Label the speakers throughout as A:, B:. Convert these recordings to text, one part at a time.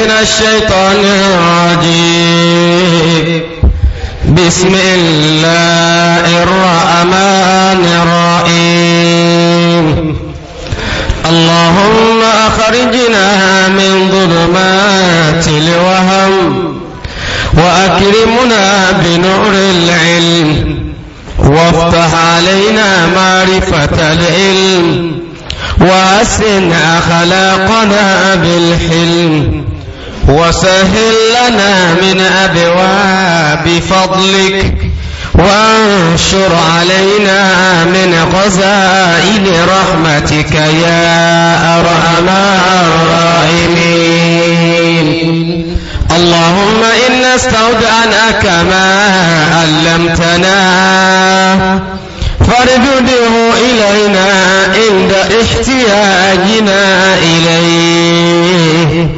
A: من الشيطان الرجيم بسم الله الرحمن الرحيم اللهم أخرجنا من ظلمات الوهم وأكرمنا بنور العلم وافتح علينا معرفة العلم وأسن أخلاقنا بالحلم وسهل لنا من أبواب فضلك وانشر علينا من خزائن رحمتك يا أرحم الراحمين اللهم إنا استودعناك ما علمتنا فارده إلينا عند احتياجنا إليه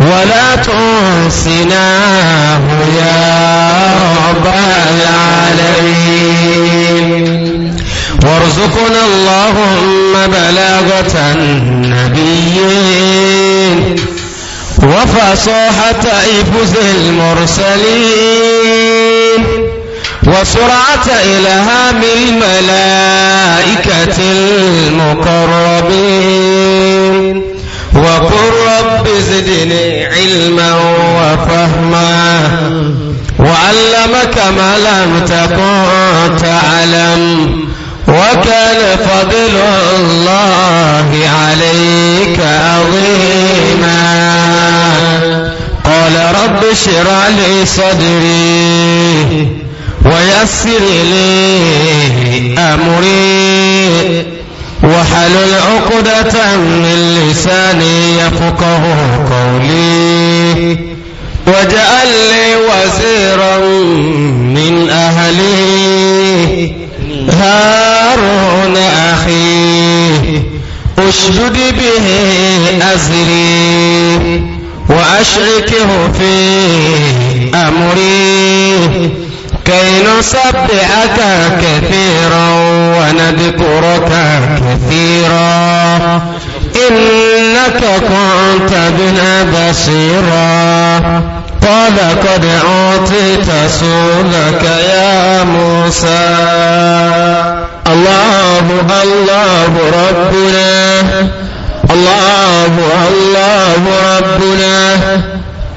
A: ولا تنسناه يا رب العالمين وارزقنا اللهم بلاغة النبيين وفصاحة إفز المرسلين وسرعة إلهام الملائكة المقربين وقرب زدني علما وفهما وعلمك ما لم تكن تعلم وكان فضل الله عليك عظيما قال رب اشرع لي صدري ويسر لي أمري وحلل عقدة من لساني يفقه قولي واجعل لي وزيرا من أهلي هارون أخي أشدد به أزري وأشركه في أمري كي نسبحك كثيرا ونذكرك كثيرا إنك كنت بنا بصيرا قال قد أعطيت سؤلك يا موسى الله الله ربنا الله الله ربنا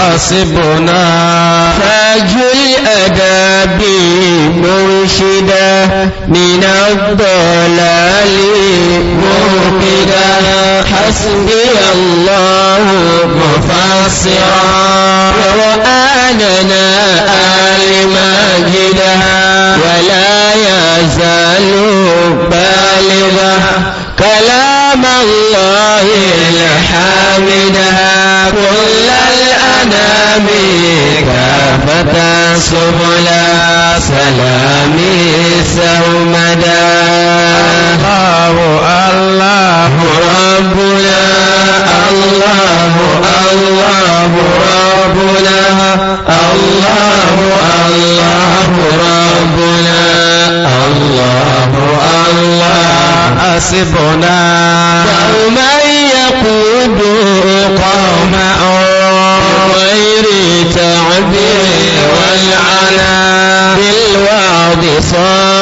A: حاسبنا تاج الأداب مرشدا من الضلال مربدا حسبي الله مفسرا قرآننا آل ماجدا ولا يزال بالغا كلام نعم الله الحامدها كل الأنام كافة سبلا سلامي سومدا الله الله حاسبنا ومن يقود قوم غير تعبير والعنا بالوعد صار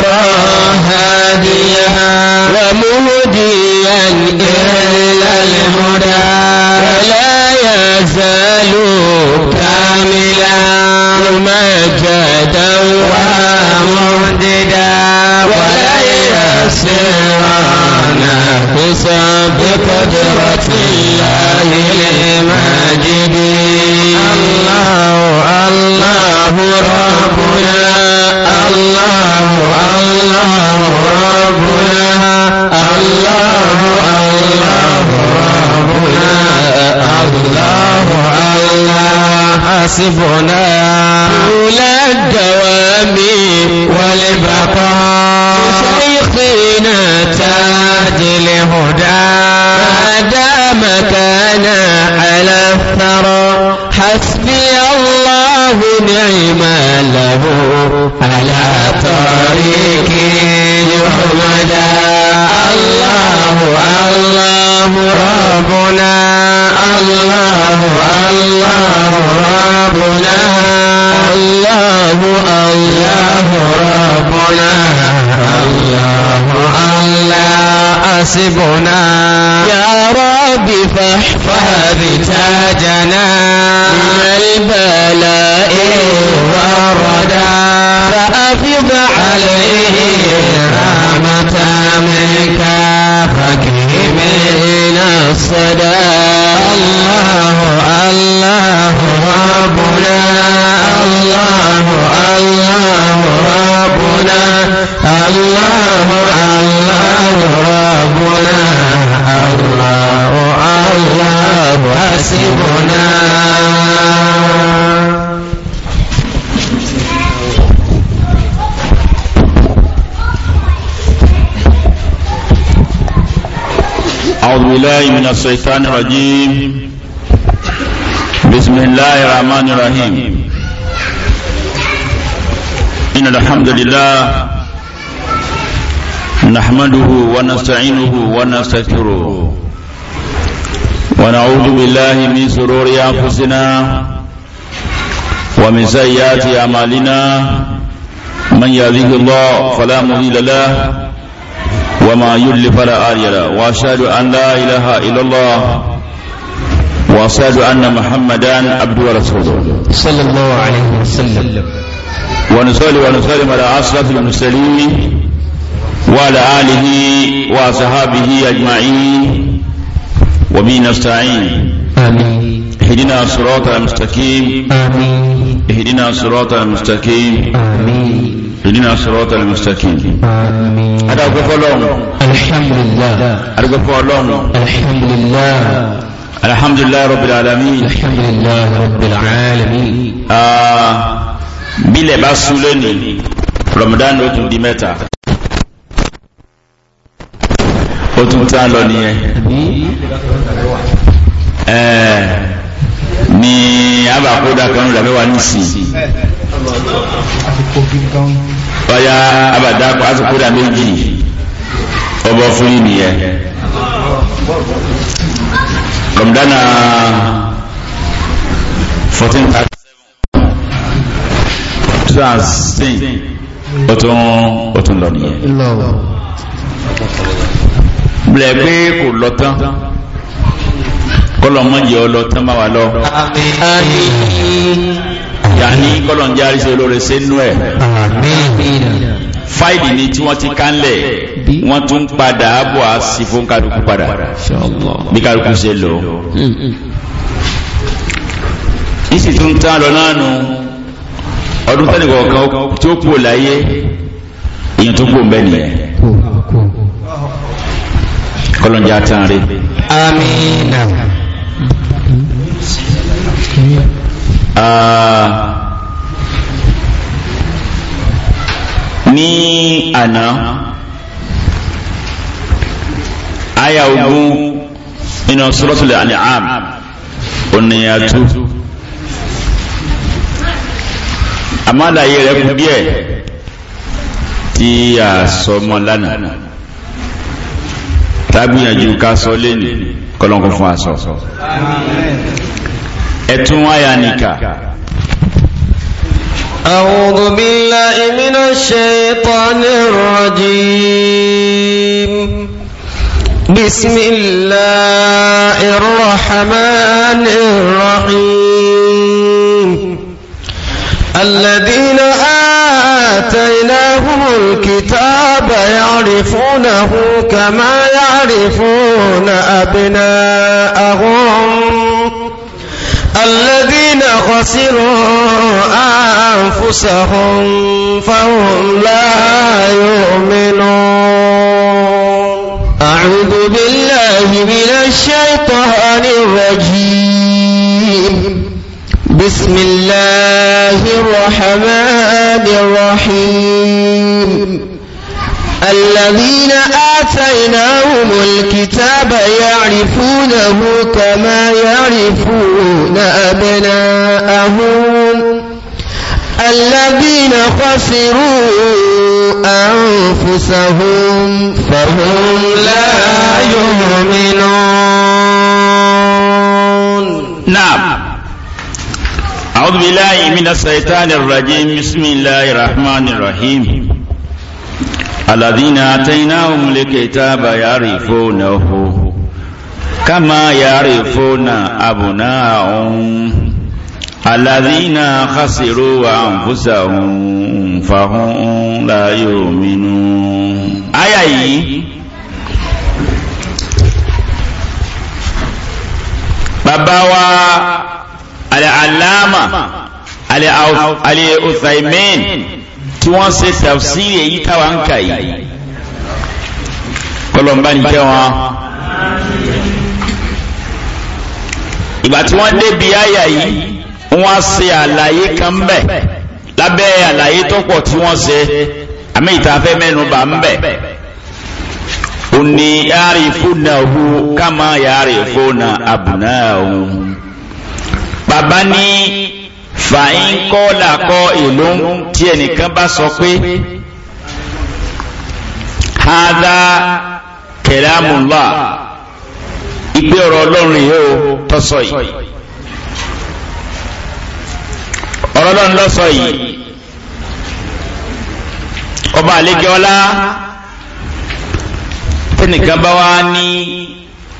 A: حاسبنا طول الدوام والبقاء شيخنا تاج الهدى ما دام كان على الثرى حسبي الله نعم له على طريق يحمد الله الله ربنا حسبنا الله ألا أسبنا يا رب فاحفظ تاجنا من البلاء والردى فأفض عليه رحمة منك فكرمنا الصدى
B: بالله من الشيطان الرجيم بسم الله الرحمن الرحيم إن الحمد لله نحمده ونستعينه ونستغفره ونعوذ بالله من سرور أنفسنا ومن سيئات أعمالنا من يهده الله فلا مضل له وما يضلل فلا هادي له واشهد ان لا اله الا الله واشهد ان محمدا عبده ورسوله صلى الله عليه وسلم ونصلي ونسلم على اشرف المرسلين وعلى اله وصحابه اجمعين وبه نستعين امين اهدنا الصراط المستقيم امين اهدنا الصراط المستقيم امين ìdínà sọ́rọ́tà lè mustaqim adágbẹ́fọ́ lọ́wọ́ alhamdulillah adágbẹ́fọ́ lọ́wọ́ alhamdulillah alhamdulillah rabbil alamin alhamdulillah rabbil alamin bílẹ̀ bá súlé ní ramadan ló tún di mẹ́ta ó tún tán lọ nìyẹn ní abàkódà kan rẹ̀ mẹ́wàá nísì ọya abàdá àtìkódà méjì ọbọ̀ fún ìnìyẹn kọmdánà 1437 ọtún lọ nìyẹn bẹ̀rẹ̀ pé kò lọ tán kọlọ̀ mọ́ jẹ́ ọlọ tán bá wà lọ yàní kọlọ̀ ń jẹ́ àríṣẹ́ olóore sínú ẹ̀ fáìlì ni tí wọ́n ti kánlẹ̀ wọ́n tún padà bọ̀ á sí fún kálukú padà bí kálukú ṣe lò mm, mm. ìsì tún tán lọ náà nù ọdún tẹ́nìkọ̀ọ̀kan tó kú láyé èyàn tó kú bẹ́ẹ̀ nìyẹn kọlọ̀ jẹ́ àtàn rí.
A: amina.
B: Ah, ní àná aya ogun inú suratul An'am oníyàtú àmàlàyé rẹ̀ kú díẹ̀ tí a sọ mọ́ lánàá tágbìyànjú ká sọ lẹ́nìí kọlọ́nkọ́ fún aṣọ ẹ̀tún wáyà nìkà
A: أعوذ بالله من الشيطان الرجيم بسم الله الرحمن الرحيم الذين آمنوا آتيناهم الكتاب يعرفونه كما يعرفون أبناءهم الذين خسروا أنفسهم فهم لا يؤمنون أعوذ بالله من الشيطان الرجيم بسم الله الرحمن الرحيم الذين آتيناهم الكتاب يعرفونه كما يعرفون أبناءهم الذين خسروا أنفسهم فهم لا
B: يؤمنون نعم أعوذ بالله من الشيطان الرجيم بسم الله الرحمن الرحيم الذين آتيناهم لكتاب يعرفونه كما يعرفون أبناءهم الذين خسروا أنفسهم فهم لا يؤمنون آية yìí alama ali uthaimin tí wọ́n ṣe tafsiri èyí táwa ń kà yìí kọlọ̀mbá ní kẹ́ wọn ìgbà tí wọ́n débi àyà yìí wọ́n ṣe àlàyé kan bẹ̀ lábẹ́ àlàyé tó pọ̀ tí wọ́n ṣe àmì ìtafẹ́ mẹ́nu bà ń bẹ̀ òní yàrá ìfúnà hu ká máa yàrá ìfúnà àbùnà ọ̀hún bàbá ní fàáyínkọ́ làkọ́ ìlú tí ẹnìkan bá sọ pé hádá kẹlámùlá ìgbé ọ̀rọ̀ ọlọ́run yìí ó tọ́sọ yìí ọ̀rọ̀ ọlọ́run lọ́sọ yìí ọba àlejò ọlá tẹnìkan bá wá ní.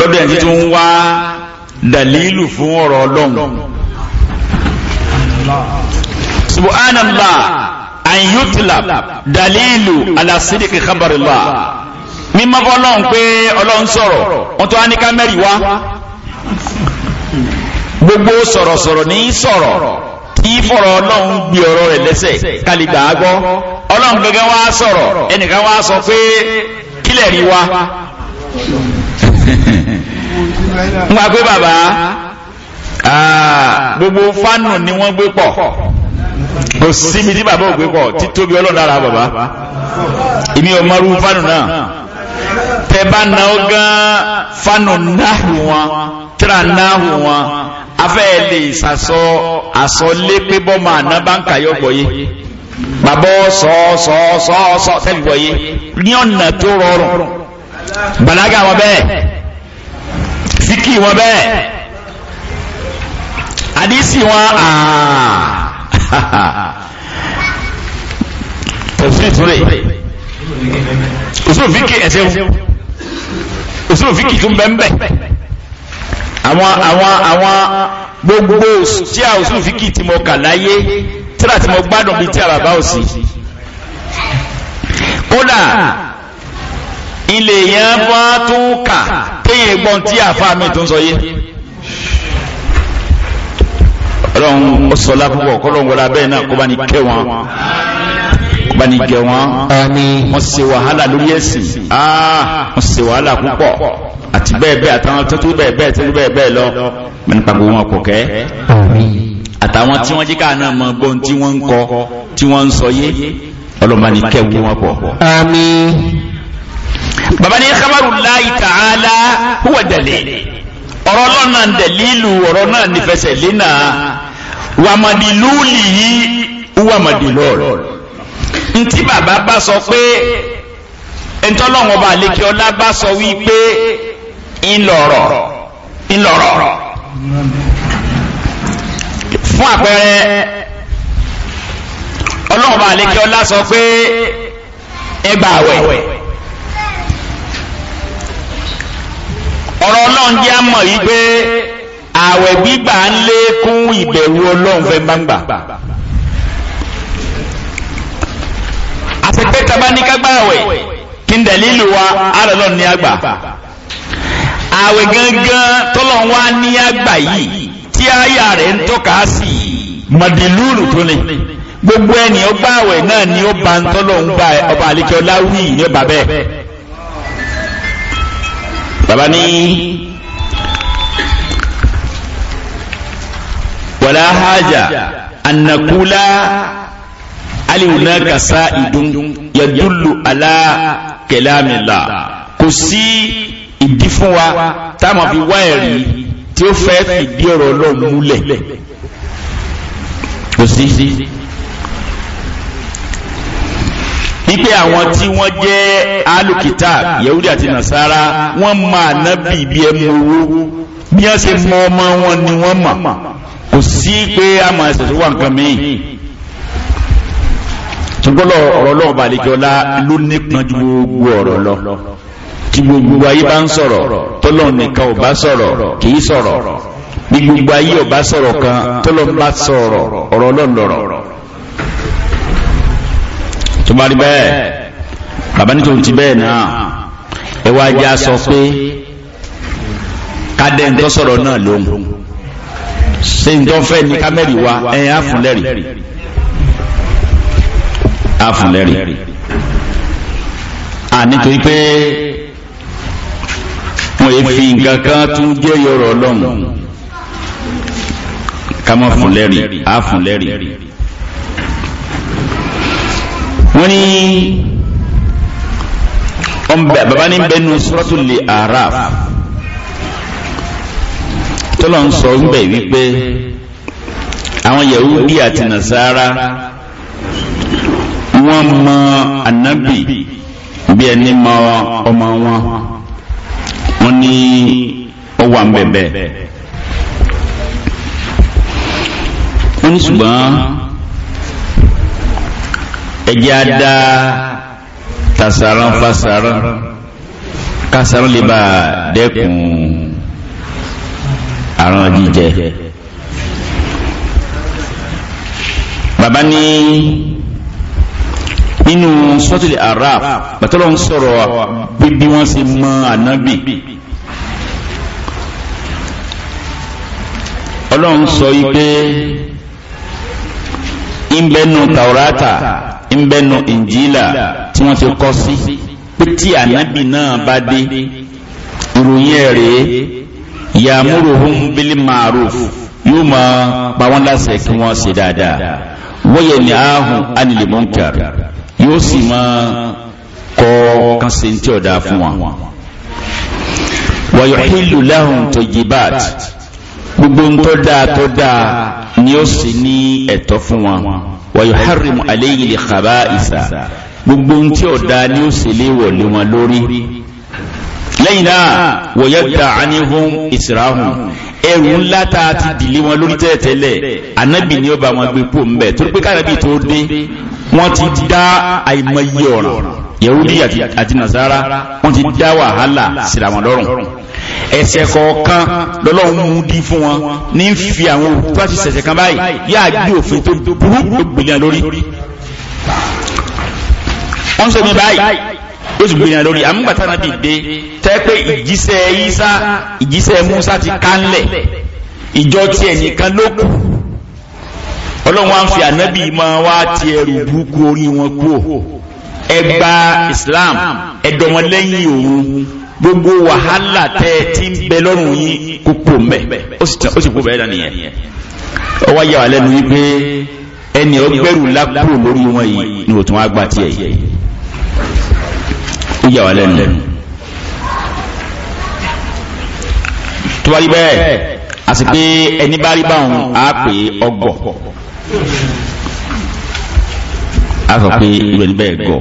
B: lọ́dọ̀ ẹ̀ títún wá dalilu fún ọ̀rọ̀ ọlọ́run subhanallah an yutlab dalilu ala sidiki khabarillah mímọ́ ọlọ́run pé ọlọ́run sọ̀rọ̀ wọ́n tó wá ní kámẹ́rì wá gbogbo sọ̀rọ̀sọ̀rọ̀ ní sọ̀rọ̀ tí fọ̀rọ̀ ọlọ́run gbé ọ̀rọ̀ rẹ̀ lẹ́sẹ̀ kálígbà gbọ́ ọlọ́run gẹ́gẹ́ wá sọ̀rọ̀ ẹnìkan wá sọ pé kílẹ̀ rí wa
C: ń wá pé bàbá
B: ah, gbogbo fánù ni wọ́n gbé pọ̀ kò síbi tí bàbá ò gbé pọ̀ títóbi ọlọ́run dára bàbá èmi ò mọrú fánù náà tẹ bá na ó gán fánù náhù wọn tíra náhù wọn afẹ́ lè sàsọ àsọlé pé bọ́mọ àná bá ń kàyọ́ pọ̀ yìí bàbá sọ̀ọ̀sọ̀ọ̀sọ̀ sẹ́gbọ̀ yìí ní ọ̀nà tó rọrùn
C: bàlágà wọn bẹ́ẹ̀
B: díkì wọn bẹ́ẹ̀
C: àdísì wọn tẹ̀sí ìtúrẹ̀ òṣèlú fíkì ẹ̀sẹ̀
B: òṣèlú fíkì tún bẹ́ẹ̀ bẹ́ẹ̀ àwọn àwọn àwọn gbogbo tí a òṣèlú fíkì tí mo kà láyé tíra tí mo gbádùn bíi tí a bàbá òsì kódà ilé yẹn bá tún kà téyìn gbọ́n tí àfa mi tún sọ yé ọlọ́run ó sọ lápúpọ̀ kọ́lọ́run wọlé abẹ́ẹ̀ náà kó bá ní kẹ́ wọn kó bá ní gẹ̀ wọn wọ́n ṣe wàhálà lórí ẹ̀sìn ah, wọ́n ṣe wàhálà púpọ̀ àti bẹ́ẹ̀ bẹ́ẹ̀ àtàwọn tó bẹ́ẹ̀ bẹ́ẹ̀ tó bẹ́ẹ̀ bẹ́ẹ̀ lọ mẹ́ni pàgbọ́ wọn kò kẹ́ àtàwọn tí wọ́n jí káà náà mọ gbọ́n tí wọ́n ń kọ tí wọ́n ń sọ yé ọlọ́run bá ní kẹ́ wọn pọ̀ baba ní khabarullahi ta'ala huwa dalil ọ̀rọ̀ náà náà dalilu ọ̀rọ̀ náà nífẹsẹ̀ lẹ́nà wàmàdìlú nìyí wàmàdìlú ọ̀rọ̀ ntí bàbá bá sọ pé ntọ́lọ́wọ́n bá lékè ọlá bá sọ wípé ńlọrọ̀ ńlọrọ̀ fún àpẹẹrẹ ọlọ́wọ́n bá lékè ọlá sọ pé ẹ bá wẹ̀. ọ̀rọ̀ ọlọ́run jẹ́ àmọ̀ yìí pé ààwẹ̀ gbígbà ń lékún ìbẹ̀rù ọlọ́run fẹ́ gbangba àti pé taba ní ká gbààwẹ̀ kí n dẹ̀lílù wa àrọ̀lọ́ ní àgbà ààwẹ̀ gangan tọ́lọ̀ wá ní àgbà yìí tí àyà rẹ̀ ń tọ́ka sí mọ̀dìlúrù tó ní gbogbo ẹni ó náà ni ó bá ń tọ́lọ̀ gba ọba àlejò láwùí ní ọba bẹ́ẹ̀ baba ní wàlá hajà ànàkúlá aliwuna kasa idun yadulu ala kẹlámìlá kò sí ìdí fún wa táwọn fi wá ẹ̀rí tí ó fẹ́ fìdí ọ̀rọ̀ ọlọ́run múlẹ̀ kò sí
A: wípé àwọn tí
B: wọ́n jẹ́ alùkìtà yahudi àti nasara wọ́n ma nábì bí ẹmu owó bí wọ́n ṣe mọ ọmọ wọn ni wọ́n mọ̀ kò sí pé a máa ṣẹ̀ṣẹ̀ wà nǹkan mìíràn ṣùgbọ́n ọ̀rọ̀ lọ́wọ́ balẹ̀kẹ́ọ́lá ló nípọn ju gbogbo ọ̀rọ̀ lọ tí gbogbo ayé bá ń sọ̀rọ̀ tọ́lọ́ nìkan ò bá sọ̀rọ̀ kì í sọ̀rọ̀ bí gbogbo ayé ò bá sọ̀rọ̀ kan tọ́lọ́ bá sọ̀rọ̀ ọ̀rọ̀ ọlọ́lọ́rọ̀ tó bá rí bẹ́ẹ̀ bàbá ní tòun ti bẹ́ẹ̀ náà ẹ wá já sọ pé kádẹ́ ń tọ́ sọ̀rọ̀ náà lóhùn ṣé ń tọ́ fẹ́ ní kámẹ́rì wa ẹ̀ á fún lẹ́rì á fún lẹ́rì à nítorí pé wọ́n fi nǹkan kan tún jẹ́ yọ̀rọ̀ ọlọ́run ká má fún lẹ́rì wọ́n ní baba ní bẹ́ẹ̀ nu suratul araf tọ́lọ̀ ń sọ ń bẹ̀ wípé àwọn yahudi àti nasara wọ́n mọ anabi bí ẹni mọ ọmọ wọn wọ́n ní ọwọ́ àmbẹ̀bẹ̀ wọ́n ní ṣùgbọ́n ẹjẹ́ á dá tasaran fasaran kásaran lè bá dẹ́kun àrùn jíjẹ bàbá ní nínú sọ́tìlì araf bàtọ́lọ́ ń sọ̀rọ̀ bí wọ́n ṣe mọ ànábì ọlọ́run sọ yí pé ń bẹ́nu ń bẹ́nu ìnjílà tí wọ́n ti kọ́ sí pé tí ànábì náà bá dé ìròyìn ẹ̀ rèé yàmúròhún bílí màrúf yóò máa pa wọ́n láṣẹ kí wọ́n ṣe dáadáa wọ́yẹ̀ ní ahùn ánìlè mọ́nkàr yóò sì máa kọ́ kánṣe tí ọ̀dà fún wọn. wọ́yọ̀ hílù láhùn tó jìbáàtì gbogbo tó dáa tó dáa ni ó sì ní ẹ̀tọ́ fún wọn wa yuharrimu alayhi li khaba'isa gbogbo tí ó dáa ni ó sì léwọ̀ lé wọn lórí lẹ́yìn náà wọ̀yẹ́ gba àníhùn ìsìráhùn ẹrù ńlá ta ti dìlé wọn lórí tẹ́lẹ̀tẹ́lẹ̀ anábì ni ó bá wọn gbé pò ń bẹ̀ torí pé káàbì tó dé wọ́n ti dá àìmọye ọ̀ràn yahudi àti nasara wọ́n ti dá wàhálà síra ẹ̀ṣẹ̀ kọ̀ọ̀kan lọ́lọ́run mú dí fún wọn ní fi àwọn òkú àti ṣẹ̀ṣẹ̀ kan báyìí yáà gbé òfin tó burú gbèlè lórí wọ́n sọ mi báyìí ó sì gbìyànjú lórí àmúgbàtà náà dìde tẹ́ pé ìjíṣẹ́ Ìsá ìjíṣẹ́ Mùsá ti kánlẹ̀ ìjọ tí ẹnìkan ló kù ọlọ́run á fi ànábì máa wá ti ẹrù burúkú orí wọn kúò ẹgbà Islam ẹ̀dọ̀mọlẹ́yìn òun gbogbo wàhálà tẹ́ tí ń bẹ lọ́rùn yín kó pò mẹ́ ó sì kó bẹ̀rẹ̀ nìyẹn ó wá yà wà lẹ́nu wípé ẹni ọgbẹ́rù ńlá kúrò lórí wọn yìí ni òtún wá gbà tiẹ̀ yìí ó yà wà lẹ́nu lẹ́nu tó wá rí bẹ́ẹ̀ àti pé ẹni bá rí báwọn á pè ọgọ̀ a sọ pé ìwé níbẹ̀ gọ̀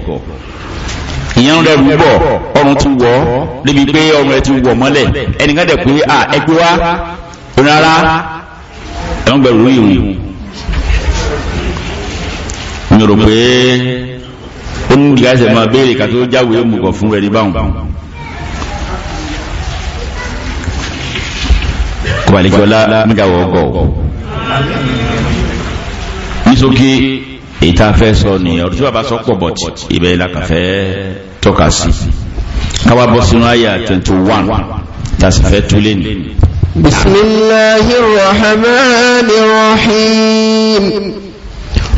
B: ìyẹn rẹ̀ rúbọ̀ ọrùn ti wọ̀ débi pé ọrùn rẹ̀ ti wọ̀ mọ́lẹ̀ ẹnìkan dẹ̀ pé à ẹgbẹ́ wa rárá ẹ̀wọ̀n gbẹ̀rù ìrìn mi rò pé ó ní ìgbà ẹsẹ̀ máa béèrè kàtó jáwé mùkọ̀ fún rẹ̀ ní èyí tá a fẹ́ sọ ni ọ̀rọ̀ tí bàbá sọ pọ̀ bọ̀ tì ibẹ̀ yìí la kà fẹ́ tọ́ka sí káwá bọ́ sínú àyà twenty one tá fẹ́ tú lé ní.
A: bisimilahi rahman rahim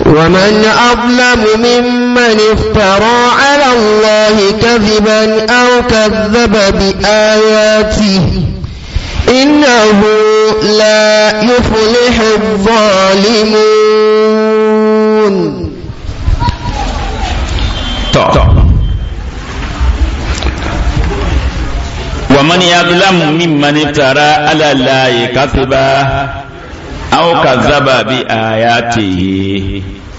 A: ومن أظلم ممن افترى على الله كذبا أو كذب بآياته إنه لا يفلح الظالمون
B: ومن يظلم ممن افترى على الله كذبا أو كذب بآياته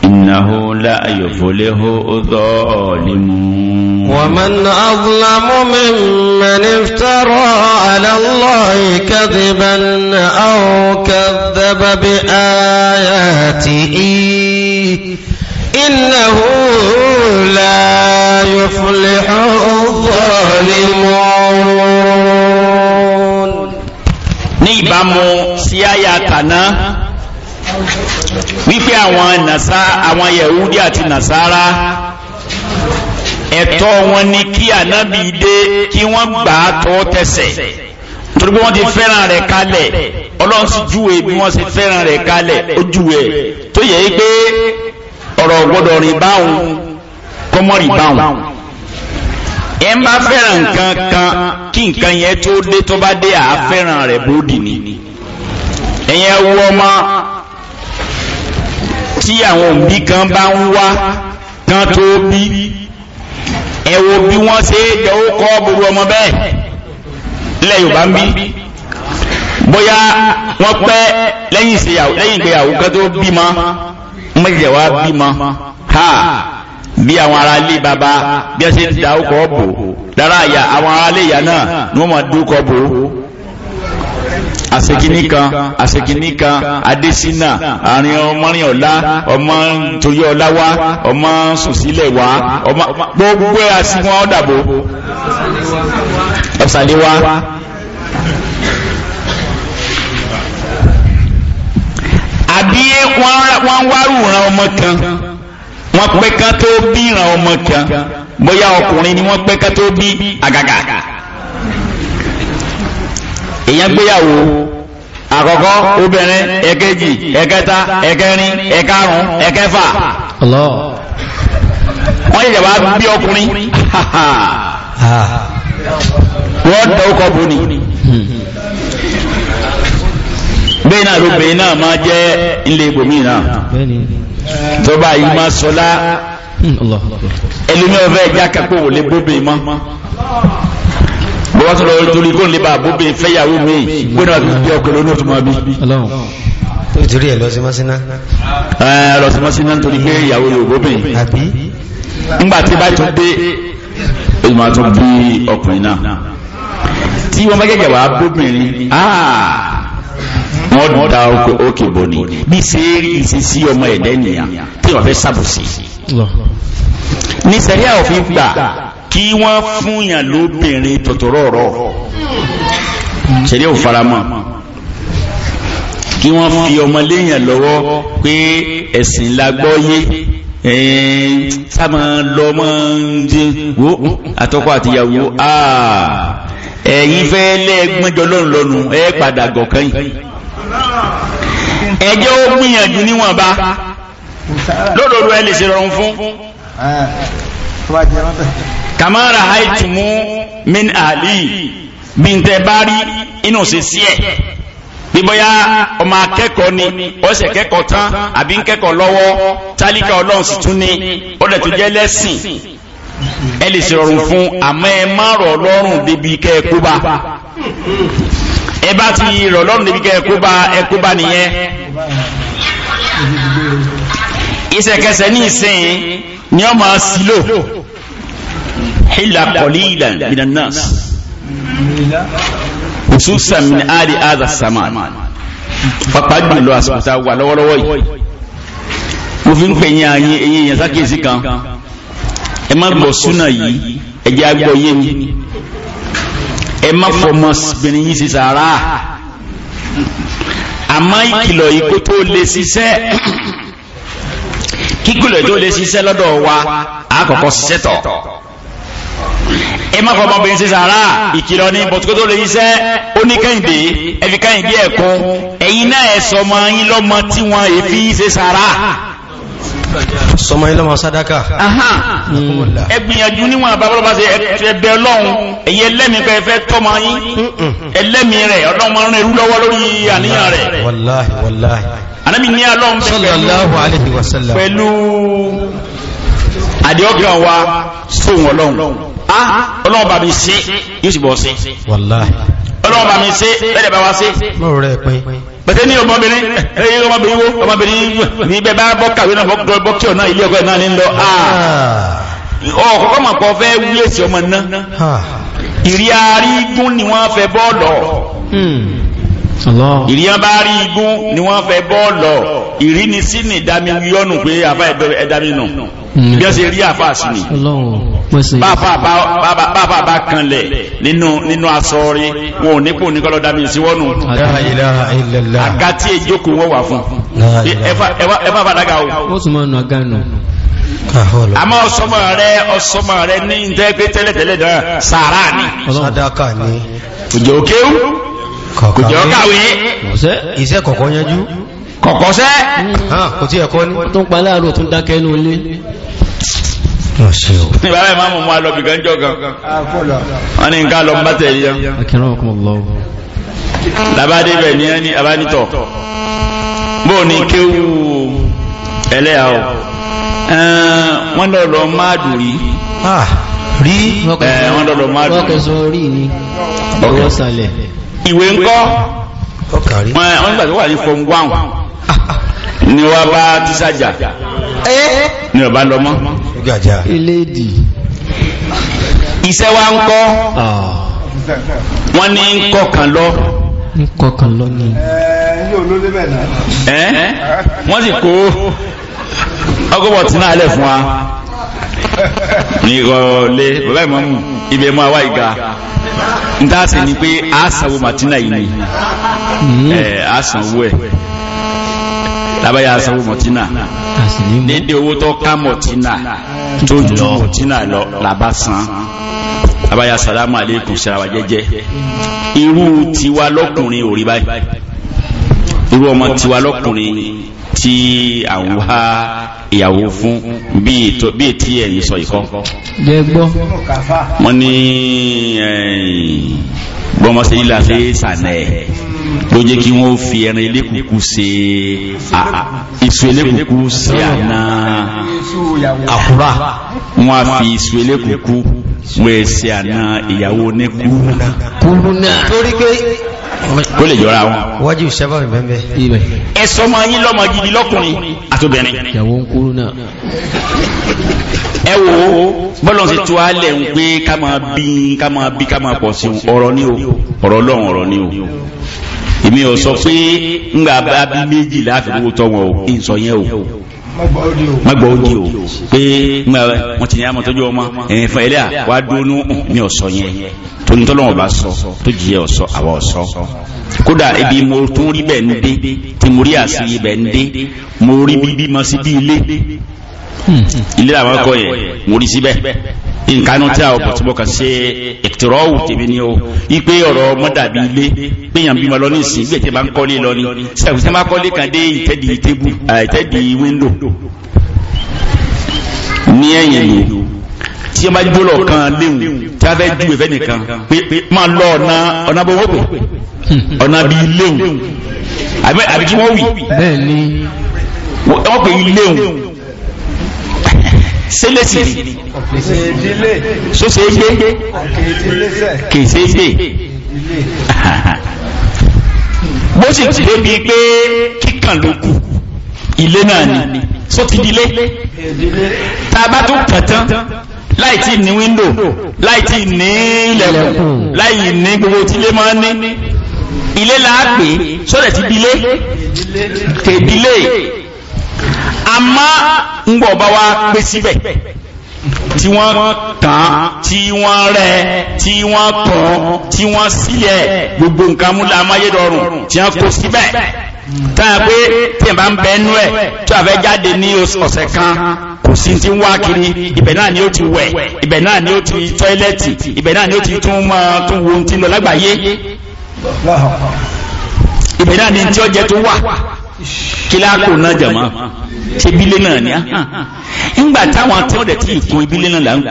B: إنه لا يفلح الظالمون
A: ومن أظلم ممن افترى على الله كذبا أو كذب بآياته إنه لا يفلح الظالمون
B: نيبامو سيايا كنا wípé àwọn nàṣá àwọn yẹ̀húdí àti nàṣárá ẹ̀tọ́ wọn ni kí ànábì dé kí wọ́n gbà á tọ́ tẹ̀sẹ̀ torí pé wọ́n ti fẹ́ràn rẹ̀ kalẹ̀ ọlọ́run sì júwe bí wọ́n ṣe fẹ́ràn rẹ̀ kalẹ̀ ó júwe tó yẹ pé
C: ọ̀rọ̀ gbọ́dọ̀ rìn báwọn
B: kọ́mọ́rìn báwọn ẹ ń bá fẹ́ràn nǹkan kan kí nǹkan yẹn tó dé tó bá dé àá rẹ̀ bódì ni ẹ̀yẹn wú ọmọ tí àwọn òbí kan bá ń wá kan tó bí ẹ wo bí wọ́n ṣe jẹ́ ó kọ́ gbogbo ọmọ bẹ́ẹ̀ ilẹ̀ Yorùbá ń bí bóyá wọ́n pẹ́ lẹ́yìn ìgbéyàwó kan tó bímọ mọ́jẹ̀ wá bímọ ha bí àwọn ará ilé bàbá bí ẹ ṣe ń da ó bò dára àwọn ará ilé ìyá náà ni wọ́n máa dúkọ bò ó.
C: Asekinika, asekinika,
B: adesina, kan adésínà àrin ọmọrin ọ̀la ọmọ torí ọ̀la wá ọmọ sùsílẹ̀ wá ọmọ gbogbo àṣìwọ̀n ọ̀dàbò ọ̀sàlẹ̀ wá. àbí wọ́n wárù ọmọ kan wọ́n pẹ́ ká tó bí ran ọmọ kan bóyá ọkùnrin ni wọ́n pẹ́ ká tó bí àgàgà. èèyàn gbéyàwó àkọ́kọ́ obìnrin ẹ̀kejì ẹ̀kẹta ẹ̀kẹrin ẹ̀karùn ẹ̀kẹfà wọ́n yẹ̀ wá bí ọkùnrin wọ́n dẹ̀ ọkọ̀ bò ní bẹ́ẹ̀ náà lóbìnrin náà máa jẹ́ ilé ibòmí náà tó bá yìí máa sọlá ẹlòmí ìjà kẹ́kọ̀ọ́ wò lè bóbìnrin mọ́ bọ́wọ́ tó lọ torí kó lè bá àbúbẹ̀ fẹ́yàwó mi gbọ́nà àti ọkùnrin ní òtùmọ̀ bí
A: torí ẹ̀ lọ́símọ́síná
B: lọ́símọ́síná torí pé ìyàwó yóò ńgbà tí bá tún dé ìmọ̀ tó bí ọkùnrin náà tí wọ́n bá gẹ́gẹ́ wà bóbìnrin wọ́n da òkè bò ní bí sẹ́ẹ̀rì ìṣesí ọmọ ẹ̀dẹ́ nìyà tí wọ́n fẹ́ sábòsí
A: ní sẹ́yà òfin gbà
B: kí wọ́n fúnyàn lóbìnrin tòtòrò ọ̀rọ̀ ṣẹlẹ̀ ò faramọ́ kí wọ́n fi ọmọ léèyàn lọ́wọ́ pé ẹ̀sìn lágbọ́yé sáàmà lọ́mọ́ wo àtọ́kọ́ àtìyàwó ẹ̀yin fẹ́ lẹ́ẹ̀gbọ́njọ lọ́rùn lọ́nu ẹ padà gọ̀kan ẹjọ́ ó gbìyànjú níwọ̀nba lódòdó ẹ lè ṣe rọrùn fún ah kàmáàrà haitumu min ali bí n tẹ bá rí inú ṣe sí ẹ bí bóyá ọmọ akẹ́kọ̀ọ́ ni ó ṣe kẹ́kọ̀ọ́ tán àbí ń kẹ́kọ̀ọ́ lọ́wọ́ tálíkà ọlọ́run sì tún ni ó dẹ̀ tó jẹ́ lẹ́sìn ẹ lè ṣèrọ̀rùn fún àmọ́ ẹ má rọ̀ lọ́rùn débi kẹ́ ẹ kú bá ẹ bá ti rọ̀ lọ́rùn débi kẹ́ ẹ kú bá ẹ kú bá nìyẹn ìṣẹ̀kẹsẹ̀ ní ìsìn ní ọ máa sílò hila kọlílan minan nas hususan min ali aza saman pàpà jùlọ àsìkò tá a wà lọ́wọ́lọ́wọ́ yìí mo fi ń pè yín àyín eyín yẹn sákèsí kan ẹ má gbọ́ súnà yìí ẹ jẹ́ agbọ́ yín ni ẹ má fọmọ bìnrin yìí sí sàárà àmọ́ ìkìlọ̀ yìí kó tó lè ṣiṣẹ́ kíkìlọ̀ tó lè ṣiṣẹ́ lọ́dọ̀ wa àkọ́kọ́ ṣiṣẹ́ tọ̀ ẹ má fọmọ obìnrin ṣe sàárà ìkìlọ̀ ní bọ̀tùkọ́ tó lè ṣiṣẹ́ ó ní kẹ́hìndé ẹ̀fí kẹ́hìndé ẹ̀kún ẹ̀yin náà ẹ̀ sọmọ yín
A: lọ́mọ tí wọ́n èéfín ṣe sàárà sọmọ ilé wọn sádákà
B: hmm. ẹgbìyànjú níwọ̀n àbábọ́lọ́bá sí ẹgbẹ́ ọlọ́run èyí ẹlẹ́mìí pé fẹ́ tọ́mọ yín ẹlẹ́mìí rẹ̀ ọlọ́run rẹ̀ rú lórí wasallam pẹ̀lú àdíọ́gàn wa sóhun ọlọ́run ah, ọlọ́run bá mi sí yóò sì bọ́ pẹ̀tẹ́ ní ọmọbìnrin ẹ̀yìn ọmọbìnrin wo ọmọbìnrin ní bẹ́ẹ̀ bá bọ́ kàwé náà bọ́ bọ́ kí ọ̀nà ilé ọkọ̀ náà ní lọ ah. ọkọ̀ mọ̀ fẹ́ wúlé ọmọ náà ìrí arígún ni wọ́n fẹ́ bọ́ọ̀lọ̀ hmm ìríyàn bá rí igún ni wọ́n fẹ́ bọ́ọ̀lọ̀ ìrí ni dami ni ìdámi afa pé àfá ẹ̀dámi nù hmm. bí ó ṣe rí àfá sí ni bàbá bá kanlẹ̀ nínú aṣọ rí wọn ò nípò ní kọ́lọ́ dámi sí wọ́nù àga tí èjókòó wọ́n wà fún ẹfà fàdágà
A: o àmọ́
B: ọ̀sọ́mọ̀ rẹ̀ ọ̀sọ́mọ̀ rẹ̀ ní ìtẹ́gbé tẹ́lẹ̀tẹ́lẹ̀ náà sàárà ni
A: òjò kéwú kò jẹ́ ọkàwé iṣẹ́ kọ̀kọ́ yanjú kọ̀kọ́ sẹ́ kò tí ẹ̀kọ́ ní tó ń pa láàrù tún dákẹ́ inú ilé
B: ìbára ìmá mọ̀ mọ́ alọ́bìgán jọ gan wọ́n ní nǹkan lọ mọ́tẹ̀ yíya labade bẹ̀ ní ẹni abánitọ̀ bóò ní kéwú ẹlẹ́yà ọ̀ wọ́n lọ́lọ́ máa dùn rí ah, rí wọ́n lọ́lọ́ rí ọkẹ̀sọ̀ rí ìwé ńkọ́ wọ́n nígbà tó wà ní form one ni wọ́n bá tíṣàjà ni ọba lọ mọ́ iṣẹ́ wa ń kọ́ ah. wọ́n ní ń kọ́ kan lọ
A: ń kọ́ kan lọ ni
B: wọ́n sì kó ọgọ́bọ̀tì náà lẹ̀ fún wa ní ìrọ̀lẹ́ bàbá ìmọ̀mù ibẹ̀ mọ́ àwa ìga níta sì ni pé a sanwó martina yìí ni hmm. a sanwó ẹ̀ tábàyà a martina dédé owó tó ká martina tó ju martina lọ làbá san tábàyà salamu aleykum sarawa jẹjẹ irú tiwa lọkùnrin ò rí báyìí irú ọmọ tiwa lọkùnrin tí à ń wá ìyàwó fún bí ètí ẹ̀yìn sọ ìkọ́. wọ́n ní gbọmọsẹ̀ yìí la ṣe sànẹ̀ ló jẹ́ kí wọ́n fi ẹran elékùkù ṣe iṣu elékùkù sí àná àkúrà wọ́n á fi iṣu elékùkù wọ́n ṣe àná ìyàwó oníkú.
A: torí pé ó lè jọra wọn. wájú ìṣẹ́bọ̀ ìbẹ̀m̀bẹ̀. ẹ sọ
B: ma lọ ma gidi lọ́kùnrin
A: àtòbìnrin. ìyàwó ń kúrú náà.
B: ẹ wo tó alẹ̀ ń pé ká máa bí ni o ọ̀rọ̀ lọ́rùn ọ̀rọ̀ ni o. èmi ò sọ pé ńgbà bá bí méjì láàfin owó tọ́ wọn o. mọ́gbọ́ ó di o pé wọ́n ti ní àmọ́ tọ́jú ọmọ ẹ̀yìn fún ẹlẹ́à wá dúnú mi ọ̀sọ́ yẹn tó ní tọ́lọ́wọ́n bá sọ tó jí ẹ ọ̀sọ́ àwa ọ̀sọ́ kódà ibi mo tún rí bẹ́ẹ̀ ń dé tí mo rí àṣírí bẹ́ẹ̀ ń dé mo rí bíbí mọ́ sí bí ilé hmm. ilé làwọn kọ yẹn mo rí síbẹ̀
A: nǹkan tí a ọ̀pọ̀ túbọ̀ kan
B: ṣe ẹ̀tẹ̀rọ̀ ọ̀hún tèmi ni o ipe ọ̀rọ̀ mọ́dàbí ilé péyàn bímọ lọ ní ìsìn bí ètè máa ń kọ́lé lọ ni sẹ́kùn sẹ́ máa kọ́lé kan dé ìtẹ́dì tébù ìtẹ́dì wíńdò ní ẹ̀yìn ni tí wọ́n bá dúró lọ kan léwu tí a fẹ́ ju ìfẹ́ nìkan pé máa lọ ọ̀nà ọ̀nà bó wọ́pẹ̀ ọ̀nà bíi léwu àbí kí wọ́n wì wọ́n pè é léwu sẹ́lẹ̀sì rí so ṣe gbé kèsè gbé bó sì ti débi pé kíkàn ló kù ilé náà ni so ti dilé tá a bá tún kàn tán láì tí ní wíńdò láì tí ní ilẹ̀kùn láì ní gbogbo tí lé máa ní ilé láàpẹ́ sọ́dẹ̀ ti dilé kèdílé àmọ́ ń gbọ̀ bá wá pé síbẹ̀ tí wọ́n tàn tí wọ́n rẹ̀ tí wọ́n kàn tí wọ́n sílẹ̀ gbogbo nǹkan múlá amáyédọrùn tí wọ́n kó síbẹ̀ táyà pé tí ìbá ń bẹ nú ẹ̀ tí a fẹ́ jáde ní ọ̀sẹ̀ kan kò sí ti ń wá kiri ibẹ̀ náà ni ó ti wẹ̀ ibẹ̀ náà ni ó ti tọ́ílẹ̀tì ibẹ̀ náà ni ó ti tún máa tún wo ohun tí ń lọ lágbàáyé
C: ibẹ̀ náà ni tí ó jẹ́ tó wà
B: kíláàkù náà jẹ̀mọ́
C: ṣe bílé náà ní
B: ńgbà táwọn tí wọ́n de tí ìkún ìbílé náà là ń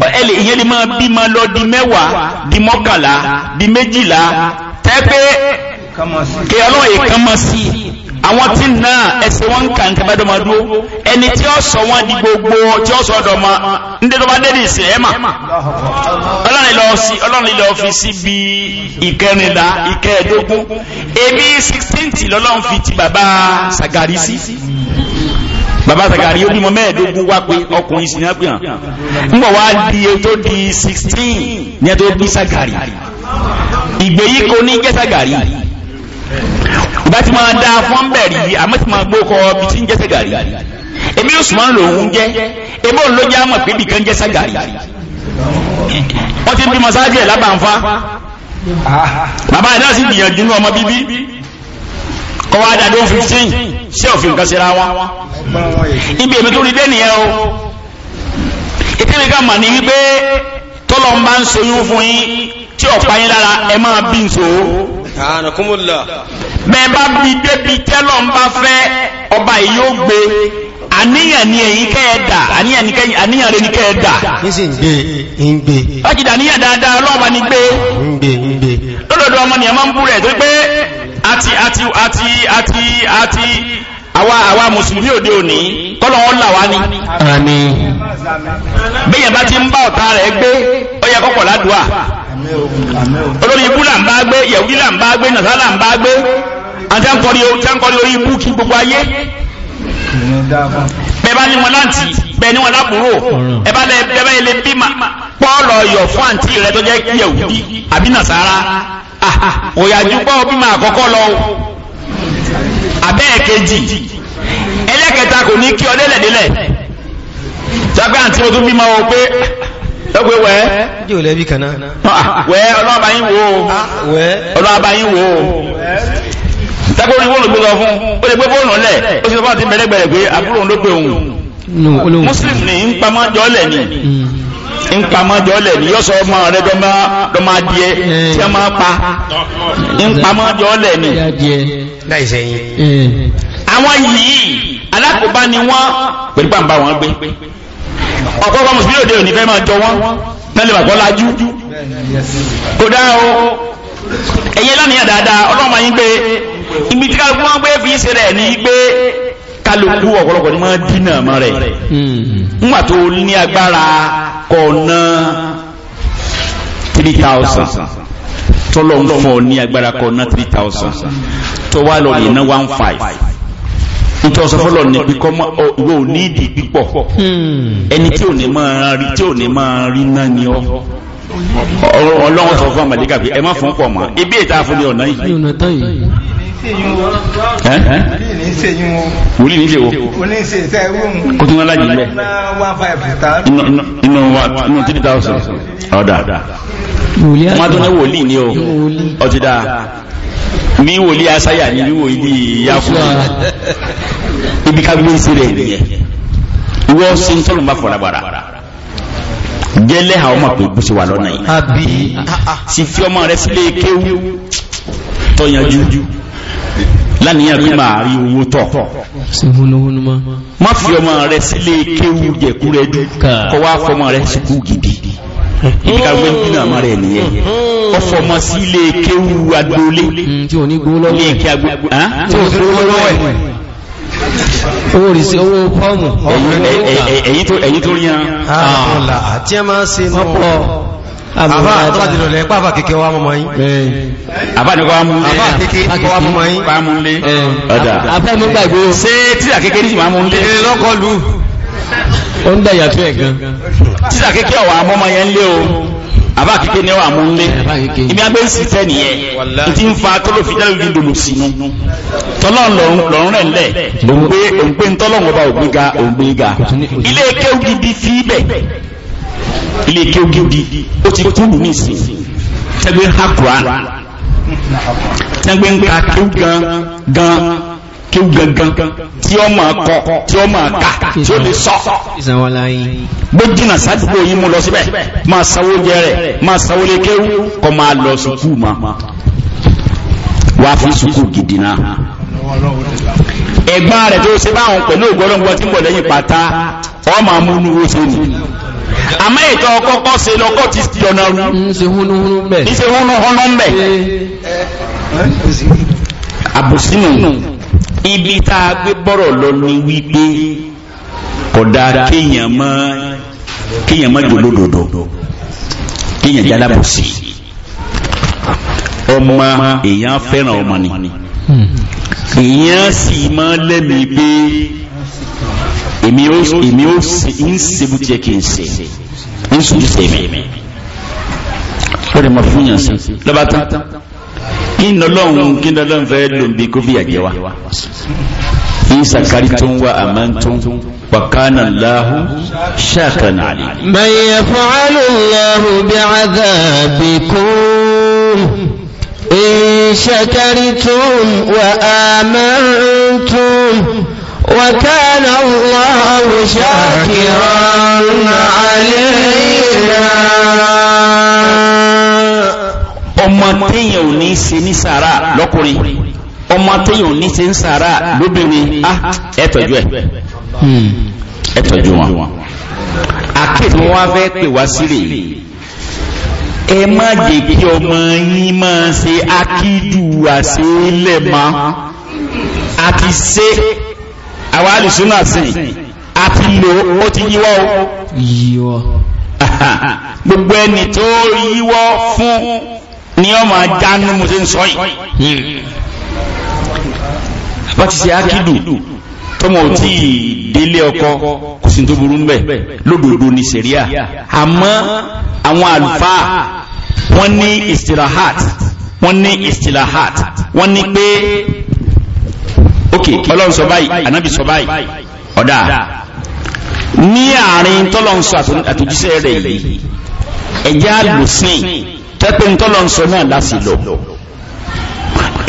B: pè ẹlẹ́ ìyẹn lè máa bí máa lọ di mẹ́wàá di mọ́kànlá di méjìlá tẹ́ pé kí ọlọ́run èèkàn mọ́ sí i àwọn tí ń náà ẹsẹ̀ wọn ń kà ń tẹ́bẹ́ dọ́mọdúró ẹni tí ó sọ wọn di gbogbo tí ó sọ dọ̀mọ ndé tó bá dé ní ìsìn ẹ̀ mà
C: ọlọ́run
B: ilẹ̀ ọ̀fi sí bí ìkẹrìnlá ìkẹẹ̀dógún èmi sixteenth lọ́lọ́run fi ti bàbá Sagari sí bàbá Sagari ó bímọ mẹ́ẹ̀ẹ́dógún wá pé ọkùnrin sì náà pè hàn ń bọ̀ wá di ètò di sixteen ní ẹ tó bí Sagari ìgbéyìí kò ní jẹ́ Sagari ìbá ti máa dáa fún bẹ̀rì yìí àmọ́ ti máa gbókọ bí tí ń jẹ́ sẹ́gàrí èmi ò sùnmọ́ lòun jẹ́ èmi ò ló jẹ́ àmọ̀ pé bìkan jẹ́ sẹ́gàrí wọ́n ti ń bímọ sáájú ẹ̀ lábàǹfà bàbá ẹ̀ náà sì gbìyànjú ní ọmọ bíbí kọ́ wá dá lóhun fifteen sí òfin nǹkan síra wọn ibi èmi tó rí dé nìyẹn o ìtẹ́lẹ̀ ká mà ní wípé tọ́lọ́ ń bá ń soyún fún yín tí ọ̀pá yín lára ẹ máa bí ń
A: bẹ́ẹ̀
B: bá bi débi tẹ́lọ̀ ń bá fẹ́ ọba yìí yóò gbé àníyàn ni ẹ̀yin kẹ́ ẹ dà àníyàn ni kẹ́ ẹ dà. nísì ń gbé ń gbé. láti dà dáadáa ọlọ́ọ̀bá ni gbé. ń gbé ń gbé. lọ́dọọdọ ọmọ nìyẹn máa ń bú rẹ̀ tó pé àti àti àti àti àti àwa àwa mùsùlùmí òde òní kọ́lọ̀ wọn là wá ní. àmín. bẹ́ẹ̀ yẹn bá ti ń bá ọ̀tá rẹ̀ gbé ó yẹ kọ́kọ̀ ládùúà.
C: olórí
B: ibú là ń bá gbé yẹ̀wúdí là ń bá gbé nàṣà là ń bá gbé àti àǹkọ́rí orí ibú kí gbogbo ayé bẹ́ẹ̀bá ní wọn láǹtì bẹ́ẹ̀ ní wọn lábúrò ẹ̀bá lẹ bẹ́ẹ̀ lè bí ọ̀yọ̀ fún àǹtí rẹ tó jẹ́ yẹ̀wúdí àbí òyàjú bí lọ
C: abẹ́ẹ̀ kejì
A: ẹlẹ́kẹta kò ní ẹgbẹ́ wẹ́ jí ò lẹ́bí kaná ah, wẹ́ ọlọ́ọ̀bá yín wò ah, ọlọ́ọ̀bá yín wò tẹ́gbẹ́ orí wọ́n lògbọ́n fún
B: ó lè gbé fóònù lẹ̀ ó sì lọ́pàá ti bẹ̀rẹ̀gbẹ̀rẹ̀ pé àbúrò ń ló pé òun muslim ni ń pamọ́ jọ́lẹ̀ ni mm. ń pamọ́ jọ́lẹ̀ ni yóò sọ ọmọ rẹ dọ́mọ adìẹ eh. tí a máa pa ń pamọ́ jọ́lẹ̀ ni
A: eh.
B: àwọn yìí alákòóbá ni wọ́n pẹ̀lú pàǹbá wọn gbé ọ̀pọ̀pọ̀ mùsùlùmí òde òní fẹ́ máa jọ wọ́n tẹ́lẹ̀ bàbọ́ lájú kò dá o ẹ̀yẹ lánìyàn dáadáa ọlọ́mọ yín pé ibi tí kálukú máa gbé fi ṣe rẹ̀ ní pé kálukú ọ̀pọ̀lọpọ̀ ni máa dínà mọ́ rẹ̀ three thousand tọ́lọ́ ń ní agbára three thousand one five. nítorí ọ̀sán fọlọ́ ní pípọ́ ìwé ò ní ìdí pípọ̀ hmm. ẹni tí ò ní máa rí tí ò ní máa rí náà ni ọ ọlọ́run sọ fún àmàlẹ́kà pé ẹ má fún pọ̀ mọ́ ibi ìta fún ní ọ̀nà yìí wòlíì ní ṣe wo kó tún alájì ń bẹ inú wa inú tí níta ọ̀sán ọ̀dà wọ́n á tún ní wòlíì ní o ọtí dáa ní wòlí asáyà ní wíwò ilé ìyá fún ibi kábíyèsí rẹ̀ nìyẹn wọ́n sí tọ́lù bá fọ́ra bàrà àwọn ọmọ pé bó wà lọ́nà yìí àbí sì ọmọ rẹ̀ sílé kéwú tọ́yanjú lánìyàn pé máa rí owó tọ̀ má fi ọmọ rẹ̀ sílé kéwú jẹ̀kú rẹ̀ dùn kọ́ fọmọ rẹ̀ síkú gidi ibi ká gbé nínú àmọ́ rẹ̀ nìyẹn ọ̀fọ̀
A: mm-hmm. ọmọ sí
B: ilé kéwu agboolé mm, tí ò ní gbó lọ́wọ́ ilé kí agbo tí ò sí gbó lọ́wọ́ ẹ̀
A: owó rí sí owó pọ́ọ̀mù ẹ̀yìn tó rí yan ah. àti ẹ máa ṣe mọ́pọ̀ àbá àtọ́jìlò lẹ́ pàbà kéèké wá mọ́mọ́ yìí àbá ní kọ́wàá múlé àbá kéèké wá mọ́mọ́ yìí pàmúlé ọ̀dà àbá mú gbàgbé ṣé tí àkéèké ní ìmọ̀ múlé
B: lọ́kọ̀ọ́lù ó ń dàyà tó ẹ̀ gan. sísà kékeré ọ̀wà àmọ́mọ yẹn lé o àbá kékeré ní ọ̀wà mú lé ibi abẹ́ sì tẹ́ nìyẹn ìdí ń fa kóló fi jáde lójú dòlò sínú tọ́lọ́ lọ́rùn rẹ̀ ńlẹ̀ òǹgbé òǹgbé ńtọ́lọ́wọ́ bá òǹgbé ga òǹgbé ga ilé kéwù gidi fi bẹ́ẹ̀ ilé kí ó gidi ó ti kúrù ní ìsìn tẹ́gbẹ́ ha kùrán tẹ́gbẹ́ ń ka kí gan gan kéwú gangan tí ó máa kọ tí ó máa kà tí ó lè sọ bó jìnnà sádùúgbò yìí mú lọ síbẹ̀ máa sanwó jẹ rẹ̀ máa sanwó lé kéwú kọ́ máa lọ sùkúù ma wà fi sùkúù gidi náà ẹ̀gbọ́n rẹ̀ tó ṣe báwọn pẹ̀lú ògbọ́lọ́gbọ́ tí ń bọ̀ lẹ́yìn pátá ọmọ amúnúwó ṣe ni àmọ́ ètò ọkọ́kọ́ ṣe lọ́kọ́ ti dọ̀nà ní ṣe húnúhúnú ń bẹ̀ àbòsínú ibi tá a gbé bọ́rọ̀ lọ ni wípé kódà kéèyàn mọ́ kéèyàn mọ́ jòlódòdò kéèyàn jálábòsí ọmọ èèyàn fẹ́ràn ọmọ ni èèyàn sì mọ́ lẹ́mìí pé èmi ó èmi ó ń sebu jẹ́ kí n se ń sùn sèmi
C: ó lè fún yàn sí
B: lọ́ba tán. kín n kín kí fẹ́ lò bí kó bí àjẹ́ wa isa karitun wa amantun wa kana lahu shakan ali
A: man yaf'alu allah bi'adhabikum in shakartum wa amantum wa kana allah shakiran alima ọmọ
B: téèyàn ò ní ṣe ní sàárà lọ́kùnrin ọmọ téèyàn ò ní ṣe ní sàárà lóbìnrin á ah, ẹ tọ́jú ẹ hmm. ẹ tọ́jú wọn.
A: àkéèdè wọn wá fẹ́ pè wá sílẹ̀
B: ẹ má jẹ́ kí ọmọ yín máa ṣe akídù àṣeélẹ̀ mọ́ àti ṣe àwa àlùsùnà sìn àti lò ó ti yíwọ́ o. yíwọ́. gbogbo ẹni tó yíwọ́ fún ni ọ ma dánú mo ṣe ń sọ yìí bá ti ṣe ákídù tọmọ tí délé ọkọ kò sí tó burú mbẹ lódodo ní sẹríà àmọ́ àwọn àlùfáà wọ́n ní istirahat wọ́n ní istirahat wọ́n ní pé ok Ọlọ́run sọ báyìí Ànábì sọ báyìí ọdá ní àárín tọlọ́run sọ àtòjíṣẹ́ rẹ̀ yìí ẹjẹ àlùsìn tẹ́pẹ́ ń tọ́lọ̀ ń sọ náà láti lò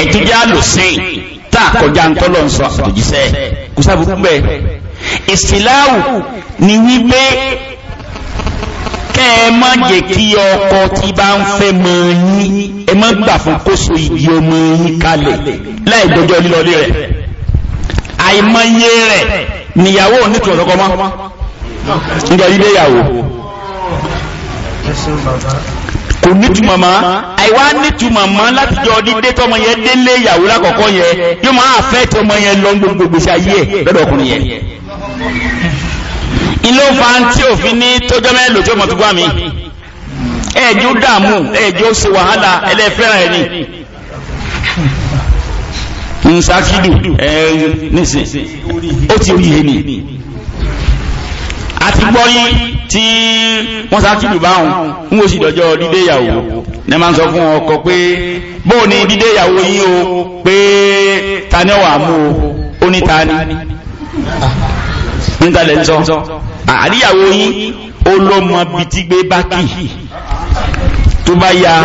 B: ẹ̀jíjá lò sí tá a kọjá ń tọ́lọ̀ ń sọ àtòjíṣẹ́ kò bẹ́ẹ̀ ìsìláwù ni wípé kẹ́ ẹ má jẹ́ kí ọkọ tí bá ń fẹ́ mọ yín ẹ má gbà fún kóso ìdí ọmọ yín kalẹ̀
C: láì gbọ́jọ́ lílọlé rẹ̀
B: àìmọye rẹ̀ níyàwó onítùn ọ̀sọ́kọ́ mọ́ nítorí déyàwó kò tu mọ́ àìwá tu mọ́ láti jọ dídé tọmọ yẹn délé ìyàwó lákọ̀ọ́kọ́ yẹn yóò máa fẹ́ tí ọmọ yẹn lọ gbogbo gbèsè ayé ẹ̀ lọ́dọ̀ ọkùnrin yẹn. ilé fa tí òfin ní tọjọ́ mẹ́lò tí ọmọ tó gbá mi ẹ̀ẹ́dì ó dààmú ẹ̀ẹ́dì ó ṣe wàhálà ẹlẹ́fẹ́ràn ẹ̀ ni. nsakidu ẹ̀ẹ́ nísìn ó ti rí yé ni gbọ́yí tí wọ́n sá kìlù báhùn ń wo sì dọjọ́ dídé ìyàwó ní ma ń sọ fún ọkọ pé bó ni dídé ìyàwó yí o pé ta ní ọwà mú o ó ní ta ni níta lẹ́ àríyàwó yí ó ló mọ tó bá ya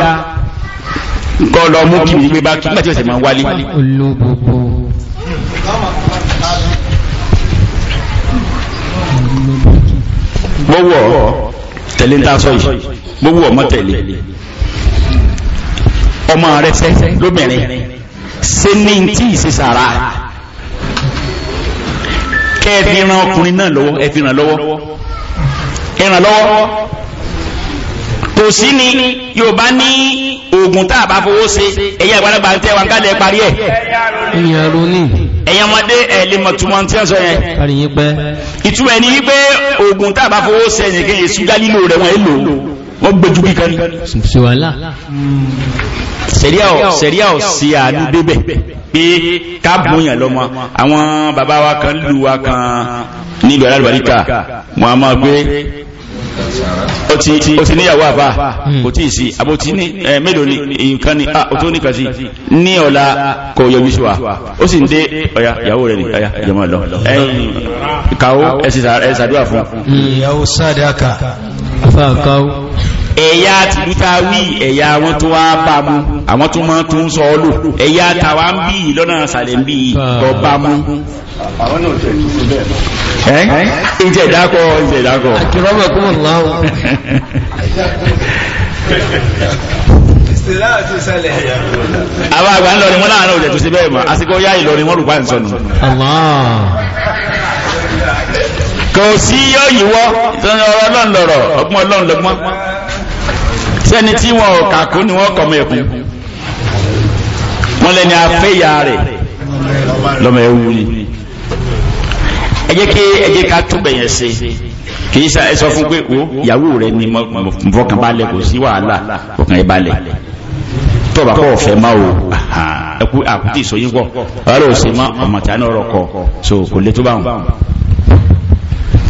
B: nǹkan lọ mú kí gbé bákì nígbà tí ó sì máa wálé
C: olóbòbò
B: gbọ́wọ́ tẹ̀lé ń tásọ yìí gbọ́wọ́ ọmọ tẹ̀lé ọmọ rẹ fẹ́ lóbìnrin ṣe ní tí ìṣe sàrà kẹ́ ẹ fi ran ọkùnrin náà lọ́wọ́ ẹ fi ràn lọ́wọ́ ẹ ràn lọ́wọ́ kò sí ni Yorùbá ní oògùn tá a bá fowó sí ẹ̀yà ìgbàlagbà ń tẹ́ wa ń kálẹ̀ parí ẹ̀ ẹ̀yà ronú ẹ̀yà ọmọdé ẹ̀lẹ́ mọ̀túnmọ̀ tí ó sọ yẹn ìtumọ̀ ẹni wípé oògùn tá a bá fowó sí ẹ̀yìn kejì ṣúgá lílo rẹ̀ wọ́n èlò wọ́n gbẹ̀jú bí kan sẹ̀ríà ò sí àánú débẹ̀ pé káàbùyàn lọ́mọ àwọn bàbá wa kan lù wa kan nílùú alárùbáríkà wọn a gbé o ti níyàwó àfà hmm. kò tí ì sí àbò tí ní mélòó ni nǹkan ni a ah, tó ní kàsí ní ọ̀la kò yọjú sí wa ó sì ń dé ọ̀yà ìyàwó rẹ̀ ni ọ̀yà ìjọba lọ ẹ̀yìn kàó ẹ̀sìn ṣàdúrà fún. Hmm.
A: ìyàwó sádàkà afáàkáwó
B: ẹ̀yà tìlúta wí ẹ̀yà wọn tó wá bá mú àwọn tó máa tún sọ lò ẹ̀yà tàwa ń bí lọ́nà àṣàlẹ̀ ń bí lọ bá mú.
C: àwọn náà tẹ̀ tún bẹ́ẹ̀. ẹ
B: ìjẹ̀ ìdákọ̀ ìjẹ̀ ìdákọ̀. àkìrọ́bọ̀ kúmọ̀ láwù. àwọn àgbà ń lọ ni wọ́n láàárín òjẹ̀ tó ṣe bẹ́ẹ̀ mọ́ àsìkò yá Ìlọrin wọ́n rùpá ń sọnù. kò sí yóò yíwọ́ ìtọ́ni ọgbọ́n ọlọ́run sẹ́ni tí wọn ò kàkún ni wọ́n kọmọ ẹ̀kún wọ́n lẹ́ni afẹ́yà rẹ̀ lọ́mọ ẹ̀wù ni ẹ jẹ́ kí ẹ ká túbẹ̀ yẹn ṣe kì í sọ fún pé o ìyàwó rẹ ni fọkàn balẹ̀ kò sí wàhálà fọkàn ẹ balẹ̀ tọ́ba kọ́ ọ̀fẹ́ máa o ẹkú àkútì ìsọyín pọ̀ ọ̀rọ̀ òsè má ọmọ tí a náà rọkọ̀ so kò lè tó bá wọn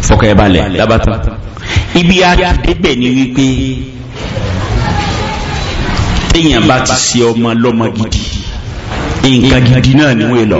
B: fọkàn ẹ balẹ̀ lábàtà ibi a ti débẹ̀ ni wípé téèyàn bá ti ṣe ọmọ lọ́mọ gidi nǹkan gidi náà ni wọ́n lọ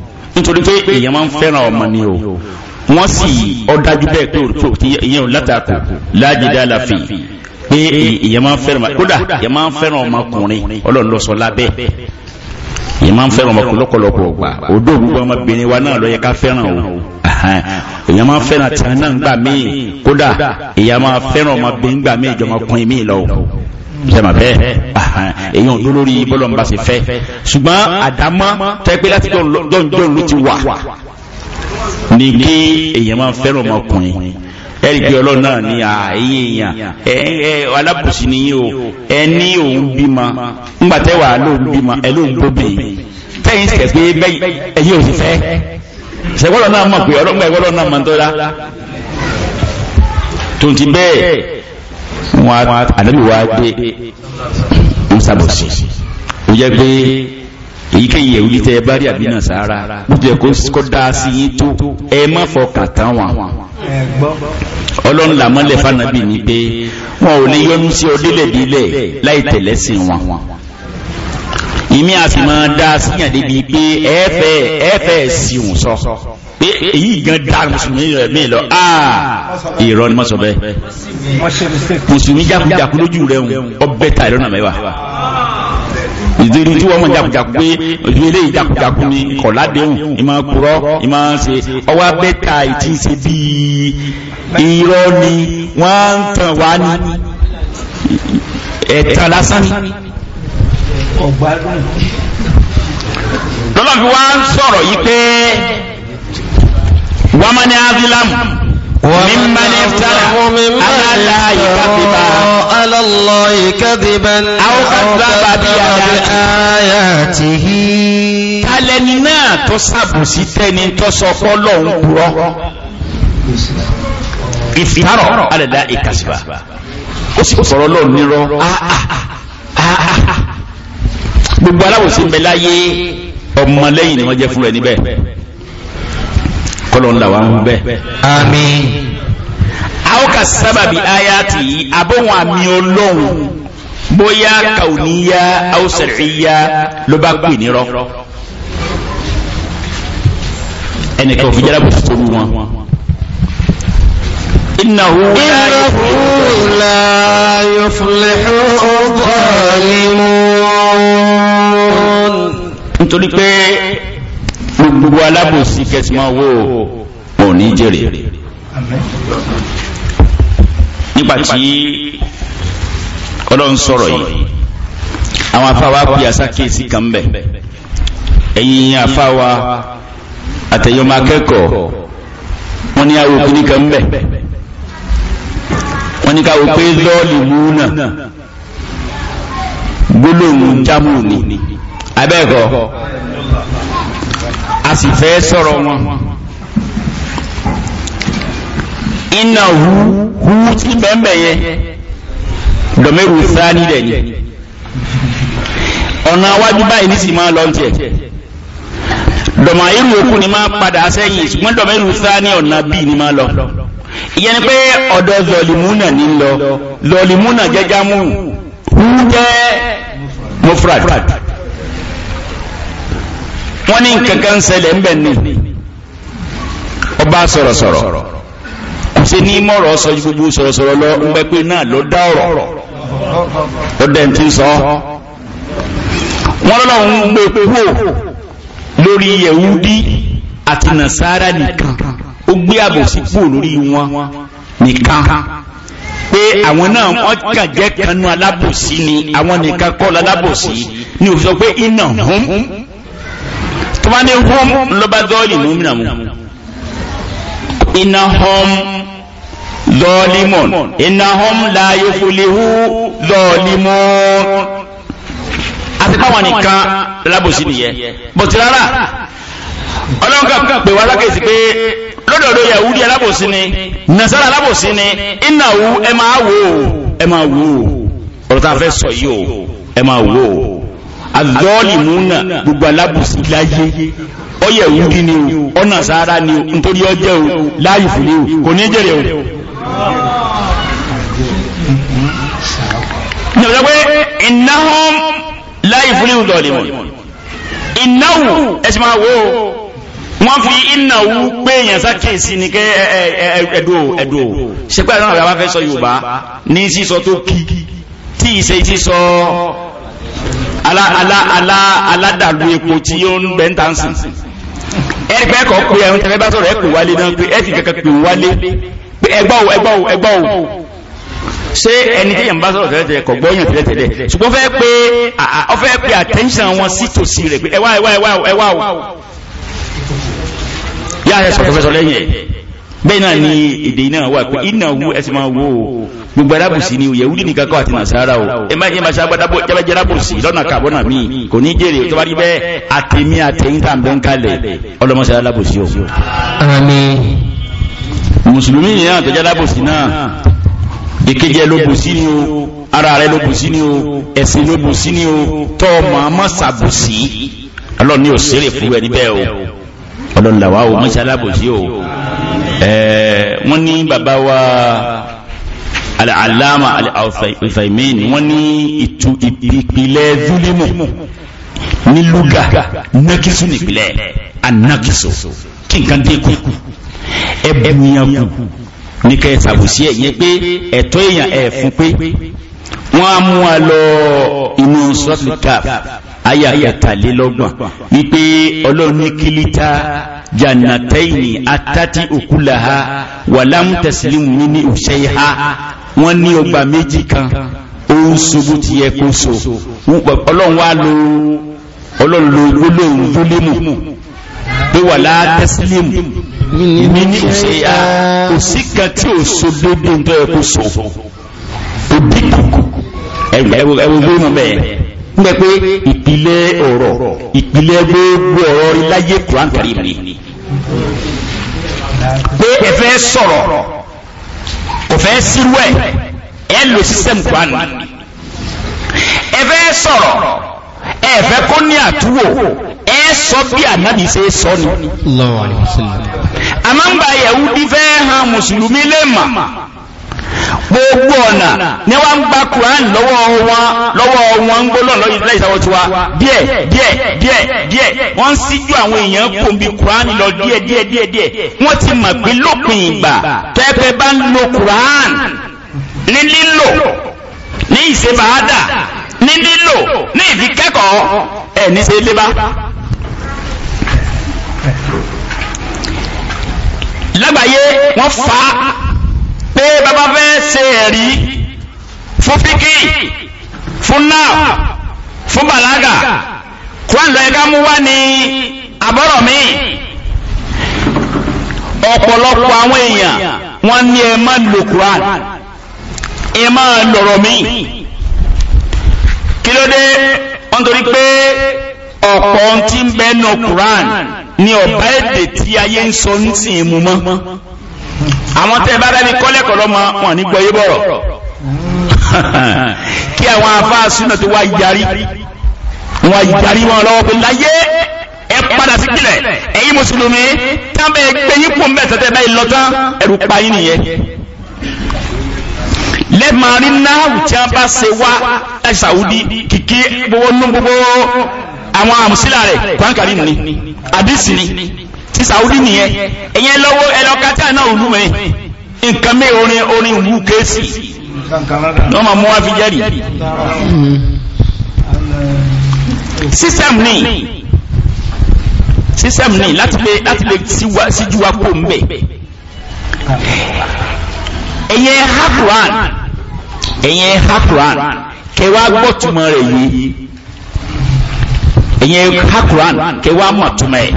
B: nítorí pé èèyàn máa ń fẹ́ràn ọmọ ni o wọ́n sì ọ̀dájú bẹ́ẹ̀ pé ìyẹn ò látàkù láàjẹdá àlàfin
C: pé èèyàn máa ń fẹ́ràn kódà èèyàn
B: máa ń fẹ́ràn ọmọkùnrin ọlọ́run ló sọ lábẹ́ èèyàn máa ń fẹ́ràn ọmọkùnrin lọ́pọ̀lọpọ̀ ọgbà odó gbogbo ọmọbìnrin wa náà ló ká fẹ́ràn o èèyàn máa ń fẹ́ràn tí wọn náà ń gbà míì kódà èèyàn máa fẹ́ràn ọmọbìnrin gbà míì sẹ́mà bẹ́ẹ̀ ah, ah, èyàn ló lórí bọ́lọ̀mbà sí fẹ́ ṣùgbọ́n àdámọ́ tẹ́pẹ́ láti dọ́njọ́ ló ti wà ní kí èyàn máa fẹ́ràn ọmọkùnrin ẹ̀rí pé ọlọ́run náà ní ààyè èèyàn ẹ alábùsí ni yín o ẹ ní òun bímọ ńgbà tẹ́wà lóun bímọ ẹ lóun gbóbi tẹ́yìn sì kẹ̀ pé ẹ̀yìn ò sì fẹ́ ṣẹ̀gbọ́n náà mọ̀ pé ọlọ́gbà ẹ̀gbọ́n náà mọ̀ ń tọ́ra tó ti bẹ́ẹ̀ wọn ànábì wa dé o sábòsí ó jẹ́ pé èyíkéyìí ẹ̀wù tẹ bá rí àbí náà sára bó jẹ́ kó dá sí yín tó ẹ má fọkàn tán wọn ọlọ́run làmọ́lẹ̀ fànàbì ni pé wọn ò lè yọnu sí ọ délẹ̀ délẹ̀ láì tẹ̀lẹ́sìn wọn ìmí a sì máa dá síyàn débi pé ẹ̀ẹ́fẹ́ ẹ̀ẹ́fẹ́ sí òun sọ pé èyí gan dá mùsùlùmí rẹ̀ mí lọ áà irọ́ ni mọ́sọ̀ bẹ́ẹ̀ mùsùlùmí jákujàku lójú rẹ̀ ọbẹ̀ ta ìrọ́nà mẹ́wàá ìdírí tí wọ́n mọ̀ jàkùjàkù pé ojú ilé ìjàkùjàkù ni kọ̀ládéhùn ìmọ̀ kúrọ́ ìmọ̀ ṣe ọwá bẹ́ta ìtí ṣe bí irọ́ ni wọ́n ń tàn wá ní ẹ̀tàn lásán ni lọ́lọ́ fi wá sọ̀rọ̀ yìí pé wọ́n mọ́ ní azilamu mímọ́ni sára aláàlá ìkàdìbà alọ́lọ́ ìkàdìbà àwọ́kàdìbà bí ayatihi tálẹ́ni náà tó sàbòsí tẹ́ni tó sọ fọ́lọ́ ń purọ́ ìfìhárọ̀ alẹ́lá ìkàdìbà ó sì gbogbo aláwòsí bẹ láyé ọmọlẹ́yìn ni wọ́n jẹ́ fún rẹ̀ níbẹ̀ kọ́lọ̀ ń là wá ń bẹ̀. àmín. àwọn kà sábàbí ayati àbọ̀wọ̀n àmì ọlọ́run bóyá kàwùníyá aw shar'iyya ló bá pè nírọ́ ẹnìkan òfin jáde àbòsí
C: tó rú wọn.
A: إنه لا يفلح الظالمون
B: nítorí pé gbogbo alábòsí kẹsìmọ́ owó ò ní jèrè nígbàtí ọlọ́run sọ̀rọ̀ yìí àwọn afáwa pè àsákèsí kan bẹ̀ ẹ̀yìn afáwa àtẹ̀yọmọ akẹ́kọ̀ọ́ wọ́n ní àwọn òkú nìkan bẹ̀ wọ́n ní káwọ́ pé lọ́ọ̀lì mú náà gbólóhùn jámù ni. abẹ́ẹ̀kọ́ a sì fẹ́ sọ̀rọ̀ wọn iná hu hu tí bẹ́ẹ̀bẹ̀ yẹn dọ̀mẹ́rù sáàrí rẹ̀ ni ọ̀nà wájú báyìí ní sì máa lọ tiẹ̀ dọ̀mọ̀ẹ́rù òkú ni máa padà sẹ́yìn ṣùgbọ́n dọ̀mẹ́rù sáàrí ọ̀nà bíi ni máa lọ ìyẹn ni pé ọ̀dọ̀ zọlìmúnà ní lọ zọlìmúnà jẹ́ jámù hu jẹ́ mufrad wọ́n ní nkankan ṣẹlẹ̀ ńbẹ̀ ni ọba sọ̀rọ̀sọ̀rọ̀ kò sí ní mọ̀rọ̀ sọ gbogbo sọ̀rọ̀sọ̀rọ̀ lọ ńgbẹ́ pé náà ló dá ọ̀rọ̀ lọ́dẹ̀ tí ń sọ wọ́n lọ́nà ń gbé kúrò lórí yẹ̀wúdí àti nàṣàrà nìkan ó gbé àbòsí kúrò lórí wọn nìkan pé àwọn náà wọ́n kàn jẹ́ kanú alábòsí ni àwọn nìkan kọ́ lálábòsí ni òfin pé iná hùn wá ní hom lọ́ba dọ́ọ̀lì mú mi nàmú iná hom dọ́ọ̀lìmọ̀n iná hom láàyè fúlihu dọ́ọ̀lìmọ̀n àti káwọn nìkan lábòsí nìyẹn bọ̀tí rárá ọlọ́run kà pè wá lákèsí pé lọ́dọ̀ọ́dọ̀ yahudi alábòsí ni nasara alábòsí ni ìnáwó ẹ máa wò ó ẹ máa wò ó ọ̀rọ̀ tá a fẹ́ sọ yìí ó ẹ máa wò àzọ́ọ̀lìmúnà gbogbo alábùsí láyé ọyẹ̀ ìwúdí ni o ọ̀nà sára ni o nítorí ọjẹ́ o láàyè fún ní o kò ní jèrè o nígbàtà pé
C: ìnáhùn
B: láàyè fún ní o dọ̀lìmọ̀ ìnáhù ẹ̀sì máa wo wọ́n fi ìnáhù pé èèyàn sákèsí ni kẹ́ ẹ̀dọ́ ẹ̀dọ́ ṣe pé àwọn àgbà fẹ́ sọ Yorùbá ní sísọ tó kí tí ìṣe ti sọ alá alá alá aládàlú epo tí ó ń bẹ́ ń tà ń sìn ẹni pẹ́ kọ́ pé ẹ̀hún tẹ́fẹ́ bá sọ̀rọ̀ ẹ̀ kò wálé náà pé ẹ̀ sì kankan pè wálé pé ẹgbọ́ o ẹgbọ́ o ẹgbọ́ o ṣé ẹni tí yẹn bá sọ̀rọ̀ tẹ́lẹ̀tẹ́lẹ̀ kọ̀ gbọ́yàn tẹ́lẹ̀tẹ́lẹ̀ ṣùgbọ́n fẹ́ pé ọ fẹ́ pé attention wọn sí tòsí rẹ̀ pé ẹwà ẹwà ẹwà ẹwà o yára ẹ sọ̀rọ̀ fẹ́ sọ lẹ́yìn ẹ̀ bẹ́ẹ̀ náà ni èdè náà wà pé iná wú ẹsẹ̀ máa wó o gbogbo arábùsí ni òye wúdí nìkan kọ́ àti nàṣàrà o ẹ má jẹ́ máa ṣe agbádábò arábùsí lọ́nà kàbọ̀ mi kò ní jèrè tó bá rí bẹ́ẹ̀ àtẹ̀mí àtẹ̀yìn tá à ń bẹ́ ń kalẹ̀ ọlọ́mọṣẹ́ arábùsí o. àmín. mùsùlùmí yìí náà tọ́jú arábùsí náà èkejì ẹ ló bù sí ni o ara rẹ ló ni o ẹ̀sìn ló ni o tọ́ màmá sàbùsí Eh, wọ́n ní bàbá wa alàlámà alàfàìmín wọ́n ní ìtú ìpìlẹ̀ zulimu ní lúgà nákísù nípìlẹ̀ anákísù kí nǹkan dínkù ẹbùnyàn kù ní kẹ́ ṣàbòsí ẹ̀ yẹn pé ẹ̀tọ́ èèyàn ẹ̀ fún pé wọ́n á mú wa lọ inú sọ́tìkà ayà kẹtàlélọ́gbọ̀n wípé ọlọ́run ní kílítà jannataini atati ukulaha walam taslim mini ushayha wọ́n ní ọgbà méjì kan ó ń ṣubú ti yẹ kó so ọlọ́run wá lo ọlọ́run lo gbólóhùn gbólímù pé wà láà tẹ́sílìm mi ní ṣe kò sí kan tí ò so dédé tó yẹ kó so òbí kùkù ẹ̀wọ̀ gbólímù bẹ́ẹ̀ nígbẹ́ pé ìpìlẹ̀ ọ̀rọ̀ ìpìlẹ̀ gbogbo ọ̀rọ̀ iláyé Quran Karim ni pé ẹ fẹ́ sọ̀rọ̀ kò fẹ́ sírú ẹ̀ ẹ lò system Quran ẹ fẹ́ sọ̀rọ̀ ẹ fẹ́ kó ní àtúwò ẹ sọ bí ànábì ṣe
A: sọ ni. àmọ́ ń gba Yahudi
B: fẹ́ hàn mùsùlùmí lè mà gbogbo ọ̀nà ni wọ́n ń gba Quran lọ́wọ́ wọn lọ́wọ́ wọn ń gbólọ̀ lẹ́yìnsáwọ́ tiwa díẹ̀ díẹ̀ díẹ̀ díẹ̀ wọ́n ń síjú àwọn èèyàn kò ń bi Quran lọ díẹ̀ díẹ̀ díẹ̀ díẹ̀ wọ́n ti mọ̀ pé lópin ìgbà tẹ́pẹ́ bá ń lo Quran ní lílò ní ìṣebàádà ní lílò ní ìfikẹ́kọ̀ọ́ ẹ̀ ní ṣe lágbàáyé wọ́n fa pé bàbá fẹ́ ṣe ẹ̀rí fún fíkì fún náà fún bàlágà kúránì lọ ẹ̀ka mú wá ní àbọ̀rọ̀ mi ọ̀pọ̀lọpọ̀ àwọn èèyàn wọ́n ní ẹ má lò kúránì ẹ má lọ̀rọ̀ mi kí ló dé wọ́n torí pé ọ̀pọ̀ tí ń bẹ́ẹ̀ nù kúránì ni ọ̀bá èdè tí ayé ń sọ ń sìn mú mọ́
C: àwọn tẹ́ bá dání kọ́lẹ́kọ̀ọ́ lọ́mọ wọn ní gbọ́yé bọ̀rọ̀ kí àwọn afáà súnà tó wá yarí wọn yarí wọn lọ́wọ́ pé láyé ẹ padà sí kílẹ̀ ẹ̀yin mùsùlùmí tábẹ̀ gbẹ̀yìn pò ń bẹ̀ tẹ́tẹ́ báyìí lọ́tán
B: ẹ̀rù pa nìyẹn lẹ́màárí náà tí a bá ṣe wá láti sàwúdí kìkì gbogbo nú gbogbo àwọn àmùsílà rẹ̀ kwankari ni àdìsí ni ti Saudi nìyẹn ẹ̀yẹn lọ́wọ́ ẹlọ́kátà náà òlú mẹ́ nǹkan mẹ́ orin orin wú kéèsì
C: wọ́n ma mú wá fi jẹ́rì
B: sísẹ̀m ní sísẹ̀m ní láti lè láti lè síjú wa kó ń bẹ̀ ẹ̀yẹn ha Quran ẹ̀yẹn ha Quran kẹwàá gbọ́ túmọ̀ rẹ̀ yìí ẹ̀yẹn ha kẹwàá mọ̀ túmọ̀ ẹ̀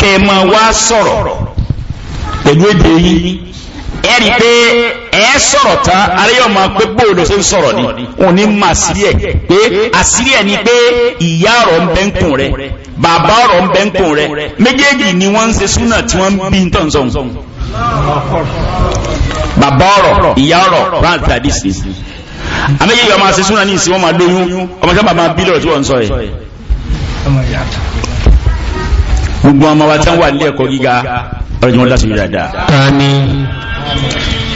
B: kẹ́ ẹ máa wá sọ̀rọ̀ pẹ̀lú èdè yín ẹ rí i pé ẹ sọ̀rọ̀ tán aráyọ̀ máa pé bóòlù ṣe ń sọ̀rọ̀ ni òun ní mà sírí ẹ̀ pé àsírí ẹ̀ ni pé ìyá ọ̀rọ̀ ń bẹ́ ń kùn rẹ
C: bàbá ọ̀rọ̀ ń bẹ́ ń kùn rẹ
B: méjèèjì ni wọ́n ń ṣe súnà tí wọ́n ń bí tán sọ̀hún bàbá ọ̀rọ̀ ìyá ọ̀rọ̀ brand tàbí sí àmẹ́yẹ yọ súnà ní ìsìn wọ́n máa lóyún ọmọ sábà máa bí lọ́rọ̀ tí wọ́n ń sọ yẹ gbogbo ọmọ wa tán wà nílé ẹ̀kọ́ gíga ọ̀rọ̀ ìjọba dáadáa. àmín.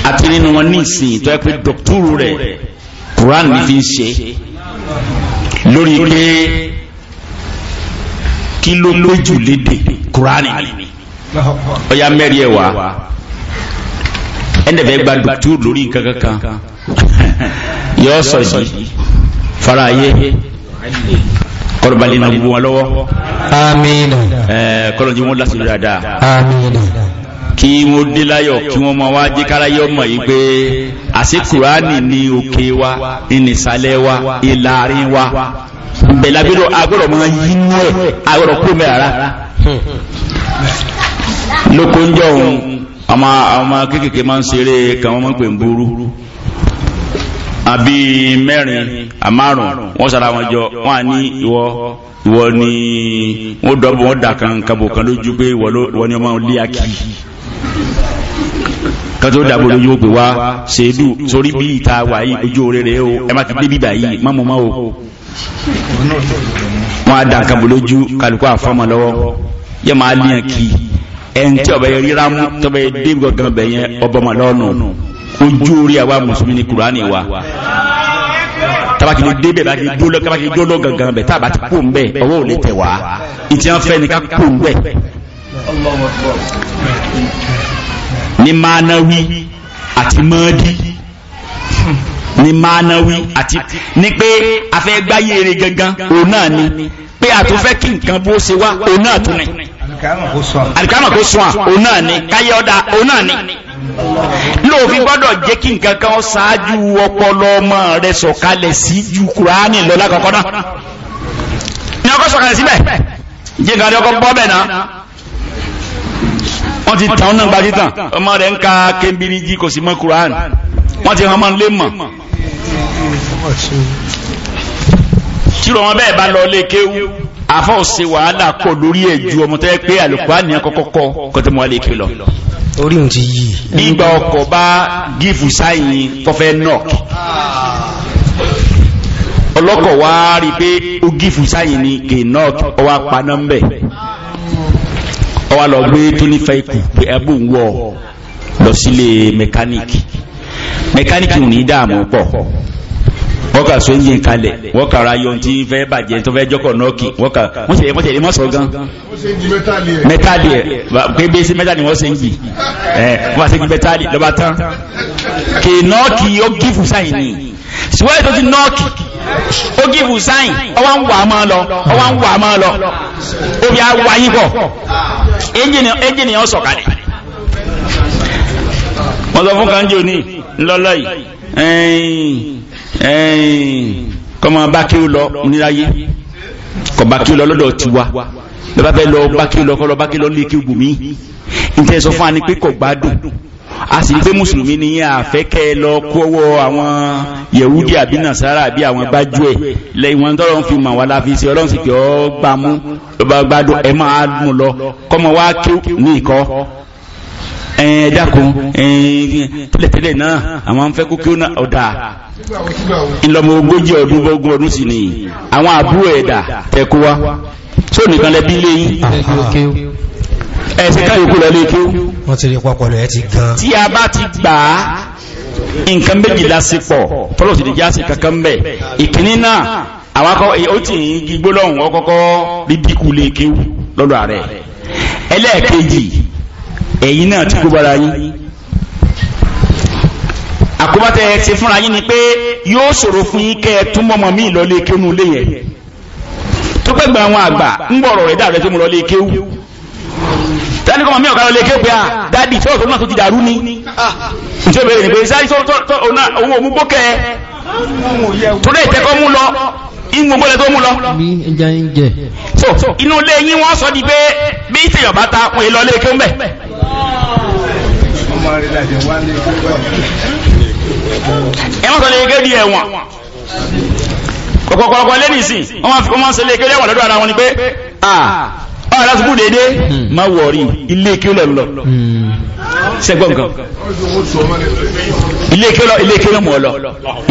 B: àti nínú wọn ní ìsìn tó yẹ pé dọ̀túrù rẹ̀ Quran ní fi ń ṣe lórí pé kí ló lójú léde Quran ni
C: ọ̀ya mẹ́rin ẹ̀ wá
B: ẹnẹ̀fẹ̀ gba dọ̀túrù lórí nǹkan kankan yọ sọ yìí fara ayé kọlọ̀bàlẹ̀ náà gbogbo wọn lọ́wọ́ amina kọlọ̀jí wọn lásì dáadáa amina kí wọ́n dé láyọ̀ kí wọ́n máa wá jẹ́ káráyọ̀ mọ̀ yí pé àṣẹ kùránì ní òkè wa ìnìsàlẹ̀ wa ìlàrin wa bẹ̀lábílò agbọ́dọ̀ máa yí ẹ̀ agbọ́dọ̀ kú mẹ́ rárá lóko ń jọ òun ọmọ kéékèèké máa ń ṣeré kàwọn mọ́ pè ń burú àbí mẹ́rin àmárùn wọ́n sara wọn jọ wọ́n á ní ìwọ ìwọ ni wọ́n dọ́bọ̀ wọ́n dà kan kabo kan lójú pé ìwọ ni ọmọ lé akí kátó dàbò lójú ó pè wá ṣèlú sórí bí ìta wà yìí ojú oréré o ẹ má ti dé bíbà má mọ́ mọ́ o wọ́n á dà kabo lójú kálukú àfọ́mọ́ lọ́wọ́ yẹ máa lé akí ẹ̀ ń tí ọ̀bẹ ríra mú tọ́bẹ̀ dé gbọ̀ngàn bẹ̀yẹn ọbọ̀mọ̀ ojú orí àwa mùsùlùmí ni kùránì wa tabaki ni débẹ̀ baki dolo kabaki dolo gangan bẹ taba ti kó nbẹ ọwọ́ ò lè tẹ̀ wá ìtìyàn fẹ́ ni ká kó nbẹ. ní mánáwí àti mọ́ọ́dí ní mánáwí àti ní pé afẹ́ gbáyé rẹ̀ gangan òun náà ni pé àtúnfẹ́ kí nǹkan bó ṣe wá òun náà tún ni alikama kò sùn à òun náà ni káyọ̀dá òun náà ni. lóòfin gbọ́dọ̀ jẹ́ kí nǹkan kan sáájú ọpọlọ ọmọ rẹ sọ̀kalẹ̀ sí ju kùránì lọ lákọ̀ọ́kọ́ ọkọ̀ sọ̀kalẹ̀ síbẹ̀ jẹ́ nǹkan ọkọ̀ bọ́ bẹ̀ náà wọ́n ti náà tàn ọmọ rẹ̀ ń ka kébìrìjì kò sí mọ́ wọ́n ti àfọ́ òsè wàhálà kò lórí ẹ̀jú ọmọ tẹ́ pé àlùkùá ní ọkọ̀kọ́ kọtẹ́mọ́ alẹ́ kí lọ orí òun ti yí nígbà ọkọ̀ bá gífù sáyìn tọ́fẹ́ nọ́ọ̀kì ọlọ́kọ̀ wá rí pé ó gífù sáyìn ní kè nọ́ọ̀kì ọwá paná mbẹ̀ ọwá lọ gbé tó nífẹ̀ẹ́ ikú pé ẹbú ń lọ sílé mẹkáníìkì mẹkáníìkì ò ní dààmú pọ̀ wọ́n kà so yín kalẹ̀ wọ́n kà ra yọ tí fẹ́ bàjẹ́ tó fẹ́ jọ́kọ̀ nọ́ọ̀kì wọ́n kà wọ́n ṣe wọ́n ṣe wọ́n sọ gan.
A: mẹ́tàlì ẹ̀ pé
B: bí sí mẹ́tàlì wọ́n ṣe ń jì
A: ẹ̀ wọ́n bá ṣe kí mẹ́tàlì lọ́ba tán kì nọ́ọ̀kì
B: ó gífù sáyìn ni ṣùgbọ́n ètò ti nọ́ọ̀kì ó gífù sáyìn ọwọ́ ń wà máa lọ ọwọ́ ń wà máa lọ
C: omi á wáyé bọ̀
B: ẹ́ńjìnì ọ̀ sọ̀kalẹ̀ wọ́n sọ fún kanjo ní lọ́lọ́ kọ́mọ bá kí ó lọ níláyé kọ́ bá kí ó lọ lọ́dọ̀ tiwa bàbá bẹ́ẹ̀ lọ bá kí ó lọ kọ́ lọ bá kí ó lọ lé kí ó bù mí nítorí sọ fún wa ni pé kò gbádùn a sì ń pé mùsùlùmí ní àfẹ́kẹ́ lọ kówó àwọn yẹ̀wúdí àbí nàṣàrà àbí àwọn bájú ẹ̀ lẹ́yìn wọn tọ́rọ ń fi mọ̀ wá láfi ṣe ọlọ́run sì kí ọ gbámú ló bá gbádùn ẹ máa mú lọ kọ́mọ wá kí ní ìkọ́ ẹ̀ẹ́dàkùn tẹ́lẹ̀tẹ́lẹ̀ náà àwọn afẹ́ kí ó náà ọ̀dà ìlọmọ ogójì ọdún bọ́gún ọdún sì ni àwọn àbúrò ẹ̀dà tẹ́kú wá ah, ah. tí ó nìkan lẹ́bí yìí
C: lé
B: gan nǹkan méjì lásìpọ̀ fọlọ́sì lè jásì kankan bẹ̀ ìkíní náà àwọn akọ ó ti ń gbígbó lọ́hùn ọkọ̀kọ́ bíbí kí ó ààrẹ ẹlẹ́ẹ̀kejì ẹ̀yin náà ti kó bára yín àkóbátẹ ẹ ti fúnra yín ni pé yóò ṣòro fún yín kẹ́ ẹ tún mọ́mọ́ mí lọ́lé kéwù lé tó pẹ́ àwọn àgbà ń bọ̀ rẹ̀ ah, tó mú lọ́lé kéwù mi kéwù ni ni pé tó mú bókẹ́
C: tó dé lọ ìgbogbo lẹ tó mú lọ
B: so inú ilé yín wọ́n sọ di pé bí ìtẹ̀yọ̀ bá ta pín lọ lé kí ó mẹ́ ẹ̀wọ̀n sọ lè gé di ẹ̀wọ̀n kọ̀kọ̀kọ̀kọ̀ lẹ́nìí sí wọ́n máa ń sọ lè gé lẹ́wọ̀n lọ́dọ̀ ara wọn ni pé ah ọ̀rọ̀ lásìkò dédé má wọ̀rí ilé kí ó lọ lọ sẹ́gbọ́n hmm. kan ilé kí ó lọ ilé kí ó lọ mọ̀ lọ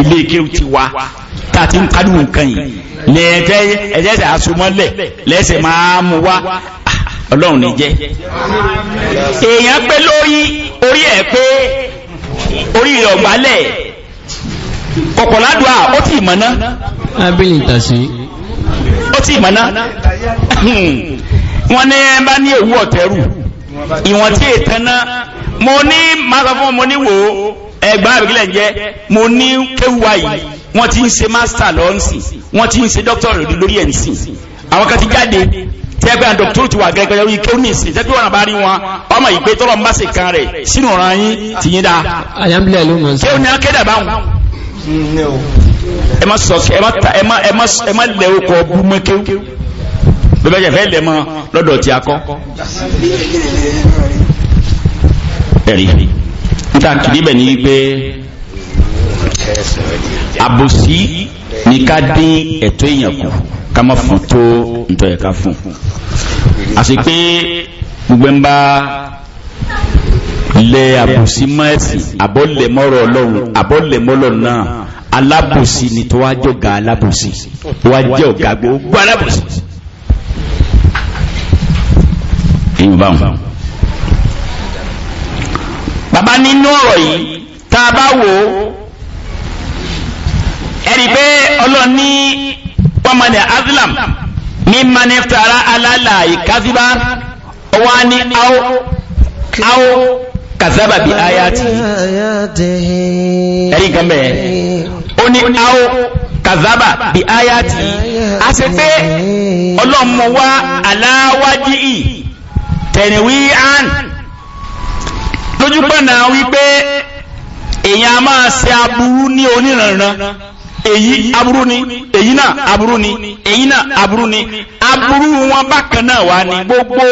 B: ilé kí ó ti wá tàti ń kádùn nǹkan yìí lẹ́ẹ̀tẹ́ ẹ̀jẹ̀sẹ̀ àsomọ́lẹ̀ lẹ́sẹ̀ máa mú wá ah, ọlọ́run ní jẹ́ èèyàn pé lórí orí ẹ̀ pé orí rẹ̀ ọ̀gbálẹ̀ kọ̀kọ̀ládùá ó ti mọ̀ná. abílẹ̀ ó ti mọ̀ná. Hmm wọ́n ní ẹ bá ní ewu ọ̀tẹ́rù ìwọ̀n tí ètẹ́ náà mo ní máa sọ fún mo ní wò ó ẹgbẹ́ àbíkílẹ̀ ń jẹ́ mo ní kéwà yìí wọ́n ti ń ṣe master lọ ń sìn wọ́n ti ń ṣe doctor rẹ̀ lórí ẹ̀ ń sìn àwọn kan ti jáde tí ẹgbẹ́ àwọn doctor ti wà gẹ́gẹ́ lórí kéwù ní ìsìn tẹ́tí wọn bá rí wọn ọmọ ìgbé tọ́lọ̀ ń bá ṣe kan rẹ̀ sínú ọ̀ràn yín ti yín dáa kéwù ní akéde àbáwọn ẹ má lẹ okọ̀ ọbú mọ́ kéwù bẹ́ẹ̀ fẹ́ lẹ̀ mọ́ lọ́dọ̀ tí a kọ́ ẹ̀rí níta kìdí bẹ̀ ní pé àbòsí ní ká dín ẹ̀tọ́ èèyàn kù ká má fún tó ntọ́ yẹ ká fún àti pé gbogbo ń bá lẹ àbòsí mọ́ àbọ̀lẹ̀mọ́rọ̀ ọlọ́run àbọ̀lẹ̀mọ́lọ̀ náà alábòsí ni tó wá jọ̀gá alábòsí tó wá gbogbo alábòsí. èyí báwọn. bàbá nínú ọ̀rọ̀ yìí tá a bá wò ó ẹ̀rí pé ọlọ́ọ̀ni pọ́nmọ́dé azlam ní manifestara alala ìkásíbá ọwọ́ ni áwọ́
A: áwọ́ kazaba bi ayati ẹ̀rí nǹkan bẹ́ẹ̀ ó ní áwọ́ kazaba bi ayati àti pé
B: ọlọ́mọ wa aláwájú yìí. tẹ̀níwíán lójúpọ̀nà wípé èyàn a máa ṣe aburú ní oníranran èyí aburú ni èyí náà aburú ni èyí náà aburú ni aburú wọn bákan náà wà ní gbogbo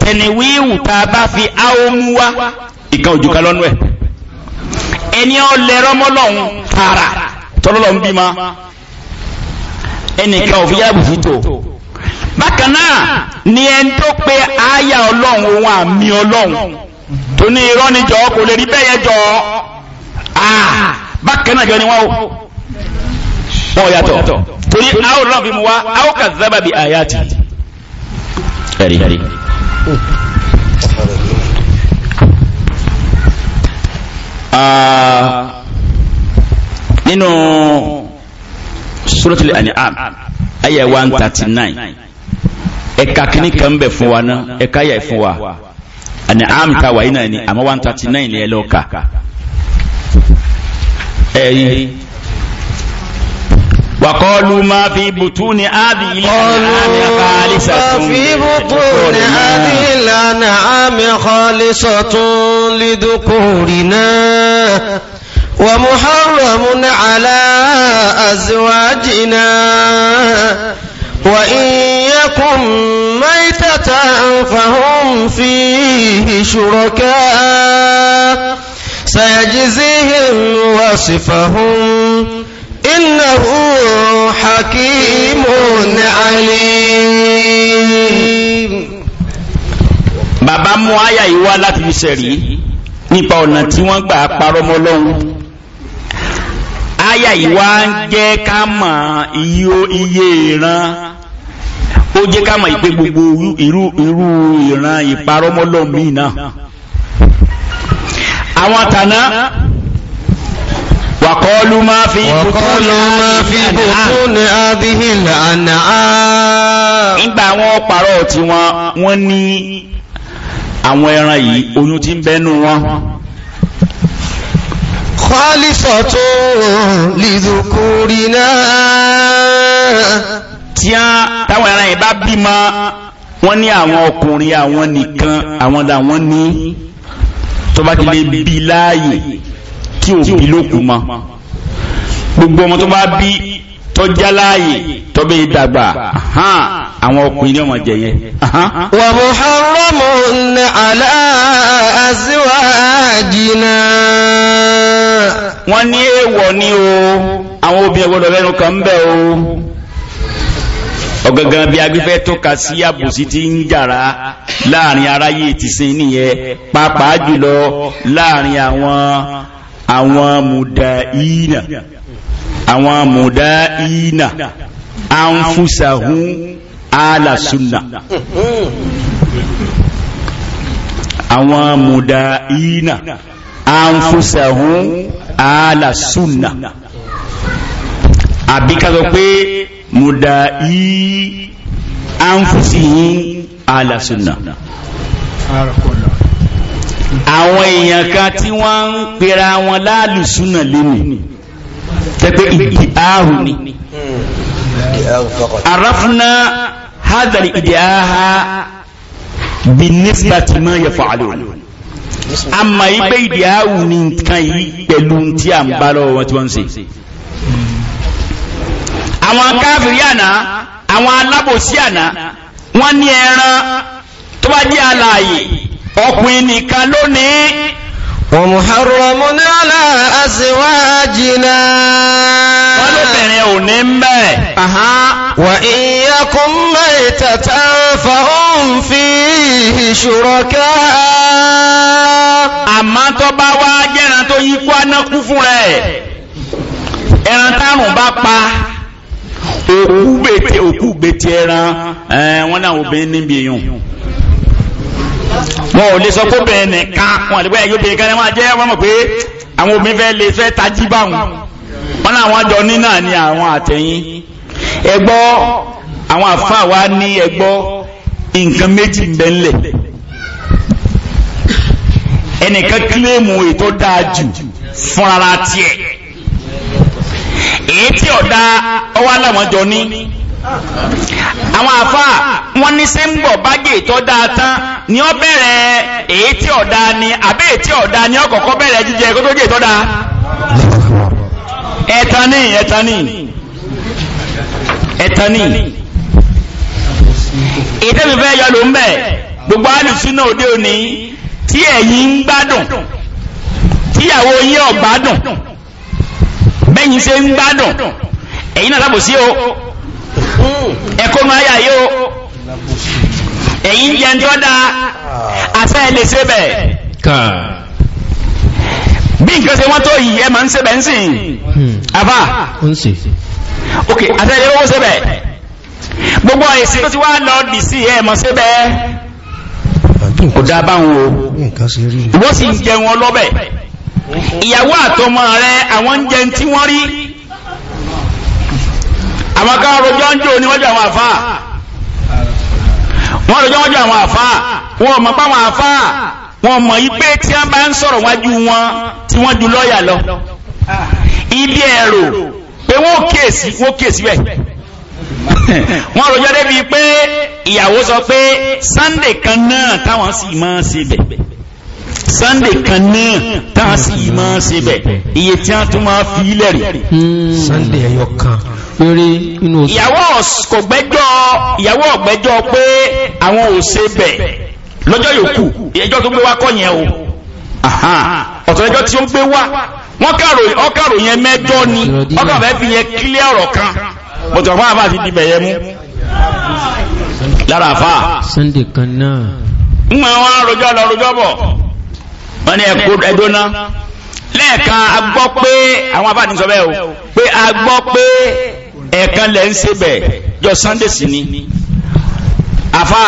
B: tẹ̀níwíhù tá a bá fi áwọmú wá ìkan ẹ̀ ẹni tààrà tọ́lọ́lọ́ ń ẹnìkan òfin bákan ni ẹni tó pe àyà ọlọ́run ohun àmì ọlọ́run tó ní irọ́ níjọ kò lè rí bẹ́yẹ jọ
C: bákan jọ ni wọ́n o
B: wọ́n yàtọ̀ torí àwọn ọlọ́run fi mu wá àwọn kà zábà bí àyà ti ẹ̀rí ẹ̀rí. nínú suratul an'am 139
A: ẹ̀ka kìíní kan bẹ̀ fún wa náà ẹ̀ka yà fún wa
B: àní àmì ta wà yìí náà ni àmọ́ one thirty nine ni ẹ lọ́ọ́ kà ẹ̀yìn. وقالوا ما في بطون هذه الأنعام
A: خالصة ما في بطون هذه الأنعام خالصة لذكورنا ومحرم على أزواجنا وإن يكن ميتة فهم فيه شركاء سيجزيهم وصفهم إنه حكيم عليم bàbá mú àyà ìwá láti fi
B: ṣẹ̀rí nípa ọ̀nà tí wọ́n gbà parọ́ mọ́ Ọlọ́hun
C: àyà ìwá ń jẹ́ ká
B: mọ̀ iye ìran ó jẹ́ ká mọ̀ ìpé gbogbo irú iru ìran ìparọ́mọ́lọ́ míì náà
A: àwọn àtàná wàkọ́lù máa fi bùtúnì àdíhìn àná nígbà àwọn pàrọ̀ tí wọ́n ní
B: àwọn ẹran yìí oyún ti ń bẹ́nu wọn kọ́lísọ̀ tó lìdùkúrì náà tí táwọn ẹran yìí bá bímọ wọ́n ní àwọn ọkùnrin àwọn nìkan àwọn làwọn ní tó bá ti bí láàyè tí ò bí lókù mọ gbogbo ọmọ tó bá bí tọ́já láàyè tọ́bẹ̀ ìdàgbà
C: àwọn ọkùnrin ní ọmọ
B: jẹyẹ. wa
A: muharramun ala azwajina. wọ́n ní èèwọ̀ ni o
B: àwọn obìnrin gbọ́dọ̀ lẹ́nu kan ń o ọ̀gangan bí agbẹ́fẹ́ tọ́ka sí àbòsí tí ń jàrá láàrin aráyé ti sin nìyẹn pàápàá jùlọ láàrin àwọn àwọn mùdà ìnà àwọn mùdà ìnà anfusahun alasunna àwọn mùdà ìnà anfusahun alasunna pé mudai anfusihim ala sunna àwọn èèyàn kan tí wọ́n ń pera wọn láàlù súnà lénìí tẹ́pẹ́ ìdí ààrùn ni àráfúnná hádàrí ìdí ààhá bí nípa tí máa yẹ fàálù a ma yí pé ìdí ààrùn ni nǹkan yìí pẹ̀lú tí a ń bá lọ́wọ́ wọn tí wọ́n ń ṣe àwọn káfìrí àná àwọn alábòsí àná
A: wọ́n ní ẹran
C: tó bá jí alààyè
A: ọkùnrin nìkan lónìí wa muharramun ala azwajina wọ́n lóbìnrin ò ní mẹ́ wa iyyakum maytatan fahum fihi shuraka
B: àmá tó bá wá jẹ́ran tó kó anákú fún rẹ̀ òkú gbètì ẹran wọn náà obìnrin níbi èèyàn wọn ò lè sọ pé obìnrin nìkan wọn àdìgbò ẹ̀yọ́ obìnrin kan ní wọn jẹ́ wọn mọ̀ pé àwọn obìnrin fẹ́ lè fẹ́ tají báwọn wọn náà wọn jọ ní náà ni àwọn àtẹ̀yìn ẹgbọ́ àwọn àfáà wa ní ẹgbọ́ nǹkan méjì ń bẹ ńlẹ̀ ẹnìkan kílèmù ètò dáa jù fúnra tiẹ̀. èyí tí ọ̀dá ọwá jọ ní àwọn àfà wọn ní ń bọ̀ bájì tó dáa tán ni ó bẹ̀rẹ̀ èyí tí ọ̀dá ni àbẹ́ tí ọ̀dá ni ó bẹ̀rẹ̀ jíjẹ kó jẹ́ gbogbo òde òní tí ń gbádùn tíyàwó yín bẹ́yìn ṣe ń gbádùn ẹ̀yin náà lábòsí o ẹ̀kọ́ nu ayà yìí o ẹ̀yin yẹn tó dáa àṣẹ lè ṣe bẹ́ẹ̀ bí nǹkan ṣe wọ́n tó yìí ẹ máa ń ṣe bẹ́ẹ̀ ń sìn hmm. àbá ok àṣẹ lè wọ́n ṣe bẹ́ẹ̀ gbogbo ẹ̀sìn tó ti wá lọ dì sí ẹ̀ mọ̀ ṣe bẹ́ẹ̀ kò dáa báwọn o wọ́n sì ń jẹun ọlọ́bẹ̀
C: ìyàwó àtọmọ
B: rẹ àwọn ń jẹ tí wọ́n rí
C: àwọn kan rojọ́ ń jò níwájú àwọn àfà
B: wọ́n rojọ́ wájú àwọn àfà wọ́n mọ̀ pa àwọn àfà wọ́n mọ̀ yí pé tí wọ́n bá ń sọ̀rọ̀ wájú wọn tí wọ́n ju lọ́ọ̀yà lọ ibi ẹ̀rọ pé wọ́n kíyèsí wọ́n kíyèsí bẹ́ẹ̀ wọ́n rojọ́ débi pé ìyàwó sọ pé Sunday kan náà táwọn sì máa ń ṣe bẹ́ẹ̀ sunday kan náà tá a sì máa ṣe bẹ̀ iye tí a tún máa fi ilẹ̀ rí. Hmm. sunday ẹyọ kan péré inú oṣù. ìyàwó kò gbẹ́jọ́ ìyàwó ọ̀gbẹ́jọ́ pé àwọn ò ṣe bẹ̀ lọ́jọ́ yòókù ẹjọ́ tó gbé wá kọ́ yẹn o ọ̀tọ̀ ẹjọ́ tí ó ń gbé wá wọ́n kàrò yẹn mẹ́jọ ni ọkà fẹ́ fi yẹn kílẹ̀ ọ̀rọ̀ kan bọ̀tọ̀ fún àfáà ti di bẹ̀yẹ mú lára àfáà. sunday kan náà. ń mọ̀ wọn rojọ́ lọ rojọ́ bọ̀ wọ́n ní ẹ̀kọ́ ẹ̀dọ́ná lẹ́ẹ̀kan a gbọ́ pé àwọn afáàní sọ bẹ́ẹ̀ o pé a gbọ́ pé ẹ̀ẹ̀kan lẹ̀ ń ṣe bẹ̀ jọ sunday sí ni àfa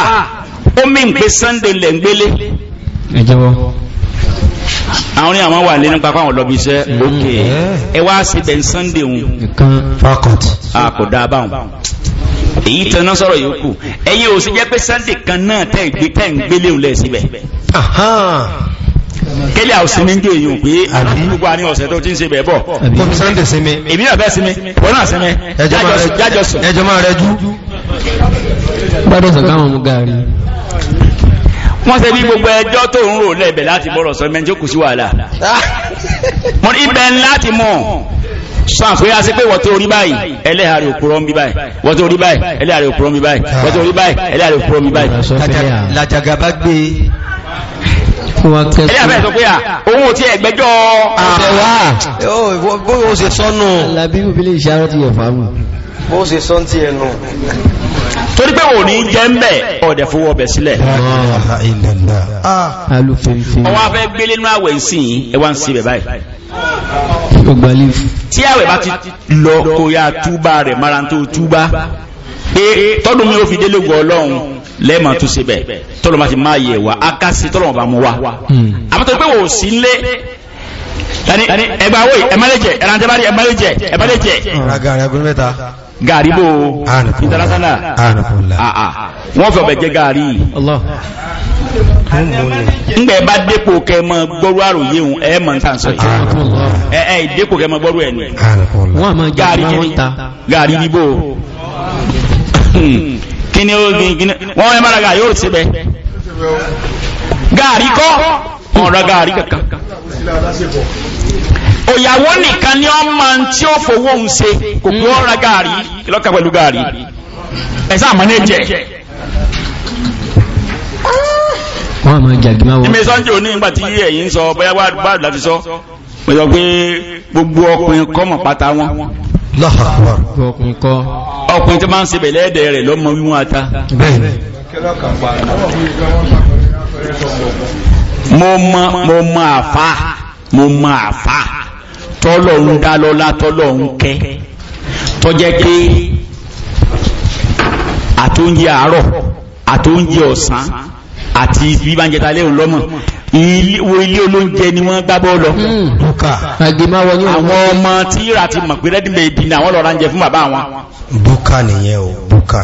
B: ó mì ń pe sunday lẹ̀ ń gbélé. ẹ jẹ́wọ́ àwọn ní àwọn wà lé nípa fáwọn lọ́bí iṣẹ́ òkè mm-hmm. ẹ wá sí bẹ̀ ń sunday òun
A: nǹkan fakọt
B: àkọ́dá báwọn èyí tẹná sọ̀rọ̀ yòókù ẹ̀yin ò sì jẹ́ pé sunday kan náà tẹ́ ń gbélé òun lẹ̀ síbẹ̀ kẹ́lẹ̀ àwọn sinmi ń gé èyàn pé gbogbo àní ọ̀sẹ̀ tó ti ń ṣe bẹ̀ bọ̀ sunday sinmi èmi náà bẹ́ sinmi wọ́n náà sinmi jájọ sùn ẹjọ́ máa rẹjú
A: gbádùn sọ̀káwọn mú gaari
B: wọ́n ṣe bí gbogbo ẹjọ́ tó ń rò lẹ́bẹ̀ láti bọ́rọ̀ sọ mẹ́jọ́ kù sí wàhálà mo ní ibẹ̀ láti mọ̀ sàn pé a ṣe pé wọ́n tó rí báyìí ẹlẹ́hàrí òpùrọ́ ń bí báyìí wọ́n tó rí báyìí ẹlẹ́hàrí òpùrọ́ ń bí báyìí wọ́n tó rí
A: báyìí ẹlẹ́hàrí òpùrọ́ ń bí báyìí kí wọ́n kẹ́sùn. ẹ̀lẹ́ àfẹ́ sọ pé à òun ò tí ẹ̀gbẹ́jọ́ àtẹ̀wà bó o ṣe sọ́nù. alábíbù bí lè ṣàrọ́ ti yẹ̀fà mù. bó o ṣe sọ́n ti ẹnu. torí pé òní jẹ́ ń bẹ̀ ọ̀dẹ̀ fowó ọbẹ̀ sílẹ̀. Ah. ọwọ́
B: afẹ́ gbélé nínú àwẹ̀ ìsìn ẹ wá ń sí bẹ̀ báyìí. tí àwẹ̀ bá ti lọ kó yá túbà rẹ̀ mara tó túbà pé tọ́dún mi ò fi délé ọlọ́run lẹ́ẹ̀mọ̀ tó ṣe bẹ̀ tọ́lọ̀ máa ti máa yẹ̀ wá akásí tọ́lọ̀ máa bá mú wa. Hmm. àmọ́tọ́ pé wò ó sí lé tani ẹgbẹ́ awọ́ yìí ẹ̀mọ́lẹ́jẹ̀ ẹ̀rántẹ́bárí ẹ̀mọ́lẹ́jẹ̀ ẹ̀mọ́lẹ́jẹ̀.
A: gàrí agbóni mẹ́ta. gàrí bò international. Ah, ah. wọ́n fẹ́ ọbẹ̀ jẹ́ gàrí. ngbẹ̀ bá dépò
B: kẹmọ gbọ́rú àròyé òun ẹ̀ mọ̀ nǹkan sọ yìí. ẹ ẹ dépò kẹmọ gbọ́rú ẹ̀ ni. wọ́n gàrí níbo kíní ogun kíní wọ́n rẹ̀ mára gàrí yóò síbẹ̀ gàrí kọ́ ọ̀rọ̀ gàrí kankan òyàwó nìkan ni wọ́n máa ń tí ó fowó ń ṣe kò kú ọ̀rọ̀ gàrí lọ́kà pẹ̀lú gàrí ẹ̀sà àmọ́lé
A: wọ́n máa jàgbá wọn.
B: ìmẹ̀sánjò ní ìgbà tí ẹ̀yìn sọ bóyá wàá láti sọ mo sọ pé gbogbo ọkùnrin kọ́ mọ̀ pátá wọn ọkùnrin tó máa ń sebẹ̀ lẹ́ẹ̀dẹ̀ rẹ̀ lọ́mọ wíwọ́n ata mo mọ àfá mo mọ àfá tọ́lọ̀ ń dá kẹ́ tọ́jẹ́ pé àtóúnjẹ àárọ̀ àtóúnjẹ ọ̀sán àti bí bá ń jẹta léhùn lọ́mọ̀ wo ilé olóúnjẹ ni wọ́n gbábọ́ lọ
C: hmm.
B: àwọn ọmọ tí ra ti mọ̀ pé rẹ́dìmẹ̀ ìdí ni àwọn lọ́ra ń jẹ fún bàbá wọn
A: búkà nìyẹn o búkà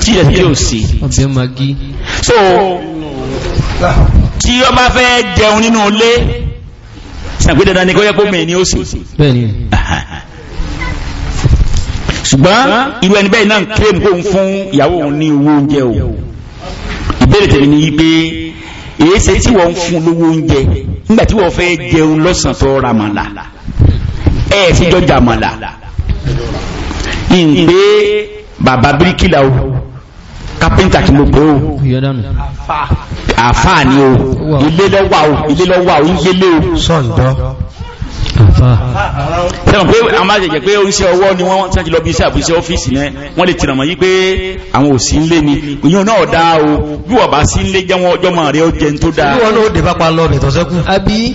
A: tí ẹ̀ tí ò sí
B: so tí ọ bá fẹ́ jẹun nínú ilé sàgbé ni kó yẹ ni ó sì ṣùgbọ́n irú ẹni bẹ́ẹ̀ náà kéèm kó fún ìyàwó òun ní owó oúnjẹ o ìbéèrè tèmi ni wípé èyí ṣe tí wọ́n ń fún lówó oúnjẹ nígbà tí wọ́n fẹ́ jẹun lọ́sàn tó ra màlà ẹ ẹ sì jọjà màlà ìgbé bàbá bíríkìlà o kápẹ́ńtà tí mo pè o àfáà ni o ilé
C: lọ́wà o ilé lọ́wà o ń yélé o
B: sẹ́wọ̀n pé àwọn máa jẹ̀jẹ̀ pé oríṣẹ́ ọwọ́ ni wọ́n ti lọ bí iṣẹ́ àbúṣẹ́ ọ́fíìsì náà wọ́n lè tìrànmọ́ yí pé àwọn ò ń lé ni ìyẹn náà dá o bí wọ́n bá sí ń lé jẹ́wọ́n ọjọ́ mọ̀ rẹ ó tó dáa. bí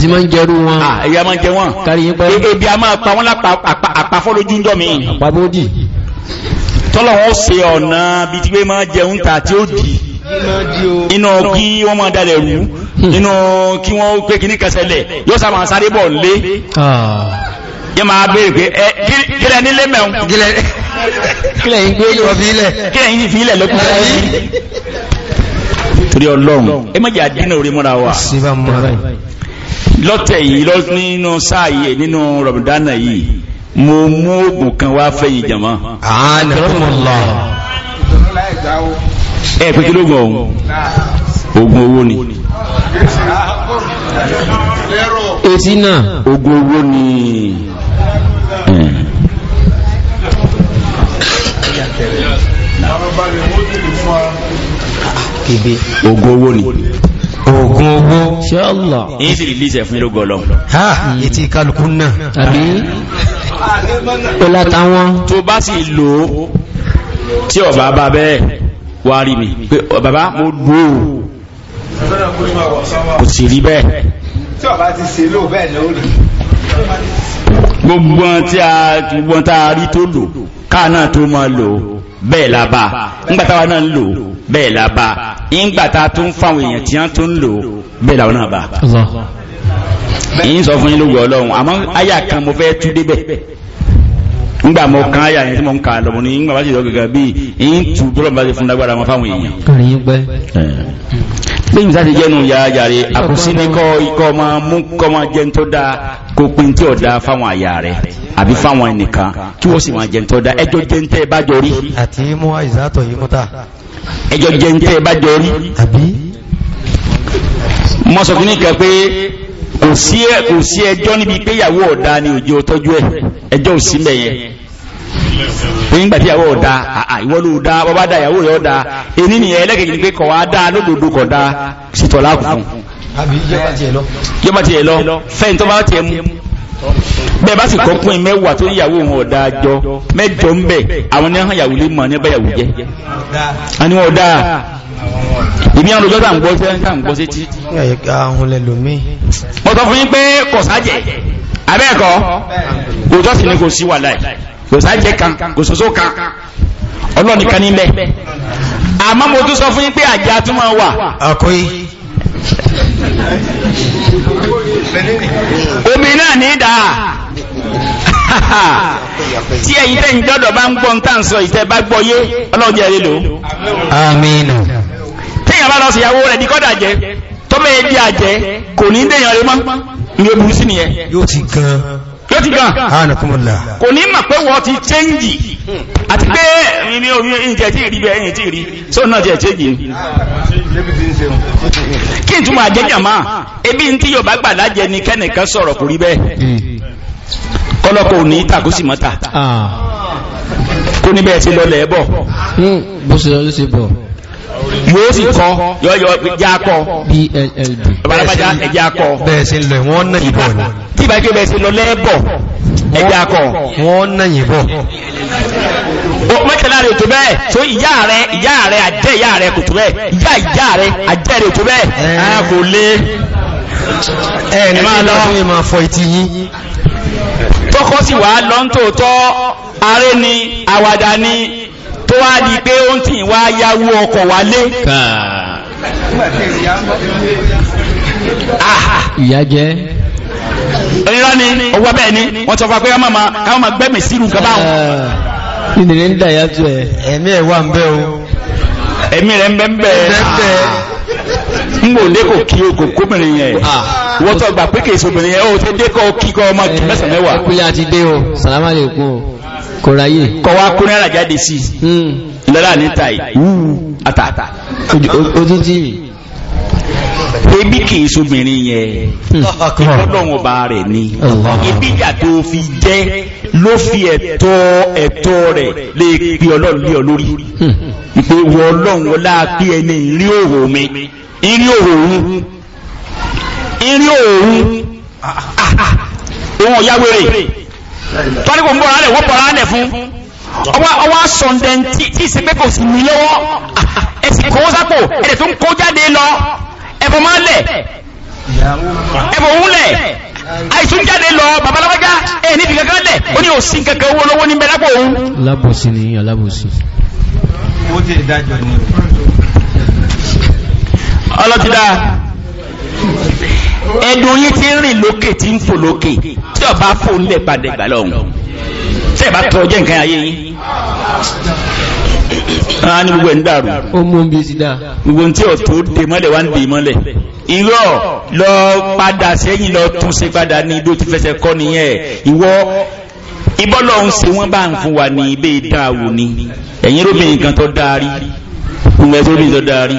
A: tí máa ń jẹ́rú wọn.
B: ìyá máa ń jẹ wọn. kárí pẹ́. E-, ebi a máa pa wọn lápá àpafọ́lójú ń dọ̀ mí. àpabódì tọ́lọ̀wọ́n ṣe ọ̀nà bí ti pé máa jẹun tà tí ó dì inú kí wọ́n máa dalẹ̀ rú inú kí wọ́n pé kí ní kẹsẹ̀lẹ̀ yóò sá máa sáré bọ̀ lé yẹ máa béèrè pé ẹ kílẹ̀ nílé mẹ́un kílẹ̀ yìí gbé yọ fílẹ̀ kílẹ̀ yìí fílẹ̀ lọ́kùn torí ọlọ́run ẹ má jẹ́ àdínà orí múra wa lọ́tẹ̀ yìí nínú sáà yìí nínú rọ̀bùdánà yìí mo mú oògùn kan wá fẹ́yìn jàmá ẹ̀ pé kí ló gbọ́ ohun oògùn owó ni etí náà oògùn owó ni
A: oògùn owó ni oògùn owó ṣe Allah
B: yìí sì lè lè ṣẹ̀ fún ilógún ọlọ́run
A: ha etí kálukú náà ìlà táwọn tó bá sì lò ó
B: tí ọba bá bẹ́ẹ̀ wá rí mi pé bàbá mo lò ó kò sì rí bẹ́ẹ̀ tí ọba ti ṣe lò bẹ́ẹ̀ ni ó tí a gbogbo tá a rí tó lò káà náà tó máa lò bẹ́ẹ̀ la bá náà lò bẹ́ẹ̀ la ńgbàtà tó ń fáwọn èèyàn tí wọ́n tó ń lò bẹ́ẹ̀ làwọn náà bá yìí sọ fún yín lóògùn ọlọ́run àmọ́ àyà kan mo fẹ́ tú débẹ̀ ngba mo kan àyà yẹn tí mo ń kà lọ́mọ ní ngba bá ti sọ gẹ́gẹ́ bí yìí tu bọ́lọ̀ bá ti fún lágbára wọn fáwọn èèyàn.
A: kàrin yín pẹ́. bẹ́ẹ̀
B: nígbà tí jẹ́nu yáyàrá àkùsí ni kọ́ ikọ́ máa mú kọ́ máa jẹun tó dáa kó pin tí ò da, fáwọn àyà rẹ̀ àbí fáwọn ẹnìkan kí wọ́n sì máa jẹun tó dáa ẹjọ́ jẹun tẹ́ ẹ bá jọ rí.
A: àti mú àìsàtọ̀ yìí mú ta. ẹjọ́ jẹun tẹ́ bá jọ rí. àbí.
B: mo kò sí ẹjọ́ níbi pé ìyàwó ọ̀dá ni òjò tọ́jú ẹ̀ ẹjọ́ ò sí mẹ́yẹn nígbà tí ìyàwó ọ̀dá ìwọ ló dá bàbá dá ìyàwó rẹ̀ ọ̀dá èní nìyẹn ẹlẹ́gẹ̀ẹ́ ni pé kọ̀ wá dá lódodo kọ̀ dá sítọ̀ láàkùn fún yọ́mọ̀ tiẹ̀ lọ fẹ́ǹtọ́ bá tiẹ̀ mú bẹ́ẹ̀ bá sì kọ́ pín mẹ́wàá tó yàwó wọn ọ̀dà àjọ mẹ́jọ ń bẹ̀ àwọn ní hàn yàwó lè mọ̀ ní ọba yàwó jẹ́ àní wọn ọ̀dà ìmí àwọn olùjọ́ tàǹgbọ́ sí tàǹgbọ́ sí tí. mo sọ fún yín pé kò sájẹ̀ abẹ́ẹ̀kọ́ òótọ́ sì ni kò sí wà láì kò sájẹ̀ kan kò soso kan ọlọ́ọ̀nì kan nílẹ̀ àmọ́ mo tún sọ fún yín pé àjẹ́ àtúmọ̀ wà. àkóyí omi náà ní ìdá tí ẹ̀yin tẹ́yìn gbọ́dọ̀ bá ń gbọ́ ń tàn sọ ìtẹ́ bá gbọ́ yé ọlọ́run jẹ́ lílo àmín téèyàn bá lọ sí ìyàwó rẹ̀ ní kọ́dà jẹ́ tọ́mọ̀ ẹ̀ àjẹ́ kò ní déèyàn rẹ̀ mọ́ ní eburú sí nìyẹn yóò ti gan pé ti
A: gan kò ní mà pé
B: wọ́n ti chẹ́ǹjì hmm. àti pé mi ní omi ìjẹ́ tí rí bẹ́ẹ̀ yìí tí rí só náà jẹ́ chẹ́ǹjì ni kí n túmọ̀ àjẹjà máa ebi ń tí Yorùbá gbà lájẹ ni kẹ́nìkan sọ̀rọ̀ kò rí bẹ́ẹ̀ hmm. kọ́lọ́kọ̀ ní ìtàkùsì mọ́ta ah. kó níbẹ̀ ti lọlẹ̀ bọ̀
A: hmm. bó lọ ló
B: yóò sì kọ́ yọ́yọ́ ẹjá
A: kọ́ ọ̀bálábájá ẹjá kọ́ bẹ̀ẹ̀sẹ̀ lọ wọ́n náà yìnbọ̀ ní tí ìbá ikú bẹ̀ẹ̀sẹ̀ lọ lẹ́ẹ̀bọ̀ ẹjá kọ́ wọ́n náà yìnbọ̀
B: mẹ́tẹ̀lá rẹ̀ tó bẹ́ẹ̀ tó ìyá rẹ̀ ìyá rẹ̀ àjẹ́ ìyá rẹ̀ kò tó bẹ́ẹ̀ ìyá ìyá rẹ̀ àjẹ́ rẹ̀ tó bẹ́ẹ̀ ara kò lé ẹni máa lọ fún ìmọ̀ fọ ìtì yín tọkọ sì wá lọ́ntòótọ́ aré ni àwàdà ni tó wá di pé ó ń tì wá yáwó ọkọ̀ wálé ìyá jẹ́
C: ìrọ́ ni ọwọ́ bẹ́ẹ̀ ni
B: wọ́n tọ́fà pé ọmọ ma gbẹ́mì sírù gaba wọn ìnìyàn ń dàyà jẹ́ ẹ̀mí ẹ̀ wà ń bẹ́ o ẹ̀mí rẹ̀ ń bẹ́ ń bẹ́ ń bò lẹ́kọ̀ọ́ kí o kóbìnrin yẹn wọ́n tọ́ pé kèsì obìnrin yẹn ó ah. ti dẹ́kọ̀ọ́ kíkọ́ ọmọ mẹ́sàn-án
A: mẹ́wàá kò ráyè kọ wá
B: kó náírà jáde sí ìlọ́lá
A: hmm. níta àtà ojú tí
B: ebi kì í sobìnrin yẹn hmm. ìkọ́dọ̀wọ̀n ba rẹ̀ ni ìbíjà tó fi jẹ́ ló fi ẹ̀tọ́ ẹ̀tọ́ rẹ̀ lè pe ọlọ́run lé ọ lórí
C: hmm. wọ ọlọ́run wọlá pé
B: ẹni ìrí òhò mi ìrí òhò òhun ìrí òhò òhun ah, ah, ah, òhun ọ̀yáwèrè tọ́lí kò ń bọ̀ rálẹ̀ wọ́n bọ̀ rálẹ̀ fún ọwọ́ sọ̀ndẹ̀ tí ìṣe pé kò sì ní lọ́wọ́ ẹ̀sìn kò sápò ẹ̀dẹ̀ tó ń kó jáde lọ
C: ẹ̀fọ́ máa lẹ̀ ẹ̀fọ́ ń lẹ̀ àìsùn jáde lọ
B: babalábájá ẹ̀ níbi kankan lẹ̀ ó ní òsín
A: kankan owó lọ́wọ́ ní bẹ́lápò òun. lábòsí ni alábòsí. ó ti dájọ́ ni.
B: ọlọ́tí dáa ẹ̀dùn yín ti ń rìn lókè tí ń fò lókè tí ọba fò ńlẹ̀ padà ìgbà lọ́hùn tí ẹ bá tọ́ jẹ́ nǹkan ayé yín a ní gbogbo ẹ̀ ń dàrú gbogbo tí ò tó dé mọ́lẹ̀ wá ń dé mọ́lẹ̀ irọ́ lọ padà sẹ́yìn lọ tún ṣe padà ní ibi ó ti fẹsẹ̀ kọ́ nìyẹn ìwọ ìbọ́lọ̀ ń ṣe wọ́n bá ń fún wa ní ibẹ̀ dáa wò ni ẹ̀yin lóbìnrin kan tó dáa rí ìgbà tó bí tó dáa rí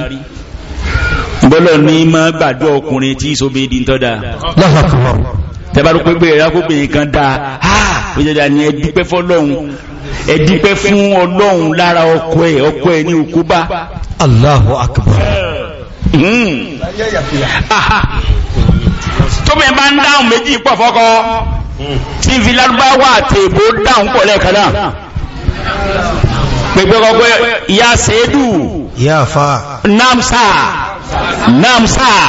B: bọ́lọ̀ ní mọ́ gbàdúrà ọkùnrin tí sóbi di tọ́da tẹ́bàrú pépé ẹ̀rá kó pèyìn kan dáa ó jẹ́jà ní ẹ̀dúpẹ́ fọ́lọ́hun ẹ̀dúpẹ́ fún ọlọ́hun lára ọkọ ẹ̀ ọkọ ẹ̀ ní òkúbá Akbar hmm. tó bẹ̀ bá ń dáhùn méjì pọ̀ fọ́kọ́ tí fi lárúbáwá àti èbó dáhùn pọ̀ lẹ́ẹ̀kan náà pẹ̀gbẹ́ kọ́kọ́ ìyá sẹ́dù ìyá fa namsa nam sáà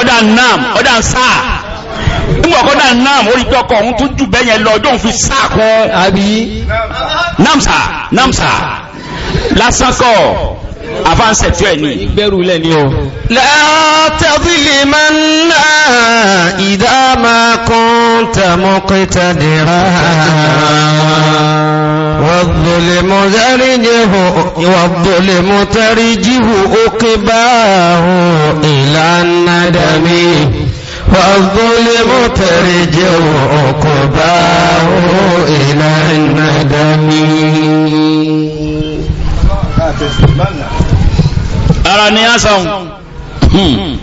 B: ọ̀dà nam ọ̀dà sáà nígbà ọ̀dà nam orí pé ọkọ̀ ọ̀hún tún jù bẹ́yẹn lọ ọjọ́ òun fi sáà àbí. nam sáà nam sáà lásán kọ́ àfáǹsẹ̀ tí ó ẹ̀ ní ìgbẹ́rù ilẹ̀ ní ọ
A: látàbílì máa ń ná ìdámà kan tàmọ́kítà dìrá wàbdòlè mọ́tàrí jíhù ókè bá ahùn ìlànà dàmí wàbdòlè mọ́tàrí jíhù ókè bá ahùn ìlànà dàmí
B: ara ní àsàn hmm.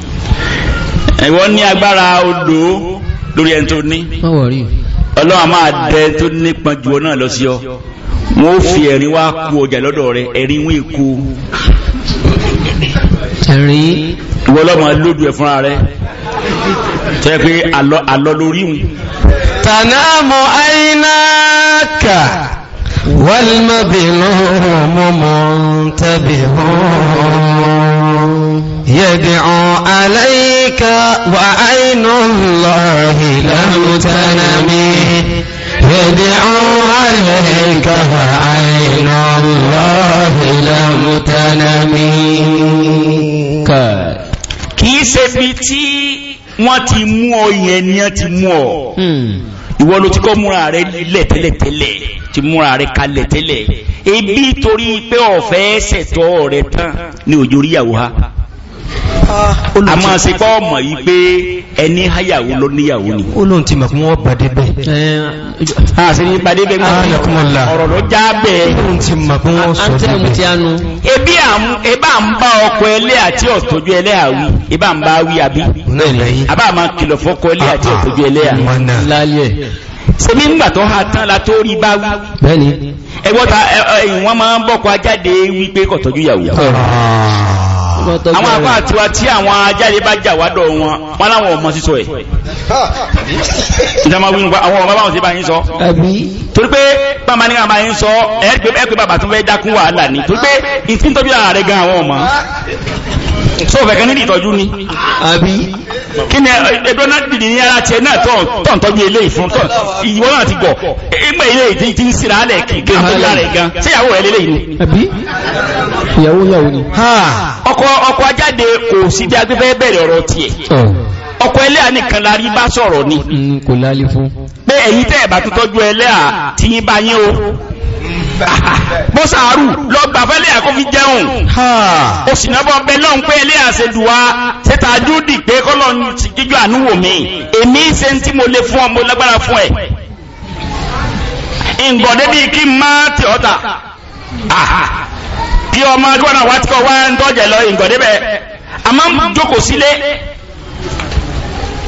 B: ìwọ́n ní agbára odò lórí ẹni tó ní ọlọ́wọ́n máa dẹ tó nípọn jù ọ náà lọ sí ọ wọ́n fi ẹ̀rin wá kú ọjà lọ́dọ̀ rẹ̀ ẹ̀rin wọ́n ikú ẹ̀rin ìwọ́lọ́mọ lódù ẹ̀ fúnra rẹ̀ tẹ́ pé àlọ́ lórí hùn
A: tànáàmù àìnáàkà والمظلوم منتبه يدعو عليك وعين الله لم تنمي يدعو عليك وعين الله لم تنمي
B: kìí ṣe bí tí wọ́n ti mú ọ yẹn ni wọ́n ti mú ọ ìwọ ló ti kọ́ múra rẹ lílẹ̀ tẹ́lẹ̀tẹ́lẹ̀ ti múra rẹ̀ kalẹ̀ tẹ́lẹ̀ ebi torí pé ọ̀fẹ́ ṣẹ̀tọ́ rẹ̀ tán ní òjò oríyàwó ha ah, a máa ṣe pọ́ ọmọ yìí pé ẹni háyàwó ló níyàwó ni
A: olóhun ti mọ̀kún wọ́n bàdé bẹ̀ àti eh, ní bàdé bẹ̀ ọ̀rọ̀ ló já bẹ̀ olóhun
B: ti mọ̀kún wọ́n sọ bẹ̀ ebá ń bá ọkọ̀ ẹlẹ́ àti ọ̀tọ́jú ẹlẹ́ àwí ebá ń bá wí àbí àbá máa kìlọ̀ fọ́kọ̀ ẹlẹ́ àti ah, ah. ọ̀tọ́jú ẹlẹ́ àwí ṣe ní ìgbà tó ha tán la tó rí bá wí bẹ́ẹ̀ni ẹgbọ́ta ìwọ́n máa ń bọ́kọ ajáde wípé kò tọ́jú yàwó yàwó ah. àwọn apá àtiwá tí àwọn ajáde bá jà wádọ̀ wọn wọn láwọn ọmọ sísọ ẹ̀ ìjọba wí àwọn ọmọ báwọn sí bá yín sọ torí pé bàbá ní bàbá yín sọ ẹ bàbá tún fẹ́ dákún wàhálà ni torí pé ìtí ń gan àwọn ọmọ
C: tó fẹ́ kan nídìí ìtọ́jú ni. àbí.
B: kí ni ẹgbẹ́ náà dìde ní ara tiẹ̀ náà tọ̀ ń tọ́jú eléyìí fún tọ̀ ìwọ náà ti gbọ̀ ẹgbẹ́ eléyìí eh, ti ń sira alẹ̀ kì í gbà lórí alẹ̀ gan ṣé ìyàwó rẹ lélẹ́yìí ni. àbí
C: ìyàwó ìyàwó ni.
B: ọkọ ọkọ ajáde kò sí bí ọkọ̀ ẹlẹ́à nìkan la bá sọ̀rọ̀ ni mm, kò lálé fún pé èyí tẹ́ ẹ̀bà tó tọ́jú ẹlẹ́à tí yín bá yín o bọ́sàárù lọ gbà fẹ́lẹ́ àkó fi jẹun ó sì náà bọ́ bẹ lọ́n pé ẹlẹ́à ṣe dùwà ṣe ta júdì pé kọ́lọ̀ ń jíjọ ànúwò mi èmi ṣe ń tí mo lè fún ọ lágbára fún ẹ
C: ìgbọ̀dé bíi kí n
B: má tì ọ́ bí ọmọ adúgbò náà wá tí wá ń tọ́jẹ̀ lọ ìgbọ̀dé bẹ́ẹ̀ àmọ́ jókòó sílé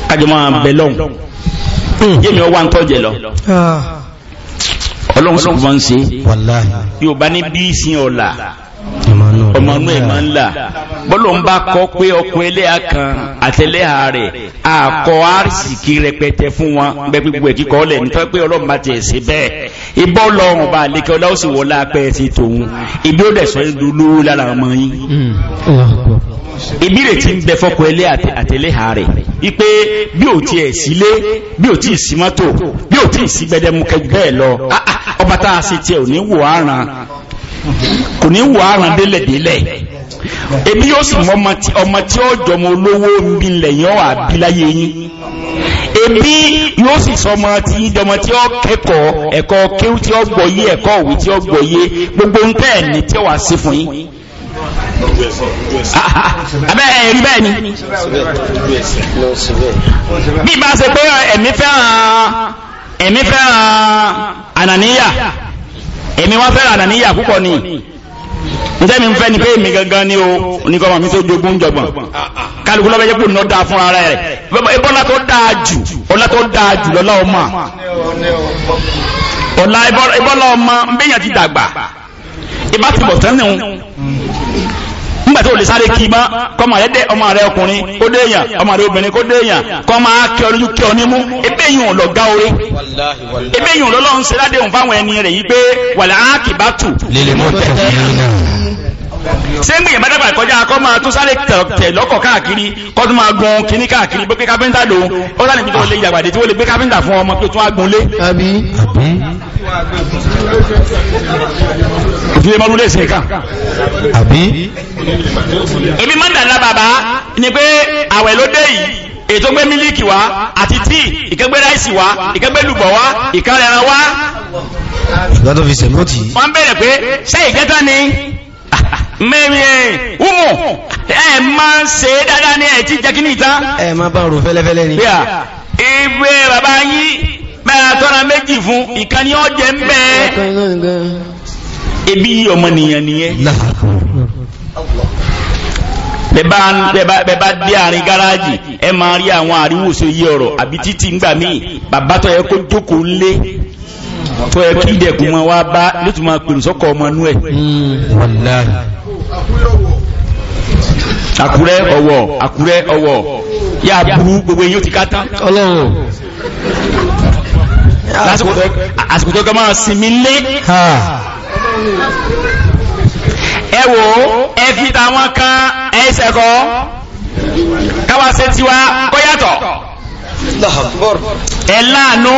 B: kájọmọ́ bẹ̀lọ́n hmm. yémi ọwá ń tọ́jẹ lọ ah. ọlọ́run sọ̀rọ̀ ń ṣe yóò bá ní bí ìsìn ọ̀la ọmọ inú ẹ̀ máa ń là bọ́lọ̀ ń bá kọ́ pé ọkọ̀ ẹlẹ́yà kan àtẹlẹ́yà rẹ̀ àkọ́ àrísìkí rẹpẹtẹ fún wọn bẹ́ẹ̀ gbogbo ẹ̀kí kọ́ lẹ̀ nítorí pé ọlọ́run bá tiẹ̀ sí bẹ́ẹ̀ ibọ́ lọ́rùn bá lékẹ́ ọlọ́run sì wọlé apẹ́ ti tòun ibi ó dẹ̀ sọ ìlú lówó lára ọmọ yín ìbírètí ń bẹ fọ́kọ̀ ẹlẹ́ àtẹlẹ́hà rẹ̀ wípé bí ò tiẹ̀ sílé bí ò tí sí mọ́tò bí ò tí sí gbẹdẹmukẹ bẹ́ẹ̀ lọ ah, ah, ọba tá a sì tiẹ̀ ò ní wò á kò ní wà á ràn délẹ̀ délẹ̀ ebi yóò sì mọ ọmọ tí ó jọmọ olówó nbí lẹ́yìn ọ̀hún àbíláyé yín ebi yóò sì sọmọ tí jọmọ tí ó kẹ́kọ̀ọ́ ẹ̀kọ́ kéwú tí ó gbọ́yé ẹ̀kọ́ òwe tí ó gbọ́yé gbogbo ń tẹ̀ ní tí ó wà sí fún yín
C: abẹ́ ẹ̀rí
B: bẹ́ẹ̀ ni bí bá ṣe pé ẹ̀mí fẹ́ràn ẹ̀mí fẹ́ràn ànàníyà èmi wá fẹ́ràn ànàníyà púpọ̀ ni ntẹ́mi ń fẹ́ ni pé èmi gangan ni o oníkan mọ̀ mi tó jogún jọgbọ̀n kálukú lọ́bẹ̀ yẹ́pù ní ó dáa fún ara rẹ̀ ìbọ́lá tó dáa jù ọlá tó dáa jù lọ́lá ọmọ ọlá ìbọ́lá ọmọ ń bẹ́yàn ti dàgbà ìbátìbọ̀ sẹ́nu nígbà tó lè sáré kí mọ́ kọ́mọ rẹ dé ọmọ rẹ ọkùnrin kó dé èèyàn ọmọ rẹ obìnrin kó dé èèyàn kọ́mọ kí ọ lójú kí ọ nímú ebe yìí ò lọ gá orí ebe yìí ò lọ́lọ́run ṣe ládéhùn fáwọn ẹni rẹ̀ yìí pé wàlá ákìbátù lè lè mọ́
C: tẹ̀lé náà
B: ṣé ń gbìyànjú bá dàgbà kọjá kọ́ máa tún sáré tẹ̀ lọ́kọ̀ káàkiri kọ́ tún máa gun kíní káàkiri pé káfíńtà lòun ó sáré níbi tó lè yàgbàdé tí wọ́n lè gbé káfíńtà fún ọmọ tó tún á gun lé. àbí ìdílé mọ́lú lè ṣe kàn. àbí. èmi máa ń dàdá bàbá ni pé àwẹ̀ ló dé yìí ètò gbé mílíkì wá àti tíì ìkẹgbẹ́ ráìsì wá ìkẹgbẹ́ lùbọ̀ wá ìkẹrẹ̀ràn wá. ìgbà tó fi sẹ̀mọ́tì. wọ́n bẹ̀rẹ̀ pé ṣé ìjẹta ni mẹ́rin umu ẹ máa ń ṣe dáadáa ní ẹ̀tí jẹ́ kíní ìta ẹ máa bá rò fẹ́lẹ́fẹ́lẹ́ ni
C: ìwé
B: bàbá yín mẹ́ra tọ́ra méjì fún ìkànnì ọ̀jẹ̀ ń bẹ́ ebi ọmọnìyàn nìyẹn bẹ̀bá dé àárín gáràjì ẹ máa rí àwọn àríwòsàn yí ọ̀rọ̀ àbí títí ń gbà míì bàbá tó yẹ kó jókòó lé tó yẹ kí ìdẹ̀kùn wọn wá bá lótùmọ̀ pèrò sọ́kọ̀ ọmọ inú ẹ̀. Hmm, àkúrẹ́ ọ̀wọ̀ àkúrẹ́ ọ̀wọ̀ yà burú gbogbo èyí ó ti káta ọlọ́run àsìkò tó gọmọ́ sinmi lé ẹ wò ẹ fi tàwọn kan ẹsẹ̀ kọ́ ṣe tiwa kó yàtọ̀ ẹ láàánú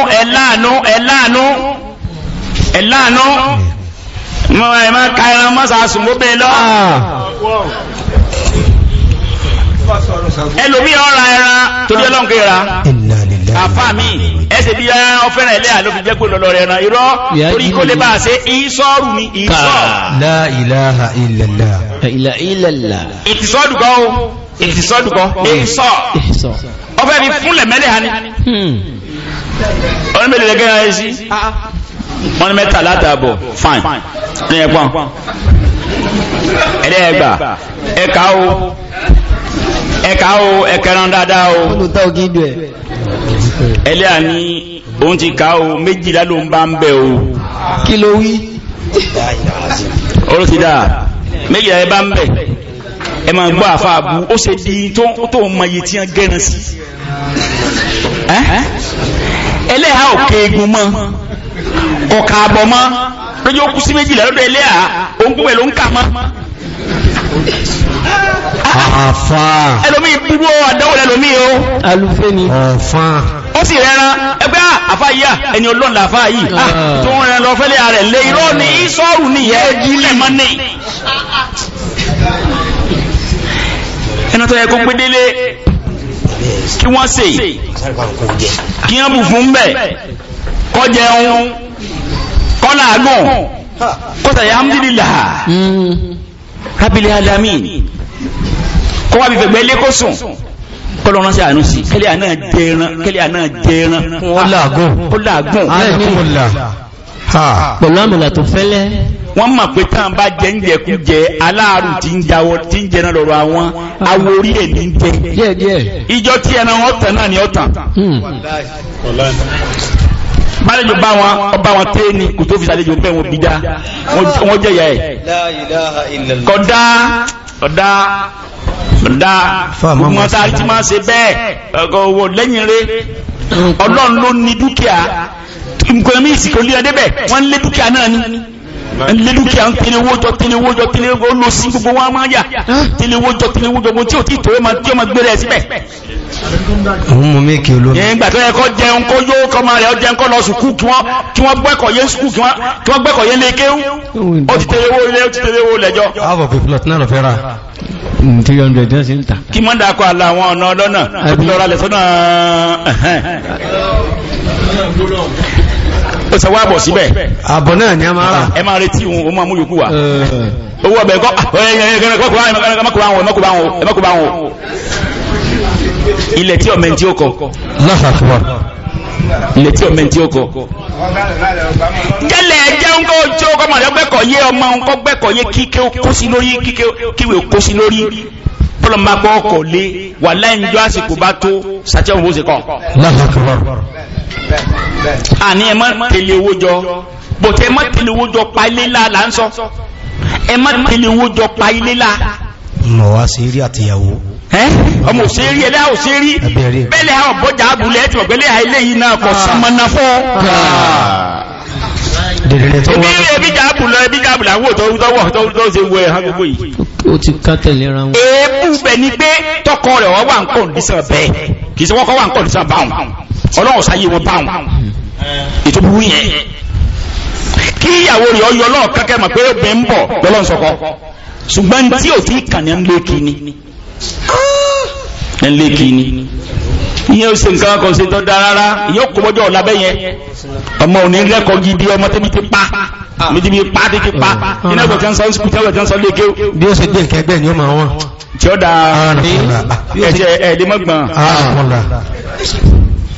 B: ẹ láàánú mọ́ ẹ̀ máa ka ẹran mọ́sà sùnmọ́bẹ̀ lọ ah. ẹlòmí ọ̀rọ̀ ẹran torí ọlọ́run kéra àfà mi ẹsẹ̀ bí ọfẹ́ràn ilé àlọ́ fi jẹ́ pé lọ́lọ́ rẹ̀ ẹran irọ́ torí kó lè bá ṣe ìṣọ́rù ni ìṣọ́
A: la ilaha illallah ìtìsọ́dùkọ́ o
B: ìtìsọ́dùkọ́ ìṣọ́ ọfẹ́ mi fúnlẹ̀ mẹ́lẹ̀ ha ni hmm. ọ̀rẹ́mẹ́lẹ̀ gẹ́gẹ́ wọ́n ní mẹ́tàlá àtààbọ̀ fine ní ẹ̀pọ̀n
C: ẹ̀dẹ́gbà ẹ̀ka o
B: ẹ̀ka o ẹ̀kẹran dáadáa o ẹlẹ́à ní òun ti ká o méjìlá ló ń bá ń bẹ̀ o kí ló wí oró ti dáa méjìlá ẹ bá ń bẹ̀ ẹ máa gbọ́ àfáàbù ó ṣe di tó ń mọyì tí wọ́n gẹ́ran sí ẹlẹ́ha òkè egun mọ́ ọ̀ka àbọ̀ mọ́ lójú ó kú sí méjìlá lọ́dọ̀ ẹlẹ́à òun kú pẹ̀lú ń kà mọ́.
C: àfà ẹlòmíì púpọ̀ àdáwò ẹlòmíì o. alufẹ́ ni. ọ̀fà.
B: ó sì rẹ́ran ẹgbẹ́ àfà yìí ẹni ọlọ́run làfà yìí tó ń rẹ́ran lọ fẹ́lẹ́ ààrẹ lé irọ́ ni ìsọ́rù nìyẹn ẹjú lẹ́mọ́ ni. ẹni tó yẹ kó pé délé kí wọ́n sè kí wọ́n bù fún bẹ́ẹ̀ kọjẹun kọlàágùn kọsàyà amdìlìlà hmm. rábìlì alami kó wá bí fẹ̀gbẹ́ ilé kó sùn kọlọ ránṣẹ́ àánú sí kẹlẹ́ àná jẹran kẹlẹ́ àná jẹran kọlàágùn kọlàágùn pẹ̀lú àmìlà tó fẹ́lẹ́ wọ́n mọ̀ pé tán bá jẹ́ ń jẹkú jẹ aláàrù tí ń jawọ tí ń jẹná lọ́rọ̀ àwọn aworí ẹ̀ ní jẹ ìjọ tí ẹran ọ̀tàn náà ni ọ̀tàn pálẹ́jọ bá wọn ọba wọn tẹ́ ni kò tó fi sàlẹ́jọ bẹ́ẹ̀ wọn bí dá wọn jẹ́ yà ẹ̀ kọ̀dá kọ̀dá kọ̀dá gbogbo ọ̀tá àti máa ṣe bẹ́ẹ̀ ọ̀wọ̀ lẹ́yìn rẹ̀ ọlọ́run ló ní dúkìá nǹkan ìsìnkú lílẹ̀ débẹ̀ wọ́n lé dúkìá náà ni ńlẹ́dúkìá ń tẹ́lẹ̀wójọ tẹ́lẹ̀wójọ tẹ́lẹ̀wójọ ló sí gbogbo wọn máa yà tẹ́lẹ̀wójọ tẹ́lẹ̀wójọ tí ò tí tó ma tí ó ma gbé rẹ̀ síbẹ̀.
A: ọmọ méèkì olómi. ẹ̀ gbà tó yẹ
B: jẹun kó yóò kọ́ máa rẹ̀ ó jẹun kó lọ sùkúù kí wọ́n kí wọ́n gbẹ́kọ̀ ó ti tẹ́lẹ̀wó lẹ́jọ́. of
A: a
C: plot ó sanwó àbọ̀ síbẹ̀
B: àbọ̀ náà ni a máa rà ẹ máa retí òun ó máa mú yòókù wá eh. owó ọbẹ̀ kọ́ ẹ̀mọ́kùbá ah, eh, eh, wọn ilẹ̀ tí ọmọ tí ó kọ ilẹ̀ tí ọmọ tí ó kọ jẹ́lẹ̀ jẹun kó tí ó kọ́ màdá gbẹ́kọ̀ yé ọmọ kọ́ gbẹ́kọ̀ yé kíké kó sí lórí kíké kíwé kó sí lórí bọ́lọ̀ máa gbọ́ ọkọ̀ lé wà láì ń jọ àsìkò bá tó sàtẹ́wọ̀n bó ṣe kọ́ àní ẹ má tẹ̀lé owó jọ bòtẹ́ ẹ má tẹ̀lé owó jọ pa ilé la là ń sọ ẹ má tẹ̀lé owó jọ pa ilé la.
A: ọmọ wa ṣe rí àtìyàwó. ọmọ ò rí ẹlẹ́ ò ṣe rí bẹ́ẹ̀lẹ́
B: àwọn bọ́jà àgùlẹ̀ ẹ̀ tí ọ̀gbẹ́lẹ́ àìlẹ́ yìí náà kọ̀ sí mọ́ná fún ebi jaabu lọ ebi jaabu la wo tọwọ tọwọ tọwọ se wo ẹha gbogbo yìí. o ti ká tẹ̀lé ra wọn. èébù bẹ̀ ni pé tọkọ rẹ̀ wọ́n wà ń kọ́ ọlọ́run sáyé wọn báwọn ètò burú yẹn kí ìyàwó rẹ̀ ọyọ ọlọ́ọ̀ kẹ́kẹ́ mọ̀ pé obìnrin ń
C: bọ̀ lọ́lọ́run sọkọ
B: ṣùgbọ́n tí ò tí kàn ní ń lé kíni ń lé kíni ìyẹn ó ṣe nǹkan kan ṣe tó da rárá ìyẹn ó kó bọ́jọ́ ọ̀la bẹ́ yẹn ọmọ òní rẹ́kọ̀ọ́ gidi ọmọ tẹ́bi ti pa méjì bíi pa tẹ́bi pa iná ìgbà tí wọ́n sọ ń sùkú tí wọ́n sọ léke. bí ó ṣe dé nǹkan ẹgbẹ́ ni ó máa wọ́n. tí ó da ẹ̀jẹ̀ ẹ̀ẹ́dẹ́mọ́gbọ̀n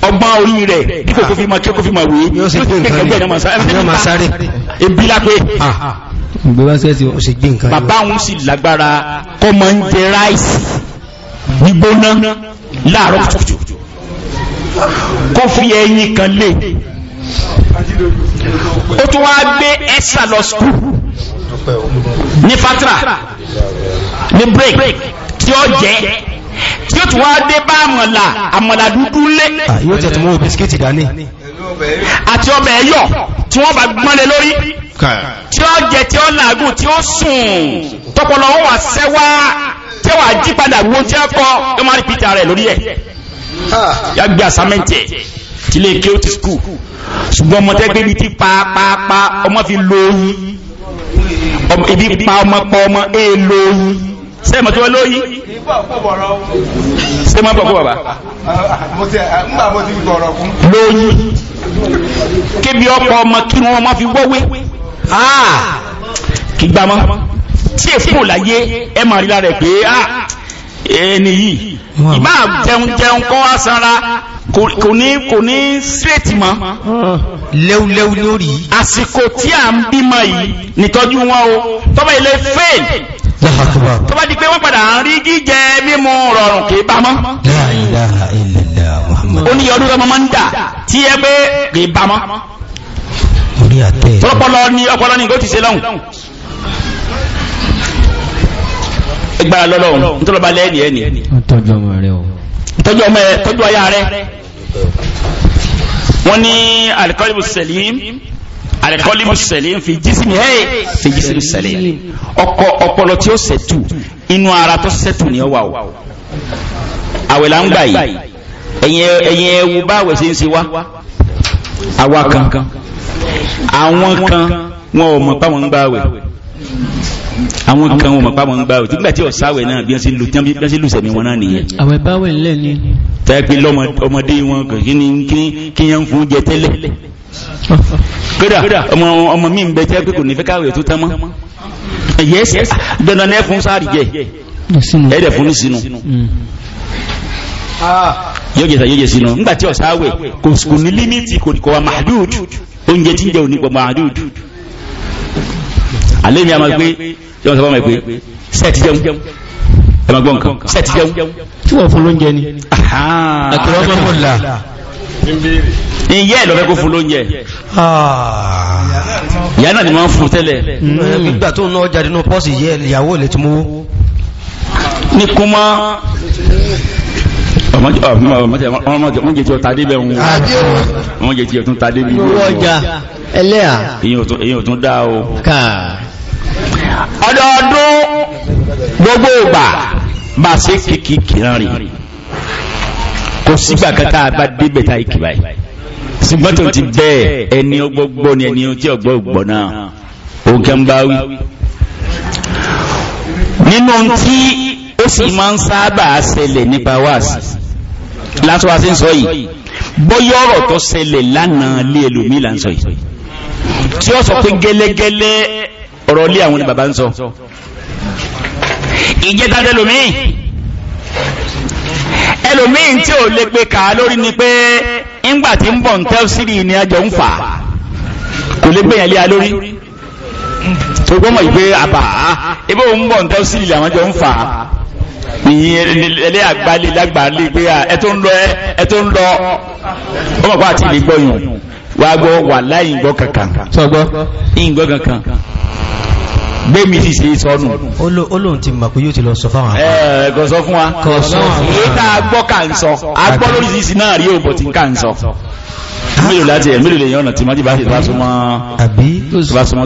B: ọgbọ́n orí rẹ̀ bí kò fi máa kékò fi máa wèé yóò sì gbé nǹkan rẹ̀ yóò máa sáré ebi lápé
A: gbé báskẹ́tì ó sì gbé nǹkan bàbá
B: òun sì lágbára kọ́ máa ń jẹ ráìsì gbígbóná láàárọ̀ kùtùkùtù kó fi ẹyin kan lé ó tún wá gbé ẹsà lọ skul ní fatra ní break tí ó jẹ́ tí ó tún wá dé bá àmàlà àmàlà dúdú lé ah,
A: yóò tẹ̀ tó mú bisikíìtì dání
B: àti ọbẹ̀ ẹ̀yọ̀ tí wọ́n bá gbọ́nlẹ̀ lórí tí ó jẹ tí ó làágùn tí ó sùn tọpọlọ wọn wà sẹ́wà tí wà jí padà wo tí ó kọ́ ó máa rí pété lórí ẹ̀ yá gbé àsámẹ́ǹtì ẹ̀ lè ké ó ti skul ṣùgbọ́n ọmọ tẹ́gbẹ́ ibi tí paapaa ọmọ fi lóyún ibi pa ọmọ pa ọmọ èèlò yìí sẹ́ẹ̀mọ̀ tí wọ́n lóyí sẹ́ẹ̀mọ̀ pọ̀ bàbá lóyí kébí ọkọ̀ ọmọ kí wọ́n mọ́ fi wọ́wé kì gbámọ́ tí èfò láyé ẹ máa rí lára ẹ̀ pé ẹni yìí ìbá jẹun jẹun kọ́ asanra kò ní kò ní sírètì mọ́ lẹ́wulẹ́wu lórí àsìkò tí à ń bímọ yìí nìtọ́jú wọn o tọ́ba ilé fail tó bá di pé wọ́n padà ń rí jíjẹ mímu rọrùn kì í bá mọ́ ó ní ọdún ọmọ máa ń dà tí ni ọpọlọ ni kò ti ṣe lọ́hùn ẹgbàá lọ́lọ́hùn nítọ́lọ́ba lẹ́ẹ̀ni ẹ̀ni
A: tọ́jú ọmọ rẹ o
B: tọ́jú ọmọ rẹ tọ́jú aya rẹ alikọlimu sẹlẹ fi jisimi hẹ fi jisimi sẹlẹ ọkọ ọpọlọ tí ó sẹtu inú ara tó sẹtu ni ó wà o àwẹ̀ là ń gbà yìí ẹ̀yin ẹ̀yin ẹ̀wù bá àwẹ̀ ṣe ń ṣe wá àwa kan àwọn kan wọn ò mọ̀ pa ń gbà àwẹ̀ àwọn kan wọn mọ̀ pa wọn ń gbà àwẹ̀ nígbà tí ọ̀sáwẹ̀ náà bí wọ́n ṣe lù tí wọ́n ṣe lù sẹ̀mí wọn náà nìyẹn.
A: àwẹ̀ báwẹ̀ ńlẹ̀ ni.
B: tẹ́ẹ̀pì lọ́mọdé wọn kì í ní kí ni kí ni ń fún jẹ tẹ́lẹ̀ kódà ọmọ mi ń bẹ jẹ́ pé kò ní fẹ́ káwé tó tẹ́ mọ́ yẹ́sì ah, dandan ẹ fún sáàrì jẹ
C: ẹ̀ẹ́dẹ̀ fún ní
B: sínú mm. yóò jẹ́ yóò jẹ́ sínú nígbàtí ọ̀sáwẹ̀ kò ní límítì kò ní kọwa mahdud oúnjẹ tí ń jẹ onígbọ̀ mahdud alẹ́ mi a máa gbé yọ́n sọ fọ́mọ̀ ẹ̀ pé sẹ́ẹ̀tì jẹun ẹ̀mọ̀gbọ́n kan sẹ́ẹ̀tì jẹun tí wọ́n fún lóúnjẹ ni ẹ̀kọ́
A: ìyẹ́ ẹ̀ lọ́fẹ́ kó fún lóúnjẹ ah. ìyá náà ni wọ́n fún tẹ́lẹ̀ hmm. nígbà tó náà jáde náà pọ́ọ̀sì yẹ ìyàwó ilẹ̀ tó mówó ní kó mọ́
B: wọ́n jẹ́ tí ó tàdé bẹ̀ ń wọ́n jẹ́ tí ó tún tàdé bí èyàn tún dá o
A: ọdọọdún
B: gbogbo ìgbà bá sí kìkì kìrán rí kò sígbà kẹta bá débẹ̀ tá ìkìbáyìí ṣùgbọ́n tó ti bẹ́ẹ̀ ẹni ọgbọ́gbọ́ ni ẹni tí ọgbọ́ ògbọ́ náà ó kẹ́ń bá wí. nínú tí ó sì máa ń sábà ṣẹlẹ̀ nípa wáàsì látọ́ wa sí ń sọ yìí bóyá ọ̀rọ̀ tó ṣẹlẹ̀ lánàá lé ẹlòmíì là ń sọ yìí tí ó sọ pé gẹ́lẹ́gẹ́lẹ́ ọ̀rọ̀ lé àwọn bàbá ń sọ ìjẹta ẹlòmíì ẹlòmíì tí ò lè gbé kàá lórí ni pé ńgbà ti ń bọ̀ ń tẹ́ ni ajọ ń fà kò lè gbẹ̀yàn lé a lórí tó gbọ́mọ̀ ìgbé àbá ebó ń bọ̀ ń tẹ́ sílì làwọn jọ ń fà ìyẹn ẹlẹ́ àgbálẹ̀ lágbàálẹ̀ pé ẹ tó ń lọ ẹ lọ ọmọ pa àti ìlú gbọ́yàn wàá gbọ́ wà láì gbọ́ kankan. sọgbọ́ ń gbọ́ kankan
A: gbémi ti ṣe sọ́nù olóhun ti mọ̀ pé yóò ti lọ sọ fáwọn
B: àwọn ẹ̀kọ́ sọ fún wa ètà agbọ́ kà ń sọ agbọ́ lórí sísì náà rí òbò tí ń kà ń sọ mélòó láti ẹ̀ mélòó lèyàn ọ̀nà tí má bá súnmọ́ àbí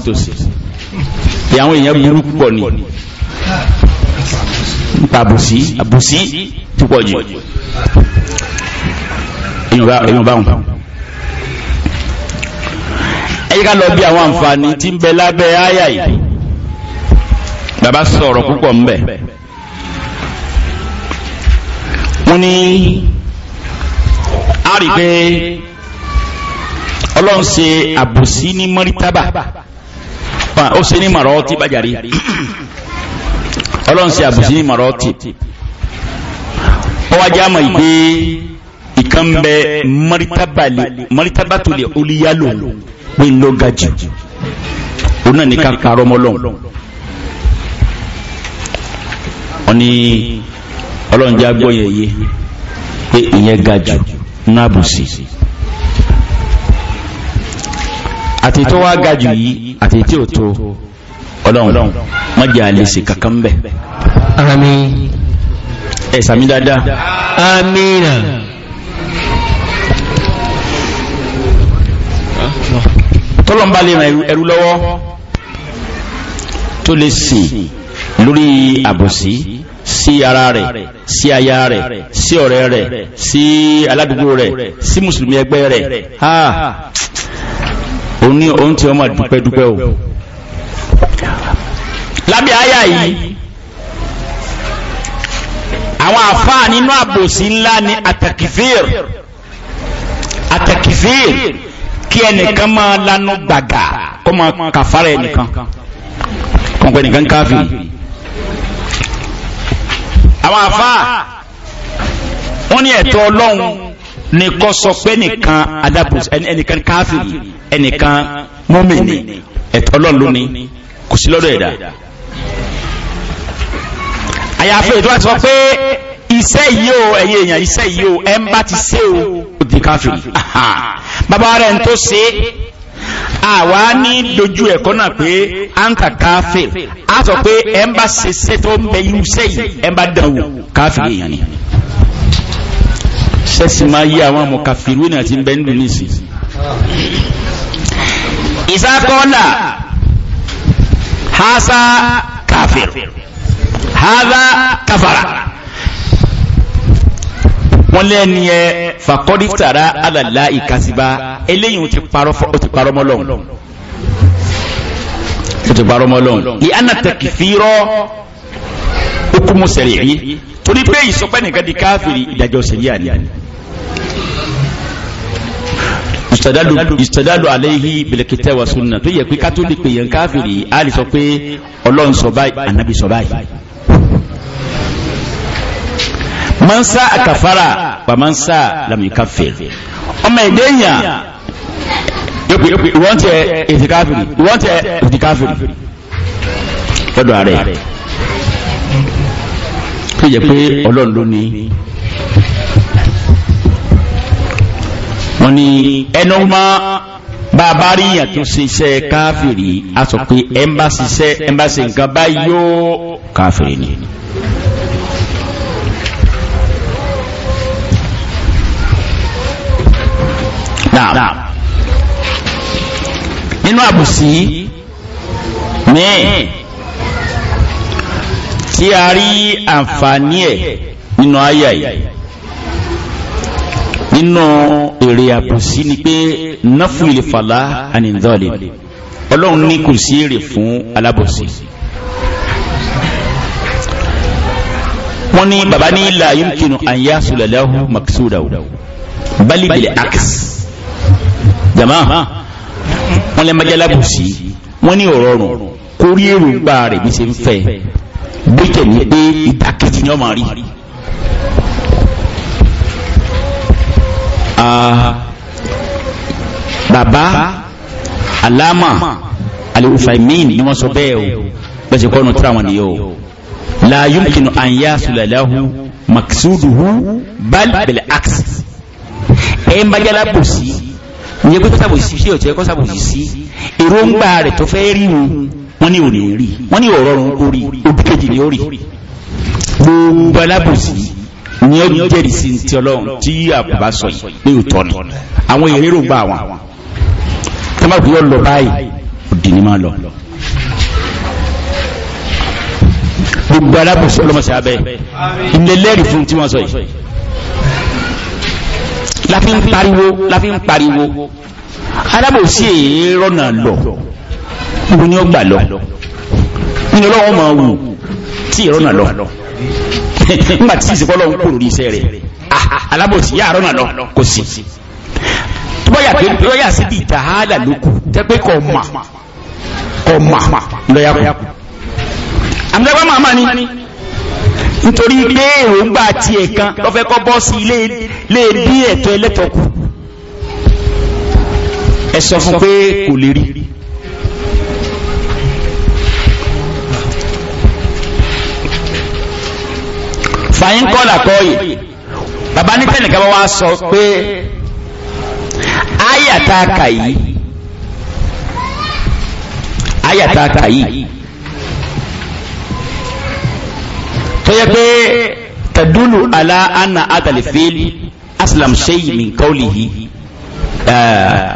B: tòsí pé èèyàn burú pọ̀ ni nípa àbòsí àbòsí pọ̀ jù èèyàn ká lọ bí àwọn àǹfààní tí ń bẹ lábẹ́ áyà yìí bàbá sọ̀rọ̀ púpọ̀ ńbẹ̀ wọ́n ní a rí pé ọlọ́run ṣe àbòsí ní mọ́rítàbà ó ṣe ní màrọ́ tí bàjàrí ọlọ́run ṣe àbòsí ní màrọ́ tí ọwájú àmọ́ ìgbé ìkan bẹ mọ́rítàbà tó lè olúyálò ní lọ́gàjù òun náà ní ká parọ́ mọ́lọ́run wọ́n ní ọlọ́njá gbọ́yẹ̀ yé pé ìyẹn ga jù náàbùsì àti tó wá ga jù yìí àti tí ò tó ọlọ́run mọ́jẹ́ àlèsì kankan bẹ̀
A: àmín ẹ sàmì dáadáa lè ràn
B: ẹrú lọ́wọ́ tó lè sìn lórí àbòsí sí ara rẹ̀ sí aya rẹ̀ sí ọ̀rẹ́ rẹ̀ sí aládùúgbò rẹ̀ sí mùsùlùmí ẹgbẹ́ rẹ̀ ha
C: òní òun tí wọ́n máa dúpẹ́ dúpẹ́ o
B: lábẹ́ àyà yìí àwọn àfáà nínú àbòsí ńlá ni àtàkìfíìr àtàkìfíìr kí ẹnìkan máa lanu gbàgà kó máa kàfàrà ẹnìkan kọ̀ǹkọ̀ ẹnìkan káfíìn àwọn àfáà wọ́n ní ẹ̀tọ́ ọlọ́run nìkan sọ pé nìkan adábòsí ẹnìkan káfìrí ẹnìkan mọ́mìnì ẹ̀tọ́ ọlọ́run ló ní kò sí lọ́dọ̀ ẹ̀dá àyàfẹ́ ìdúrà ti sọ pé iṣẹ́ yìí o ẹ̀yẹ èèyàn iṣẹ́ yìí o ẹ̀ ń bá ti ṣe o ó di káfìrí bàbá rẹ̀ ń tó ṣe é àwa ní dojú ẹ̀kọ́ náà pé à ń kà káfíìn a sọ pé ẹ̀ ń bá ṣiṣẹ́ tó ń bẹ irúṣẹ́ yìí ẹ̀ ń bá dàn wò èèyàn ni sẹ́sì máa yí àwọn àmọ̀ kàfìrú ní àti bẹ́ńdù nìsí ìsákọ́lá hásá kàfìr hádá kàfàrà wọ́n lẹ́ni ẹ fàkọ́dí tàrá alàlá ìkàsíbá eléyìí ti parọ́ mọ́lọ́n ti parọ́ mọ́lọ́n ní anatẹ́kì fírọ́ okumu sẹ̀rẹ̀ yìí torí pé ìsọpẹ́ nìkan di káfìrí ìdájọ́ sẹ̀rí àní ìsọdálù aléhì bìlẹ̀kìtẹ́ wa sunna tó yẹ pé kátólì pè yẹn káfìrí á pé ọlọ́run sọ báyìí ànábì sọ báyìí mansa akafara wa mansa lamikafir ọmọ ẹ̀dẹ́ yàn wọ́n tẹ ìtìkáfìrì wọ́n tẹ ìtìkáfìrì lọ́dọ̀ ààrẹ tó jẹ́ pé ọlọ́run ló ní wọ́n ní ẹnu mọ́ bá a bá rí yàn tó ṣiṣẹ́ a sọ pé ẹ̀ ń bá ṣe nǹkan báyìí yóò káfìrì ni. nínú àbùsí míì tí a rí àǹfààní ẹ̀
C: nínú àyà yìí
B: nínú èrè àbùsí ni pé náfù ilé fàlà ànìdọ́lẹ̀ ọlọ́run ní kò sí èrè fún alábòsí wọ́n ní baba ní la yumkinu an yasula lahu maqsudahu bali bil aks jama wọ́n lẹ́ májálábùsí wọ́n ní ọ̀rọ̀rùn kó rí èròǹgbà rẹ̀ bí ṣe ń fẹ́ bí tẹ̀lé pé ìdàkejì ni ọmọ rí bàbá alama alifaimin ni wọ́n sọ bẹ́ẹ̀ o bẹ́sẹ̀ kọ́nù tí àwọn nìyẹn o la yumkinu an yasulalahu maksuduhu bal bil aks ẹ̀ ń bájálábùsí ìyẹn pé kọ́sàbòsí sí ọ̀tẹ́ kọ́sàbòsí sí èròǹgbà rẹ̀ tó fẹ́ rí wọn wọ́n ní òní rí wọ́n ní ọ̀rọ̀ ọ̀run orí obì kejì ní orí gbogbo alábòsí ni ó jẹ́rìí sí ti ọlọ́run tí àbúbá sọ yìí òtọ́ ni àwọn èrè rògbà wọn tábàbí yóò lọ báyìí òdì ni máa lọ gbogbo alábòsí ọlọ́mọṣẹ́ abẹ́ ilé lẹ́rìí fún tí wọ́n sọ yìí la fi ń pariwo la fi ń pariwo alábòsí èyí rọ́nà lọ gbogbo ni ó gbà lọ nínú ọlọ́wọ́ máa wù tí ìrọ́nà lọ nígbà tí ìsìnkú ọlọ́run kúrò ní iṣẹ́ rẹ̀ alábòsí yà rọ́nà lọ kò sí lọ́yà sí di ìtàhálà lókù tẹ́pẹ́ kọ̀ mà kọ̀ mà lọ́yà kù àmì nítorí pé èròǹgbà ti ẹ̀kan lọ́fẹ́ kọ́ bọ́ sí ilé bí ẹ̀tọ́ ẹlẹ́tọ̀kù ẹ fún pé kò lè rí fàyín kọ́là kọ́ yìí bàbá ní tẹ́nìkan bá sọ pé áyàtà kàyí áyàtà kàyí yẹ pé tadulu ala anna adalifil aslam shay min qawlihi eh,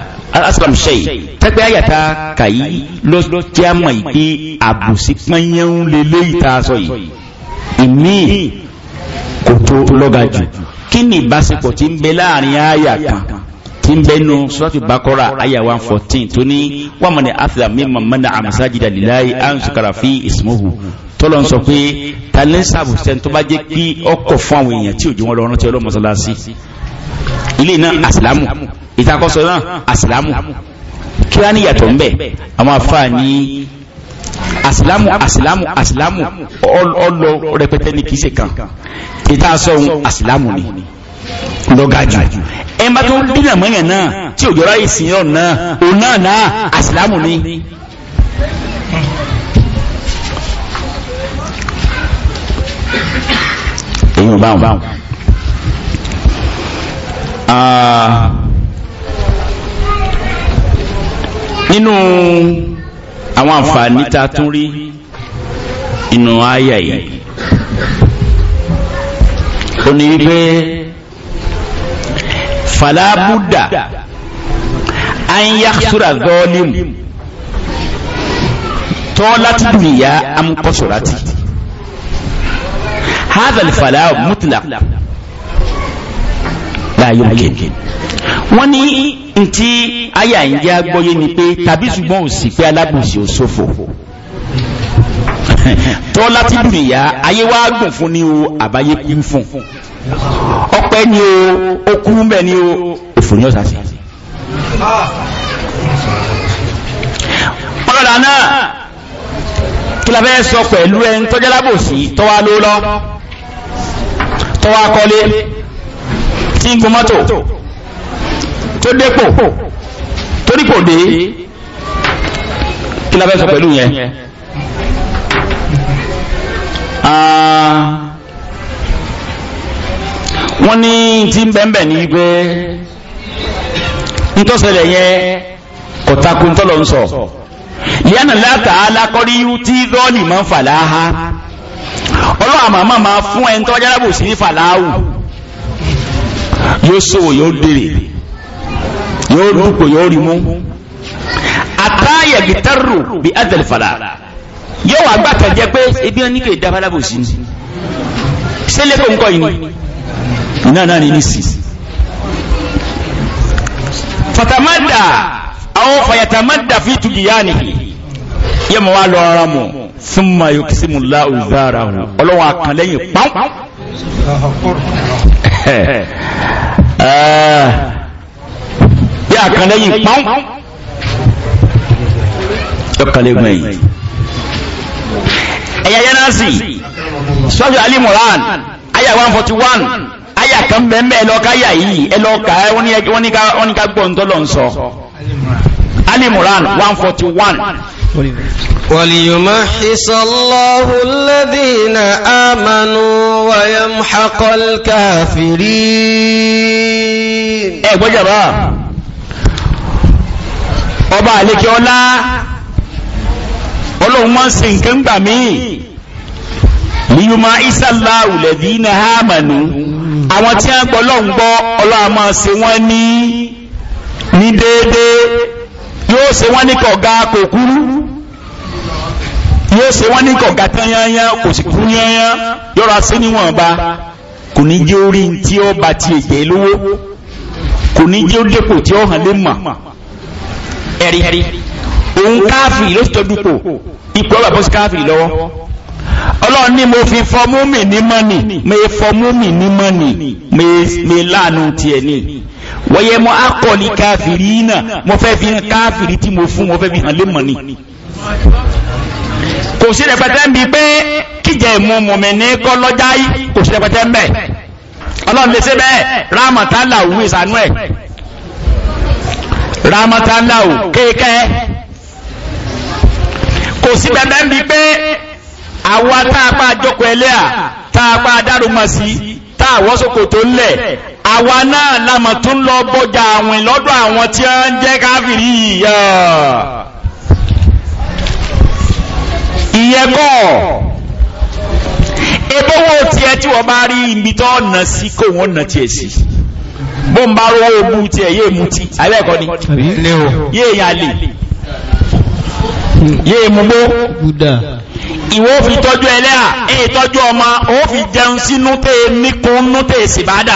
B: aslam shay tẹ́gbẹ́ àyàtà kàyí ló jẹ́ àmọ́ ìpè àbòsí pọ́nyẹ́ń lélẹ́yìí tá a sọ yìí ìmí kò tó lọ́gàjù kí ni ìbáṣepọ̀ tí ń bẹ láàrin àyà kan tí ń bẹnu sọ́tù bakora aya one fourteen tó ní wọ́n mọ̀ ní afla mímọ̀ mọ́nà àmàsájìdá líláyé ansukara fi ismuhu tọ́lọ́ ń sọ pé ta ní sàbùsẹ́ni tó bá jẹ́ kí ọkọ̀ fún àwọn èèyàn tí òjò wọn lọ rántí ọlọ́mọsálásí ilé náà àsìlámù ìtakọ́sọ náà àsìlámù kí wá ní yàtọ̀ ń bẹ̀ àwọn afá ní asilamu asilamu ọlọ rẹpẹtẹ ní kìí ṣe kan ìta sọ ohun asilamu ni lọ́gájù ẹ bá tó dínà mọ́yàn náà tí ò jọra ìsìn ọ̀rọ̀ náà òun náà náà àsìlámù ni èyí ò báwọn báwọn ah, nínú àwọn àǹfààní ta tún rí inú àyà yìí ó ní wípé falabuda an yaxura dọ́ọ̀lìm tọ́láti dùnìyà amkọ́sọ̀rátì hadal falahu mutlaq la yumkin wọ́n ní ntí àyà ń jẹ́ agbọ́yé ni pé tàbí ṣùgbọ́n ò sì pé alábùsì ò ṣòfò tọ́lá ti dùnìyà ayé wa gùn fún ni o àbáyé kú fún pẹ́ ni o ó kú mẹ́ ni o òfin yóò sàṣẹ. pọ́lọ́dà náà kí la fẹ́ sọ pẹ̀lú ẹni tọ́jà lábòsí tọ́wá ló lọ tọ́wá kọ́lé tí ń gun mọ́tò tó dépò torí kò dé kí la fẹ́ sọ pẹ̀lú yẹn.
A: Ah,
B: wọ́n ní tí ń bẹ́ẹ̀ ní pé nítọ́sẹ̀lẹ̀ yẹn kò takun tọ́lọ̀ ń sọ lẹ́yìn láta alákọ́rí tí rọ́ọ̀lì máa ń fà láha ọlọ́run àmàmà máa fún ẹni tó wájá lábòsí ní fàláhù yóò sòwò yóò dèrè yóò dúpò yóò rí mú àtàyè gìtárù bí adẹ̀lẹ̀fàlà yóò wà gbàtà jẹ pé ebi wọn kò dábàlábòsí ní sẹ́lẹ̀ kò ń kọ́ yìí iná náà ní nísì fatamada àwọn fayatamada fi tugiyani yẹ mọ wa lọ ara mọ fún ma yóò kìsí mu la òzára hù ọlọ́wọ́ àkànlẹ́yìn pọ́n. bí àkànlẹ́yìn pọ́n ọkàlẹ́gbọ̀n yìí ẹ̀yà yẹn náà sì sọ́jọ́ Ali Imran 141 àyà kan bẹ́ẹ̀ lọ káyà yìí ẹ lọ kà á wọ́n ní ká gbọ́ ntọ́lọ̀ ń sọ.
C: Alimuran one forty
A: one. وليمحص الله الذين آمنوا ويمحق الكافرين ẹ gbọ́ jàbá
B: ọba àlekẹ́ ọlá ọlọ́run wọ́n sì gbà míì liyuma isalahu ladina amanu àwọn tí wọ́n gbọ́ lọ́n gbọ́ ọlọ́wọ́ máa ṣe wọ́n ní ní déédéé yóò ṣe wọ́n ní kọ̀ga kò kúrú yóò ṣe wọ́n ní kọ̀ga tán yányá kò sì kúrú yányá yọra sí níwọ̀nba kò ní jẹ́ orí tí ó ba ti èjè lówó kò ní jẹ́ dépò tí ó hàn lé mà ẹ̀rí ẹ̀rí òun káàfì ló ti tọ́ dupò ipò ọ̀bà bọ́sí káàfì lọ́wọ́ ọlọ́run ní mo fi fọmúmì ní mọ́nì mo fọmúmì ní mọ́nì mo láàánú tiẹ̀ ní wọ́yẹ mọ́ akọ̀lì káfìrí náà mo fẹ́ fi hàn káfìrí tí mo fún mo fẹ́ fi hàn lé mọ́nì kò sí rẹpẹtẹ ń bi pé kíjẹ ìmú mọ̀mí ní kọ́ lọ́jà yìí kò sí rẹpẹtẹ ń bẹ̀ ọlọ́run lè ṣe bẹ́ẹ̀ rámọ̀tálà òun ìsànú ẹ̀ rámọ̀tálà kéèké kò sí bẹ́ẹ̀ ń bi pé àwa táàpá àjọkọ̀ ẹlẹ́à táàpá adárùmọ̀sí táàwọ́sòkò tó lẹ̀ àwa náà lámọ̀ tó ń lọ bọ́jà àwìn lọ́dọ̀ àwọn tí ó ń jẹ́ káfìrí yíyá ìyẹn kọ́ ebówó tiẹ̀ tí wọ́n bá rí ibi ọ̀nà sí kò wọ́n nà tiẹ̀ sí bó ń bá rọ́wọ́ ogún tiẹ̀ yé mutí abẹ́ẹ̀kọ́ ni yé e múgbó ìwọ fi tọ́jú ẹlẹ́à èyí tọ́jú ọmọ ó fi jẹun sínú tẹ́ níkún nú tẹ́ sìbádà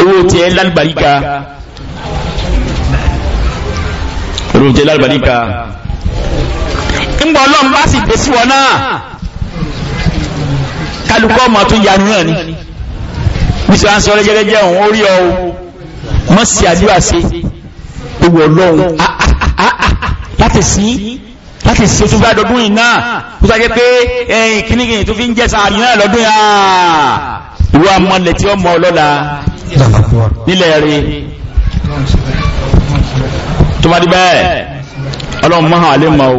C: owó tí ẹ lálùbáríkà
B: owó tí ẹ lálùbáríkà ńgbọ́ ọlọ́run bá sì gbé sí wọn náà kálukọ́ ọmọ tó yanu náà ni bí sọ ọlẹ́jẹ́gẹ́jẹ́ òun ó rí ọ mọ́ sí àdúrà sí owó ọlọ́run láti sí láti sí tó fẹ́ dọdún iná tó sáré pé ẹ̀yìn kìnnìkìnnì tó fi ń jẹ́ sàárì náà lọ́dún yà ìwọ amọ̀lẹ̀ tí ó mọ ọlọ́la nílẹ̀ rí tó bá díbẹ̀ ọlọ́run alẹ́ mọ́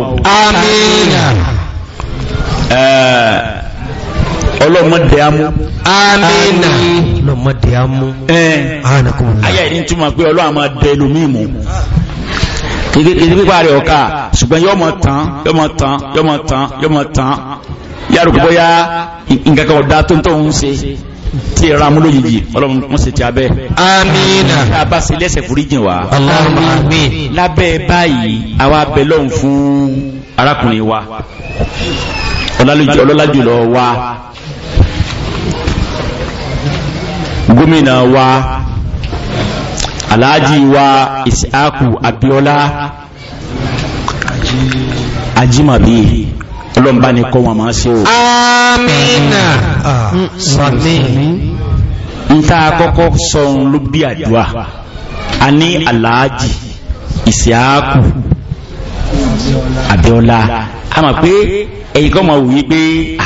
A: kìí pípa rẹ̀ ọ̀ka
B: ṣùgbọ́n yọmọ tán yọmọ tán yọmọ tán yọmọ tán yàrá kò bóyá nǹkan tó ń tó ń ṣe tí ìran amúlò yìí ọlọ́run wọ́n sì ti abẹ́. amina. tí a bá ṣe lẹ́sẹ̀ foríjìn wa. Allahumma amin. lábẹ́ báyìí àwa abẹ lọ́hùn fún arákùnrin wa ọlọ́lá wa gómìnà wa aláàjì wa Isiaku Abiola Ajimabi ọlọ́mbà ní kọ́ wọn máa ṣe o
C: amina sami
B: n ta kọ́kọ́ sọun ló bí àdúrà a ní aláàjì Isiaku Abiola a mọ̀ pé ẹ̀yìn kọ́ mọ̀ wù pé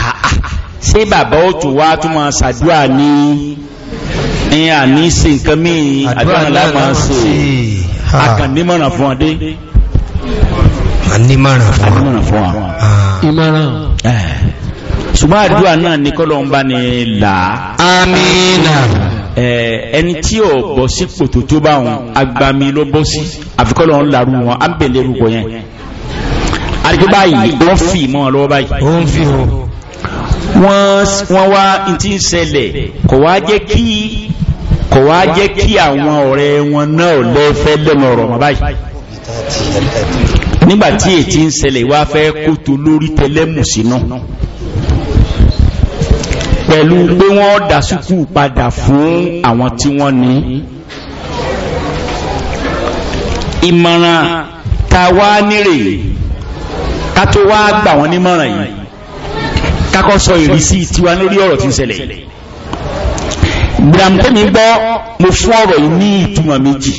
B: àà bàbá ó tún wá tún máa ṣàdúrà ní ní àní sí nǹkan míì àdúrà lámà sí akànnímọ̀ràn fún adé
A: ànímọ̀ràn fún wa ìmọ̀ràn
B: eh. ṣùgbọ́n àdúrà náà ní kọ́lọ̀ ń bá ní là
C: ámìnà
B: eh, ẹni tí ò bọ́ sípò tó tó bá wọn agbami ló bọ́ sí àfikọ́lọ̀ ń larú wọn á ń bèèrè rúkọ yẹn àdìgbò báyìí wọ́n fi mọ́ lọ́wọ́ báyìí wọ́n wá tí ń ṣẹlẹ̀ kò wá jẹ́ kí kò wá jẹ́ kí àwọn ọ̀rẹ́ wọn náà lẹ́fẹ́ lẹ́nu ọ̀rọ̀ mọ́ báyìí nígbàtí ètí ń ṣẹlẹ̀ wá fẹ́ kótó lórí tẹlẹ́mùsí náà pẹ̀lú pé wọ́n dá súkú padà fún àwọn tí wọ́n ní ìmọ̀ràn ta wá nírè ká tó wá gbà wọ́n nímọ̀ràn yìí kákọ́ sọ ìrísí tiwa lórí ọ̀rọ̀ tí ń ṣẹlẹ̀ bìràmùtẹ́mi gbọ́ mo fún ọ̀rọ̀ yìí ní ìtumọ̀ méjì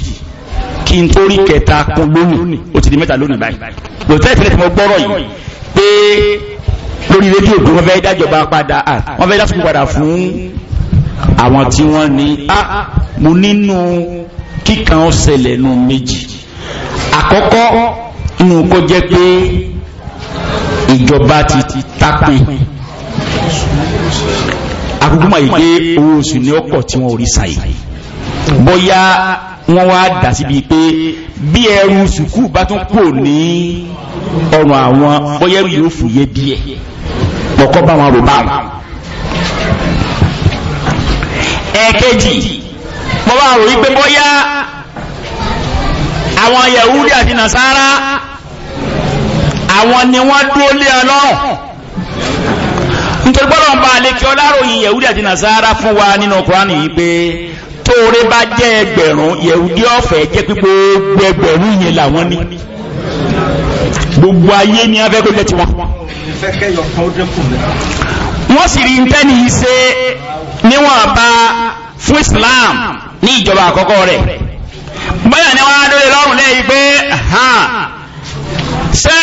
B: kí n tó rí kẹta kún lónìí ó ti di mẹ́ta lónìí báyìí lòtẹ́ ìpínlẹ̀ tí mo gbọ́rọ̀ yìí pé lórí rédíò pé fẹ́ dájọba padà wọ́n fẹ́ dájọba padà fún àwọn tí wọ́n ní a mo nínú kíkan ọ̀sẹ̀lẹ̀ nù méjì àkọ́kọ́ nù kó jẹ́ pé ìjọba ti tapin akúkú máa yìí pé owó oṣù ní ọkọ̀ tí wọ́n orí sàyè bóyá wọ́n wá dà síbi pé bí ẹrù sùkú bá tún kò ní ọrùn àwọn bóyá ẹrù yóò fòye díẹ̀ pọ̀kọ́ bá wọn rò bá wọn. ẹ̀ẹ̀kejì mo bá rò wípé bóyá àwọn Yahudi àti Nasara àwọn ni wọ́n dúró lé Ọlọ́run. nítorí gbọ́dọ̀ ń bá ọláròyìn yẹ̀wúdí àti nàzára fún wa nínú Kùránì yìí pé tóore bá jẹ́ ẹgbẹ̀rún yẹ̀wúdí ọ̀fẹ́ jẹ́ pípé gbogbo yẹn làwọn gbogbo ayé ni jẹ́ tiwọn. wọ́n sì rí ntẹ́ni ṣe níwọ̀n bá fún Islam ní ìjọba àkọ́kọ́ rẹ̀ ni wọ́n á dóore lọ́rùn lẹ́yìn pé ṣé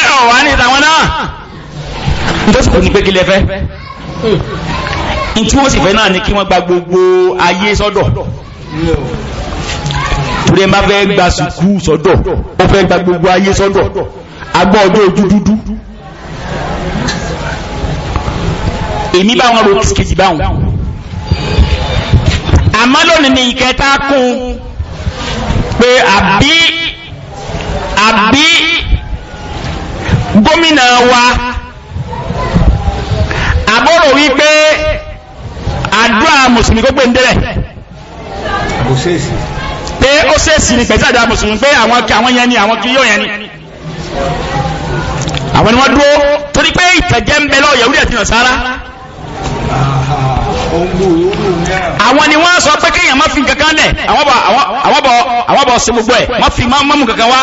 B: nítorí kò ní pé kí lẹ fẹ́ ntí wọ́n sì fẹ́ náà ni kí wọ́n gba gbogbo ayé sọ́dọ̀ torí ẹ má fẹ́ gba sùkú sọ́dọ̀ ó fẹ́ gba gbogbo ayé sọ́dọ̀ agbọ́ ọdún ojú dúdú èmi bá wọn ro kìkì báwọn àmọ́ lónìí ni ìkẹta kún pé àbí gómìnà wa àbọ̀rọ̀ wípé àdúrà mùsùlùmí kó gbé ń délẹ̀ pé ó sèèsì ní pẹ̀lú àdúrà mùsùlùmí pé àwọn yẹn ni àwọn kì yóò yẹn ni àwọn ni wọ́n dúró torí pé ìtẹ̀jẹ́ ń bẹ lọ́wọ́ yẹ̀wúrí àti nàṣàrà àwọn ni wọ́n sọ pé kéèyàn má fi kankan lẹ̀ àwọn bọ̀ ṣe gbogbo ẹ̀ má fi má mú kankan wá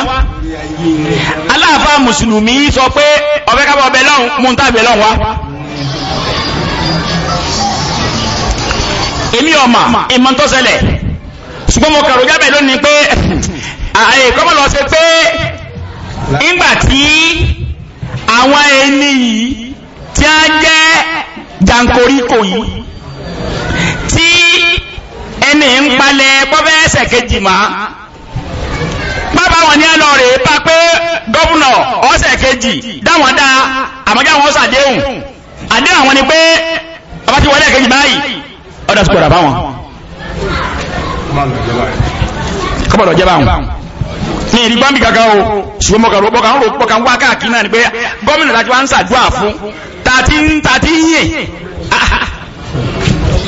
B: aláàfáà mùsùlùmí sọ pé ọ̀fẹ́ kábọ̀ ọbẹ̀ lọ́hùn mú ń tàbí lọ́hùn wá. èmi ọmọ ìmọ̀ntọ́sẹlẹ̀ ṣùgbọ́n mo kàrò jábẹ̀ lónìí pé ààrẹ kọ́mọ̀ lọ sí pé ńgbà tí àwọn ẹni yìí tí a jẹ́ jankoríko yìí tí ẹni ń palẹ̀ pọ́fẹ́ ẹsẹ̀ kejì mọ́ bàbá wọn ní ẹlọ rèé bá pé gómìnà ọ̀sẹ̀ kejì dáwọn dá àmọ́jà wọn àdéhùn àwọn ni pé ọba ti wọlé kejì báyìí ọ̀dà sùpọ̀dà báwọn kọ́bọ̀dọ̀ jẹ́ báwọn ní ìdí gbọ́nbí kankan o ṣùgbọ́n mọ̀kàn rògbọ́n kan rògbọ́n kan wá káàkiri náà ni pé gómìnà láti wá ń ṣàdúrà fún tàti ń tàti ń yè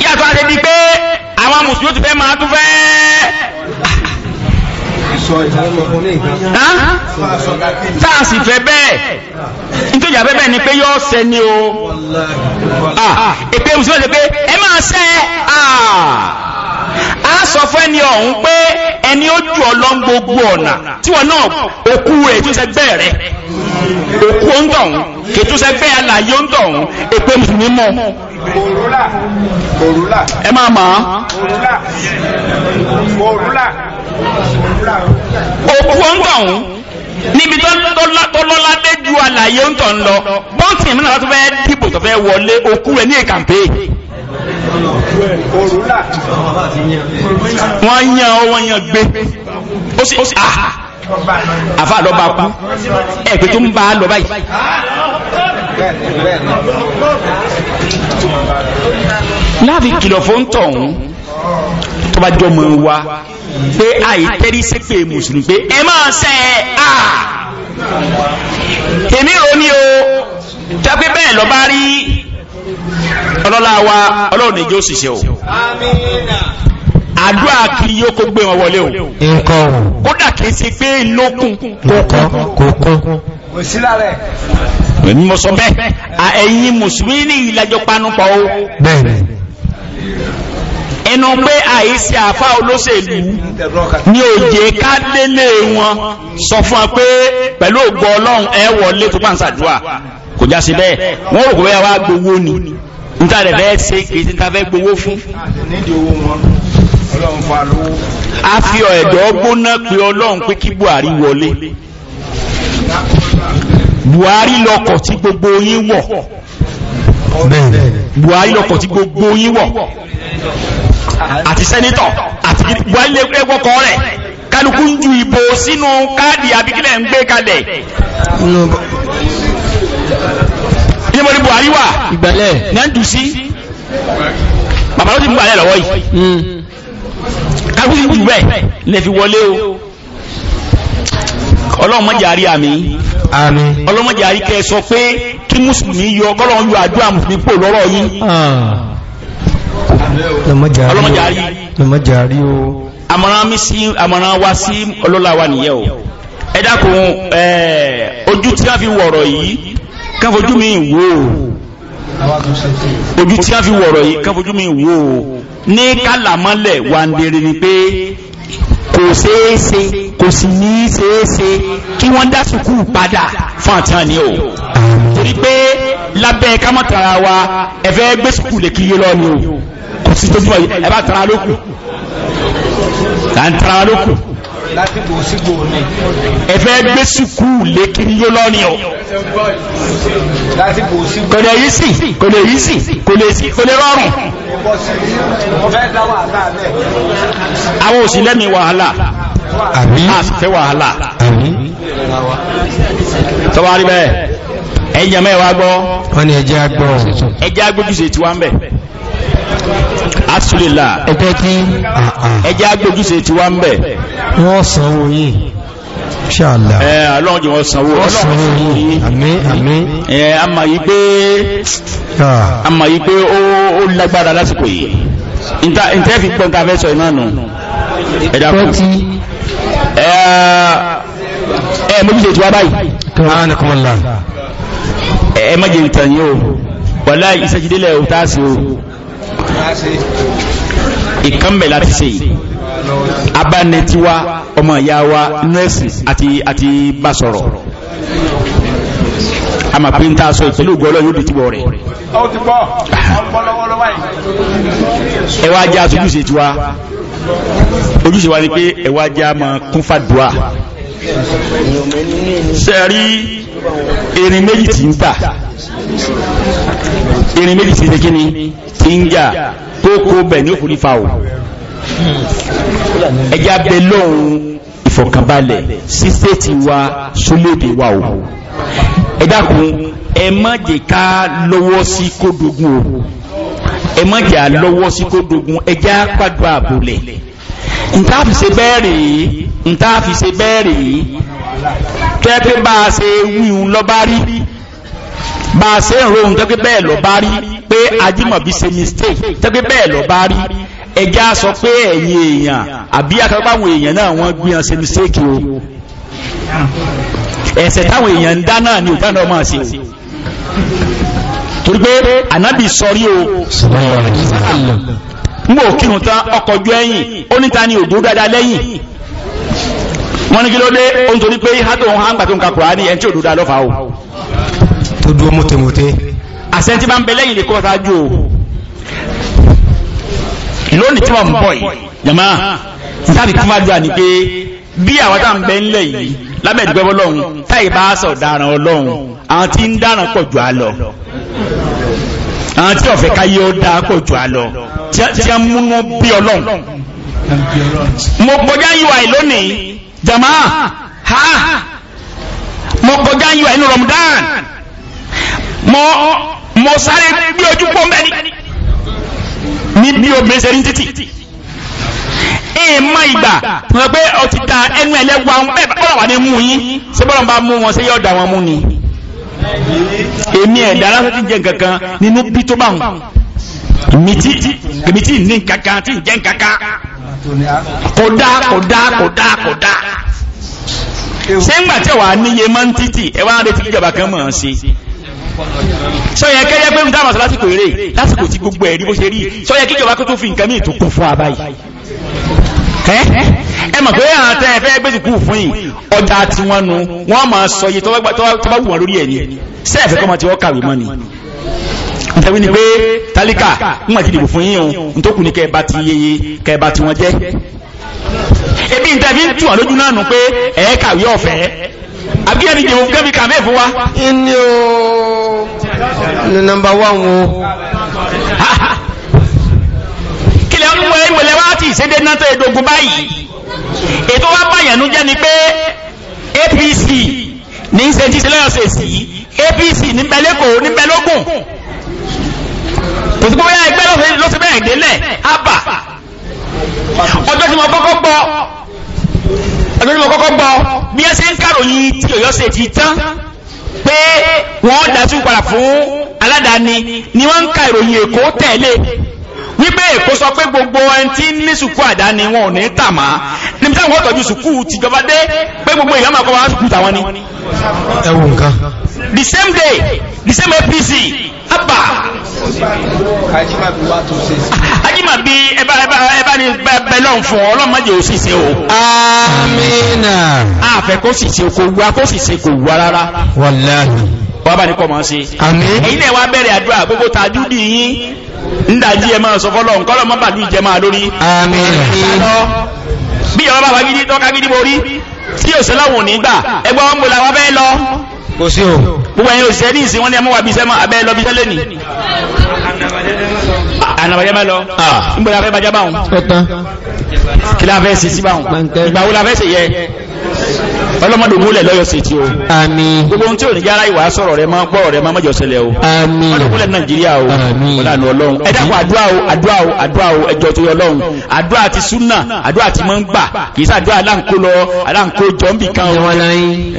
B: yàtọ̀ àti ẹbí pé àwọn mùsùlùmí ti fẹ́ máa tún fẹ́ẹ́ táàsì fẹ́ bẹ́ẹ̀
A: nítòjà fẹ́ bẹ́ẹ̀ ni pé yọ́ sẹ ni o ah, èpè musulmi ṣe
B: pé ẹ máa sẹ́ ah, a sọ fún ni ọ̀hún pé ẹni ó jù ọ lọ gbogbo ọ̀nà tí wọn náà òkú rẹ̀ tó ṣe bẹ́ẹ̀ rẹ̀ òkú ó ń tọ̀hún kì bẹ́ẹ̀ alàyé ó ń tọ̀hún èpè musulmi mọ́ kòrúlà kòrúlà ẹ máa mọ̀ ọ́n kòrúlà kòrúlà òkú ọgbà ọ̀hún níbi tó lọ́lá dé ju àlàyé ń tọ̀ ń lọ bọ́ǹsì mìíràn láti fẹ́ dìbò tó fẹ́ wọlé òkú rẹ̀ ní èkàmpé wọ́n yan ọ wọ́n yan gbé ó sì àfà lọ́ba kú ẹ̀ tó ń bá a lọ báyìí láàfi kìlọ̀ fún tọ̀hún tó bá jọ mọ̀ wa pé àìtẹ́rí sépè mùsùlùmí pé ẹ máa sẹ́ ẹ à èmi rò ní o tẹ́pẹ́ bẹ́ẹ̀ lọ bá rí ọlọ́lá wa ọlọ́run ìjọ òṣìṣẹ́ o àdúrà kiri yóò kó gbé wọn wọlé o kódà kìí ṣe pé lókun kókó
C: kókó èmi mọ̀ sọ
B: bẹ́ẹ̀ ẹ̀yin mùsùlùmí ní ìlàjọ panupọ̀ o bẹ́ẹ̀ ẹnu pé àìsí àfá olóṣèlú ní òjè ká délé wọn sọ fún wa pé pẹ̀lú ògbọ́ ọlọ́run ẹ wọlé tó pàǹsàdúà
A: kò já sí bẹ́ẹ̀ wọ́n
B: rò pé wá gbowó ni níta rẹ̀ bẹ́ẹ̀ ṣe kì í ta fẹ́ gbowó fún. a fi ẹ̀dọ̀ gbóná pé ọlọ́run pé kí Buhari wọlé buhari lọkọ̀ tí gbogbo yín wọ̀ buhari lọkọ̀ tí gbogbo yín wọ̀ àti sẹ́nitọ̀ àti buhari lẹ́gbọ́kọ̀ rẹ̀ kálukú ń ju ìbò sínú káàdì àbíkílẹ̀ ń gbé kalẹ̀ ìyẹ́mọ̀ ní buhari wà ìgbẹ̀lẹ̀ ní ẹ́ ń jù sí bàbá ló ti mú hmm. àlẹ́ àmín ọlọ́mọdé àríkẹ́ sọ pé kí mùsùlùmí yọ kọ́lọ̀
A: yọ àdúrà mùsùlùmí pò lọ́rọ̀ yìí ọlọ́mọdé àrí o
B: àmọ̀ràn wa sí ọlọ́lá wa nìyẹn o ẹ dákun ojú tí a fi wọ̀rọ̀ yìí káfojú mi wò ó ojú tí a fi wọ̀rọ̀ yìí káfojú mi wò ó ní kálàmọ́lẹ̀ wà ń dèrè ni pé kò ṣeéṣe kò sì ní ṣeéṣe kí wọ́n dá sùkúù padà fún àti àní o torí pé lábẹ́ kámọ́tara wa ẹ̀fẹ́ gbé sùkúù lè kíyé lọ́nu o kò sí tó bọ̀ ẹ bá tara lókù là ń tara lókù ẹ̀fẹ́ gbé sùkúù lè kíyé lọ́nu o kò lè yí sí kò lè yí sí kò lè sí kò lè rọrùn àwọn òsì lẹ́mi wàhálà àfẹ́ wàhálà tọ́wà rí bẹ́ẹ̀ ẹjẹ́ mẹ́wàá gbọ́ wọ́n ni ẹjẹ́ agbọ́ ẹjẹ́ agbójúṣe tiwa ń bẹ̀ asùlélà ẹgbẹ́ kí ẹjẹ́ agbójúṣe tiwa
A: sanwó yìí
B: ṣàlá ẹ alọ́jọ́ wọ́n sanwó ọlọ́wọ́ ah. a mọ̀ yí pé ó lágbára lásìkò yìí ìtẹ́ fi gbọ́n ta fẹ́ sọ iná nù ẹ̀dà kú ẹ̀ mójútó ìtura báyìí ẹ̀ mọ́jẹ̀ ìtàn yìí o wàlá ìṣẹ́jídélẹ̀ ò tá a sí o ìkànbẹ̀ láti ṣe abánetiwa ọmọ ìyá wa nọ́ẹ̀sì àti àti bá sọ̀rọ̀ àmà pé ń ta aṣọ ìpínlẹ̀ ògùn ọlọ́run yóò di tìbọ̀ rẹ̀. ẹ wá jẹ́ àtúntúnṣe tiwa ojúṣe wa ni pé ẹ wá jẹ́ àmọ́ kún fàdúrà sẹ́rí erin méjì tí ń tà erin méjì tí ń kíni tí ń jà tó kó bẹ̀ ní òkúrí fa o ẹjá bẹ lọ́hùn ìfọ̀kànbalẹ̀ sí stéètì wa sólèdè wa o ẹ dákun ẹ má jẹ́ ká lọ́wọ́ sí kó dogun o ẹ má jẹ́ à lọ́wọ́ sí kó dogun ẹ jẹ́ àpàdù àbòlẹ̀ nta fi ṣe bẹ́ẹ̀ rèé nta fi ṣe bẹ́ẹ̀ rèé tẹ́pẹ́ bá a ṣe wíhun lọ́ba rí bá a ṣe ń rohun tẹ́pẹ́ bẹ́ẹ̀ lọ́ba rí pé ajímọ̀bí ṣe mistake tẹ́pẹ́ bẹ́ẹ̀ lọ́ba rí ẹjẹ́ sọ pé ẹ̀yin èèyàn àbí akẹ́kọ̀ọ́ àwọn èèyàn náà wọ́n gbìyànjú ṣe mistake o ẹ̀ṣẹ̀ táwọn èèyàn ń dá náà ni òkè náà máa ṣe o torí pé ànábì sọrí o n bò tán ọkọ̀ ẹ̀yìn ó níta ni òdó dáadáa lẹ́yìn wọ́n ní kí ló dé ó ń torí pé hátò ń hàǹgbà tó ń ka kùránì ẹ̀ ń tí òdó dáa lọ́fà o.
A: tó dúró mọ́tẹ́mọ́tẹ́.
B: àṣẹ tí bá ń bẹ lẹ́yìn lè kọ́ ṣáájú o lónìí tí wọ́n ń bọ̀ yìí yàmá
C: sábì tí wọ́n á dúrà ní pé bí àwọn tá à ń bẹ ńlẹ̀
B: yìí lábẹ́ ìgbẹ́bọ́ lọ́hùn táyì bá sọ dáràn ọlọ́hùn àwọn tí ń dáràn pọ̀ jù á lọ àwọn tí ọ̀fẹ́ káyé ó dá pọ̀ jù á lọ tí a múnú bí ọlọ́hùn. mo kọjá yíwa yìí lónìí jama ha mo kọjá yíwa yìí Ramadan mo mo sáré bí ojú pọ́ńbẹ́ni ní bí obìnrin ṣe ní títì
C: èèmọ̀ ìgbà
B: tí wọ́n pé ọ ti ta ẹnu ẹlẹ́gbà bọ́lá wà ní mú yín ṣé bọ́lá bá mú wọn ṣé yóò dà wọn mú ni èmi ẹ̀dá aláṣẹ ti jẹ kankan nínú bí tó bá wọn mìtí mìtí ní kankan tí jẹ́ kankan kódà kódà kódà kódà ṣé ńgbà tí wàá níye máa ń títì ẹ wá retí ìjọba kan mọ̀ ọ́n sí sọyẹ kẹyẹ pé ń dáhùn lásìkò eré lásìkò tí gbogbo ẹ̀rí bó ṣe rí sọyẹ kíjọba kó tó fi nǹkan míì tó kún fún wa E
C: ma pé àwọn na ẹ
B: efe fún yìí ọjà tí wọ́n nu wọ́n sọ iye tọ́wọ́ tọ́wọ́ wù wọ́n lórí ẹ̀fẹ́ kọ́ ti wọ́n kàwé mọ́ ni ni pé tálíkà ń mọ̀ ìdìbò fún ni ti yeye ka ịba ti wọ́n jẹ́ ebi ntẹ́bí ń tù wọ́n lójú náà nù pé ẹ̀ kàwé ọ̀fẹ́ àbí ẹni jẹun fún wa. gbogbo ìwòlẹ̀ wá ti ìṣẹ́dé náà tó èdògùn báyìí ètò wá báyànú jẹ́ ni pé APC ní ṣe ti sílẹ̀ọ̀sẹ̀ sí APC ní bẹ̀lẹ́kọ̀ ní bẹ̀lógún kò
C: sí gbogbo ẹgbẹ́ ló ti bẹ̀rẹ̀ délẹ̀ ábà ọjọ́ tí mo kọ́kọ́ gbọ́
B: bí ẹ ṣe ń kàròyìn tí Ọ̀yọ́ ti tán pé wọ́n dàtú padà fún aládàáni ni wọ́n ń ka ìròyìn Èkó tẹ̀lé wípé èkó sọ pé gbogbo ẹni tí ní sùkú àdáni wọn ò ní tàmá níbi táwọn ọ̀tọ̀jú sùkú tìjọba dé pé gbogbo èèyàn máa wá sùkú tàwọn ni.
C: ẹ nǹkan.
B: the same day the same APC abba. ajimabi ẹba ẹba ẹba ni bẹlọ́n fún ọ ọlọ́mọdé ò sì ṣe o. amina. àfẹ kó sì ṣe kò wá kó sì ṣe kò wá rárá. wàláhi. wàá bá ní kọ́ mọ́ sí. àmín. ẹ̀yin náà wá bẹ̀rẹ̀ àdúrà gbogbo tàdúdì yín ńdàjí ẹ máa sọ fọ́lọ̀ ǹkọ́lọ̀ mọ́ bàdú ìjẹ máa lórí àmín bí ọba bàbá gidi tọ́ka gidi borí tí ò sẹ́láwò nígbà ẹgbẹ́ wọn gbọ́lá wá bẹ́ẹ̀ lọ kò sí o gbogbo ẹ̀yin òṣìṣẹ́ ní ìsìn wọn ni ẹ mọ́ wà bí iṣẹ́ abẹ́ lọ bí iṣẹ́ lẹ́nì ànàbàjẹ́ máa lọ ńgbọ́lá fẹ́ bàjá báwọn kí láfẹ́ sí sí báwọn ìgbà ọlọ́mọdé múlẹ̀ lọ́yọ̀ sí ti o àmín gbogbo ohun tí ò ní yára ìwà sọ̀rọ̀ rẹ mọ́ gbọ́rọ̀ rẹ mọ́ mọ́jọ ṣẹlẹ̀ o àmín ọdún múlẹ̀ nàìjíríà o ọlànà ọlọ́run ẹ àdúrà àdúrà àdúrà ẹjọ́ tó yọ ọlọ́run àdúrà ti súnà àdúrà ti máa ń gbà kì í sàdúrà aláǹkó lọ aláǹkó jọ ń bì kan o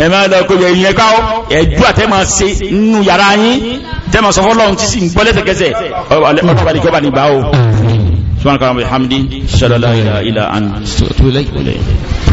B: ẹ máa lọ kó yẹ ìyẹn ká o ẹdúrà tẹ́ máa ṣe nínú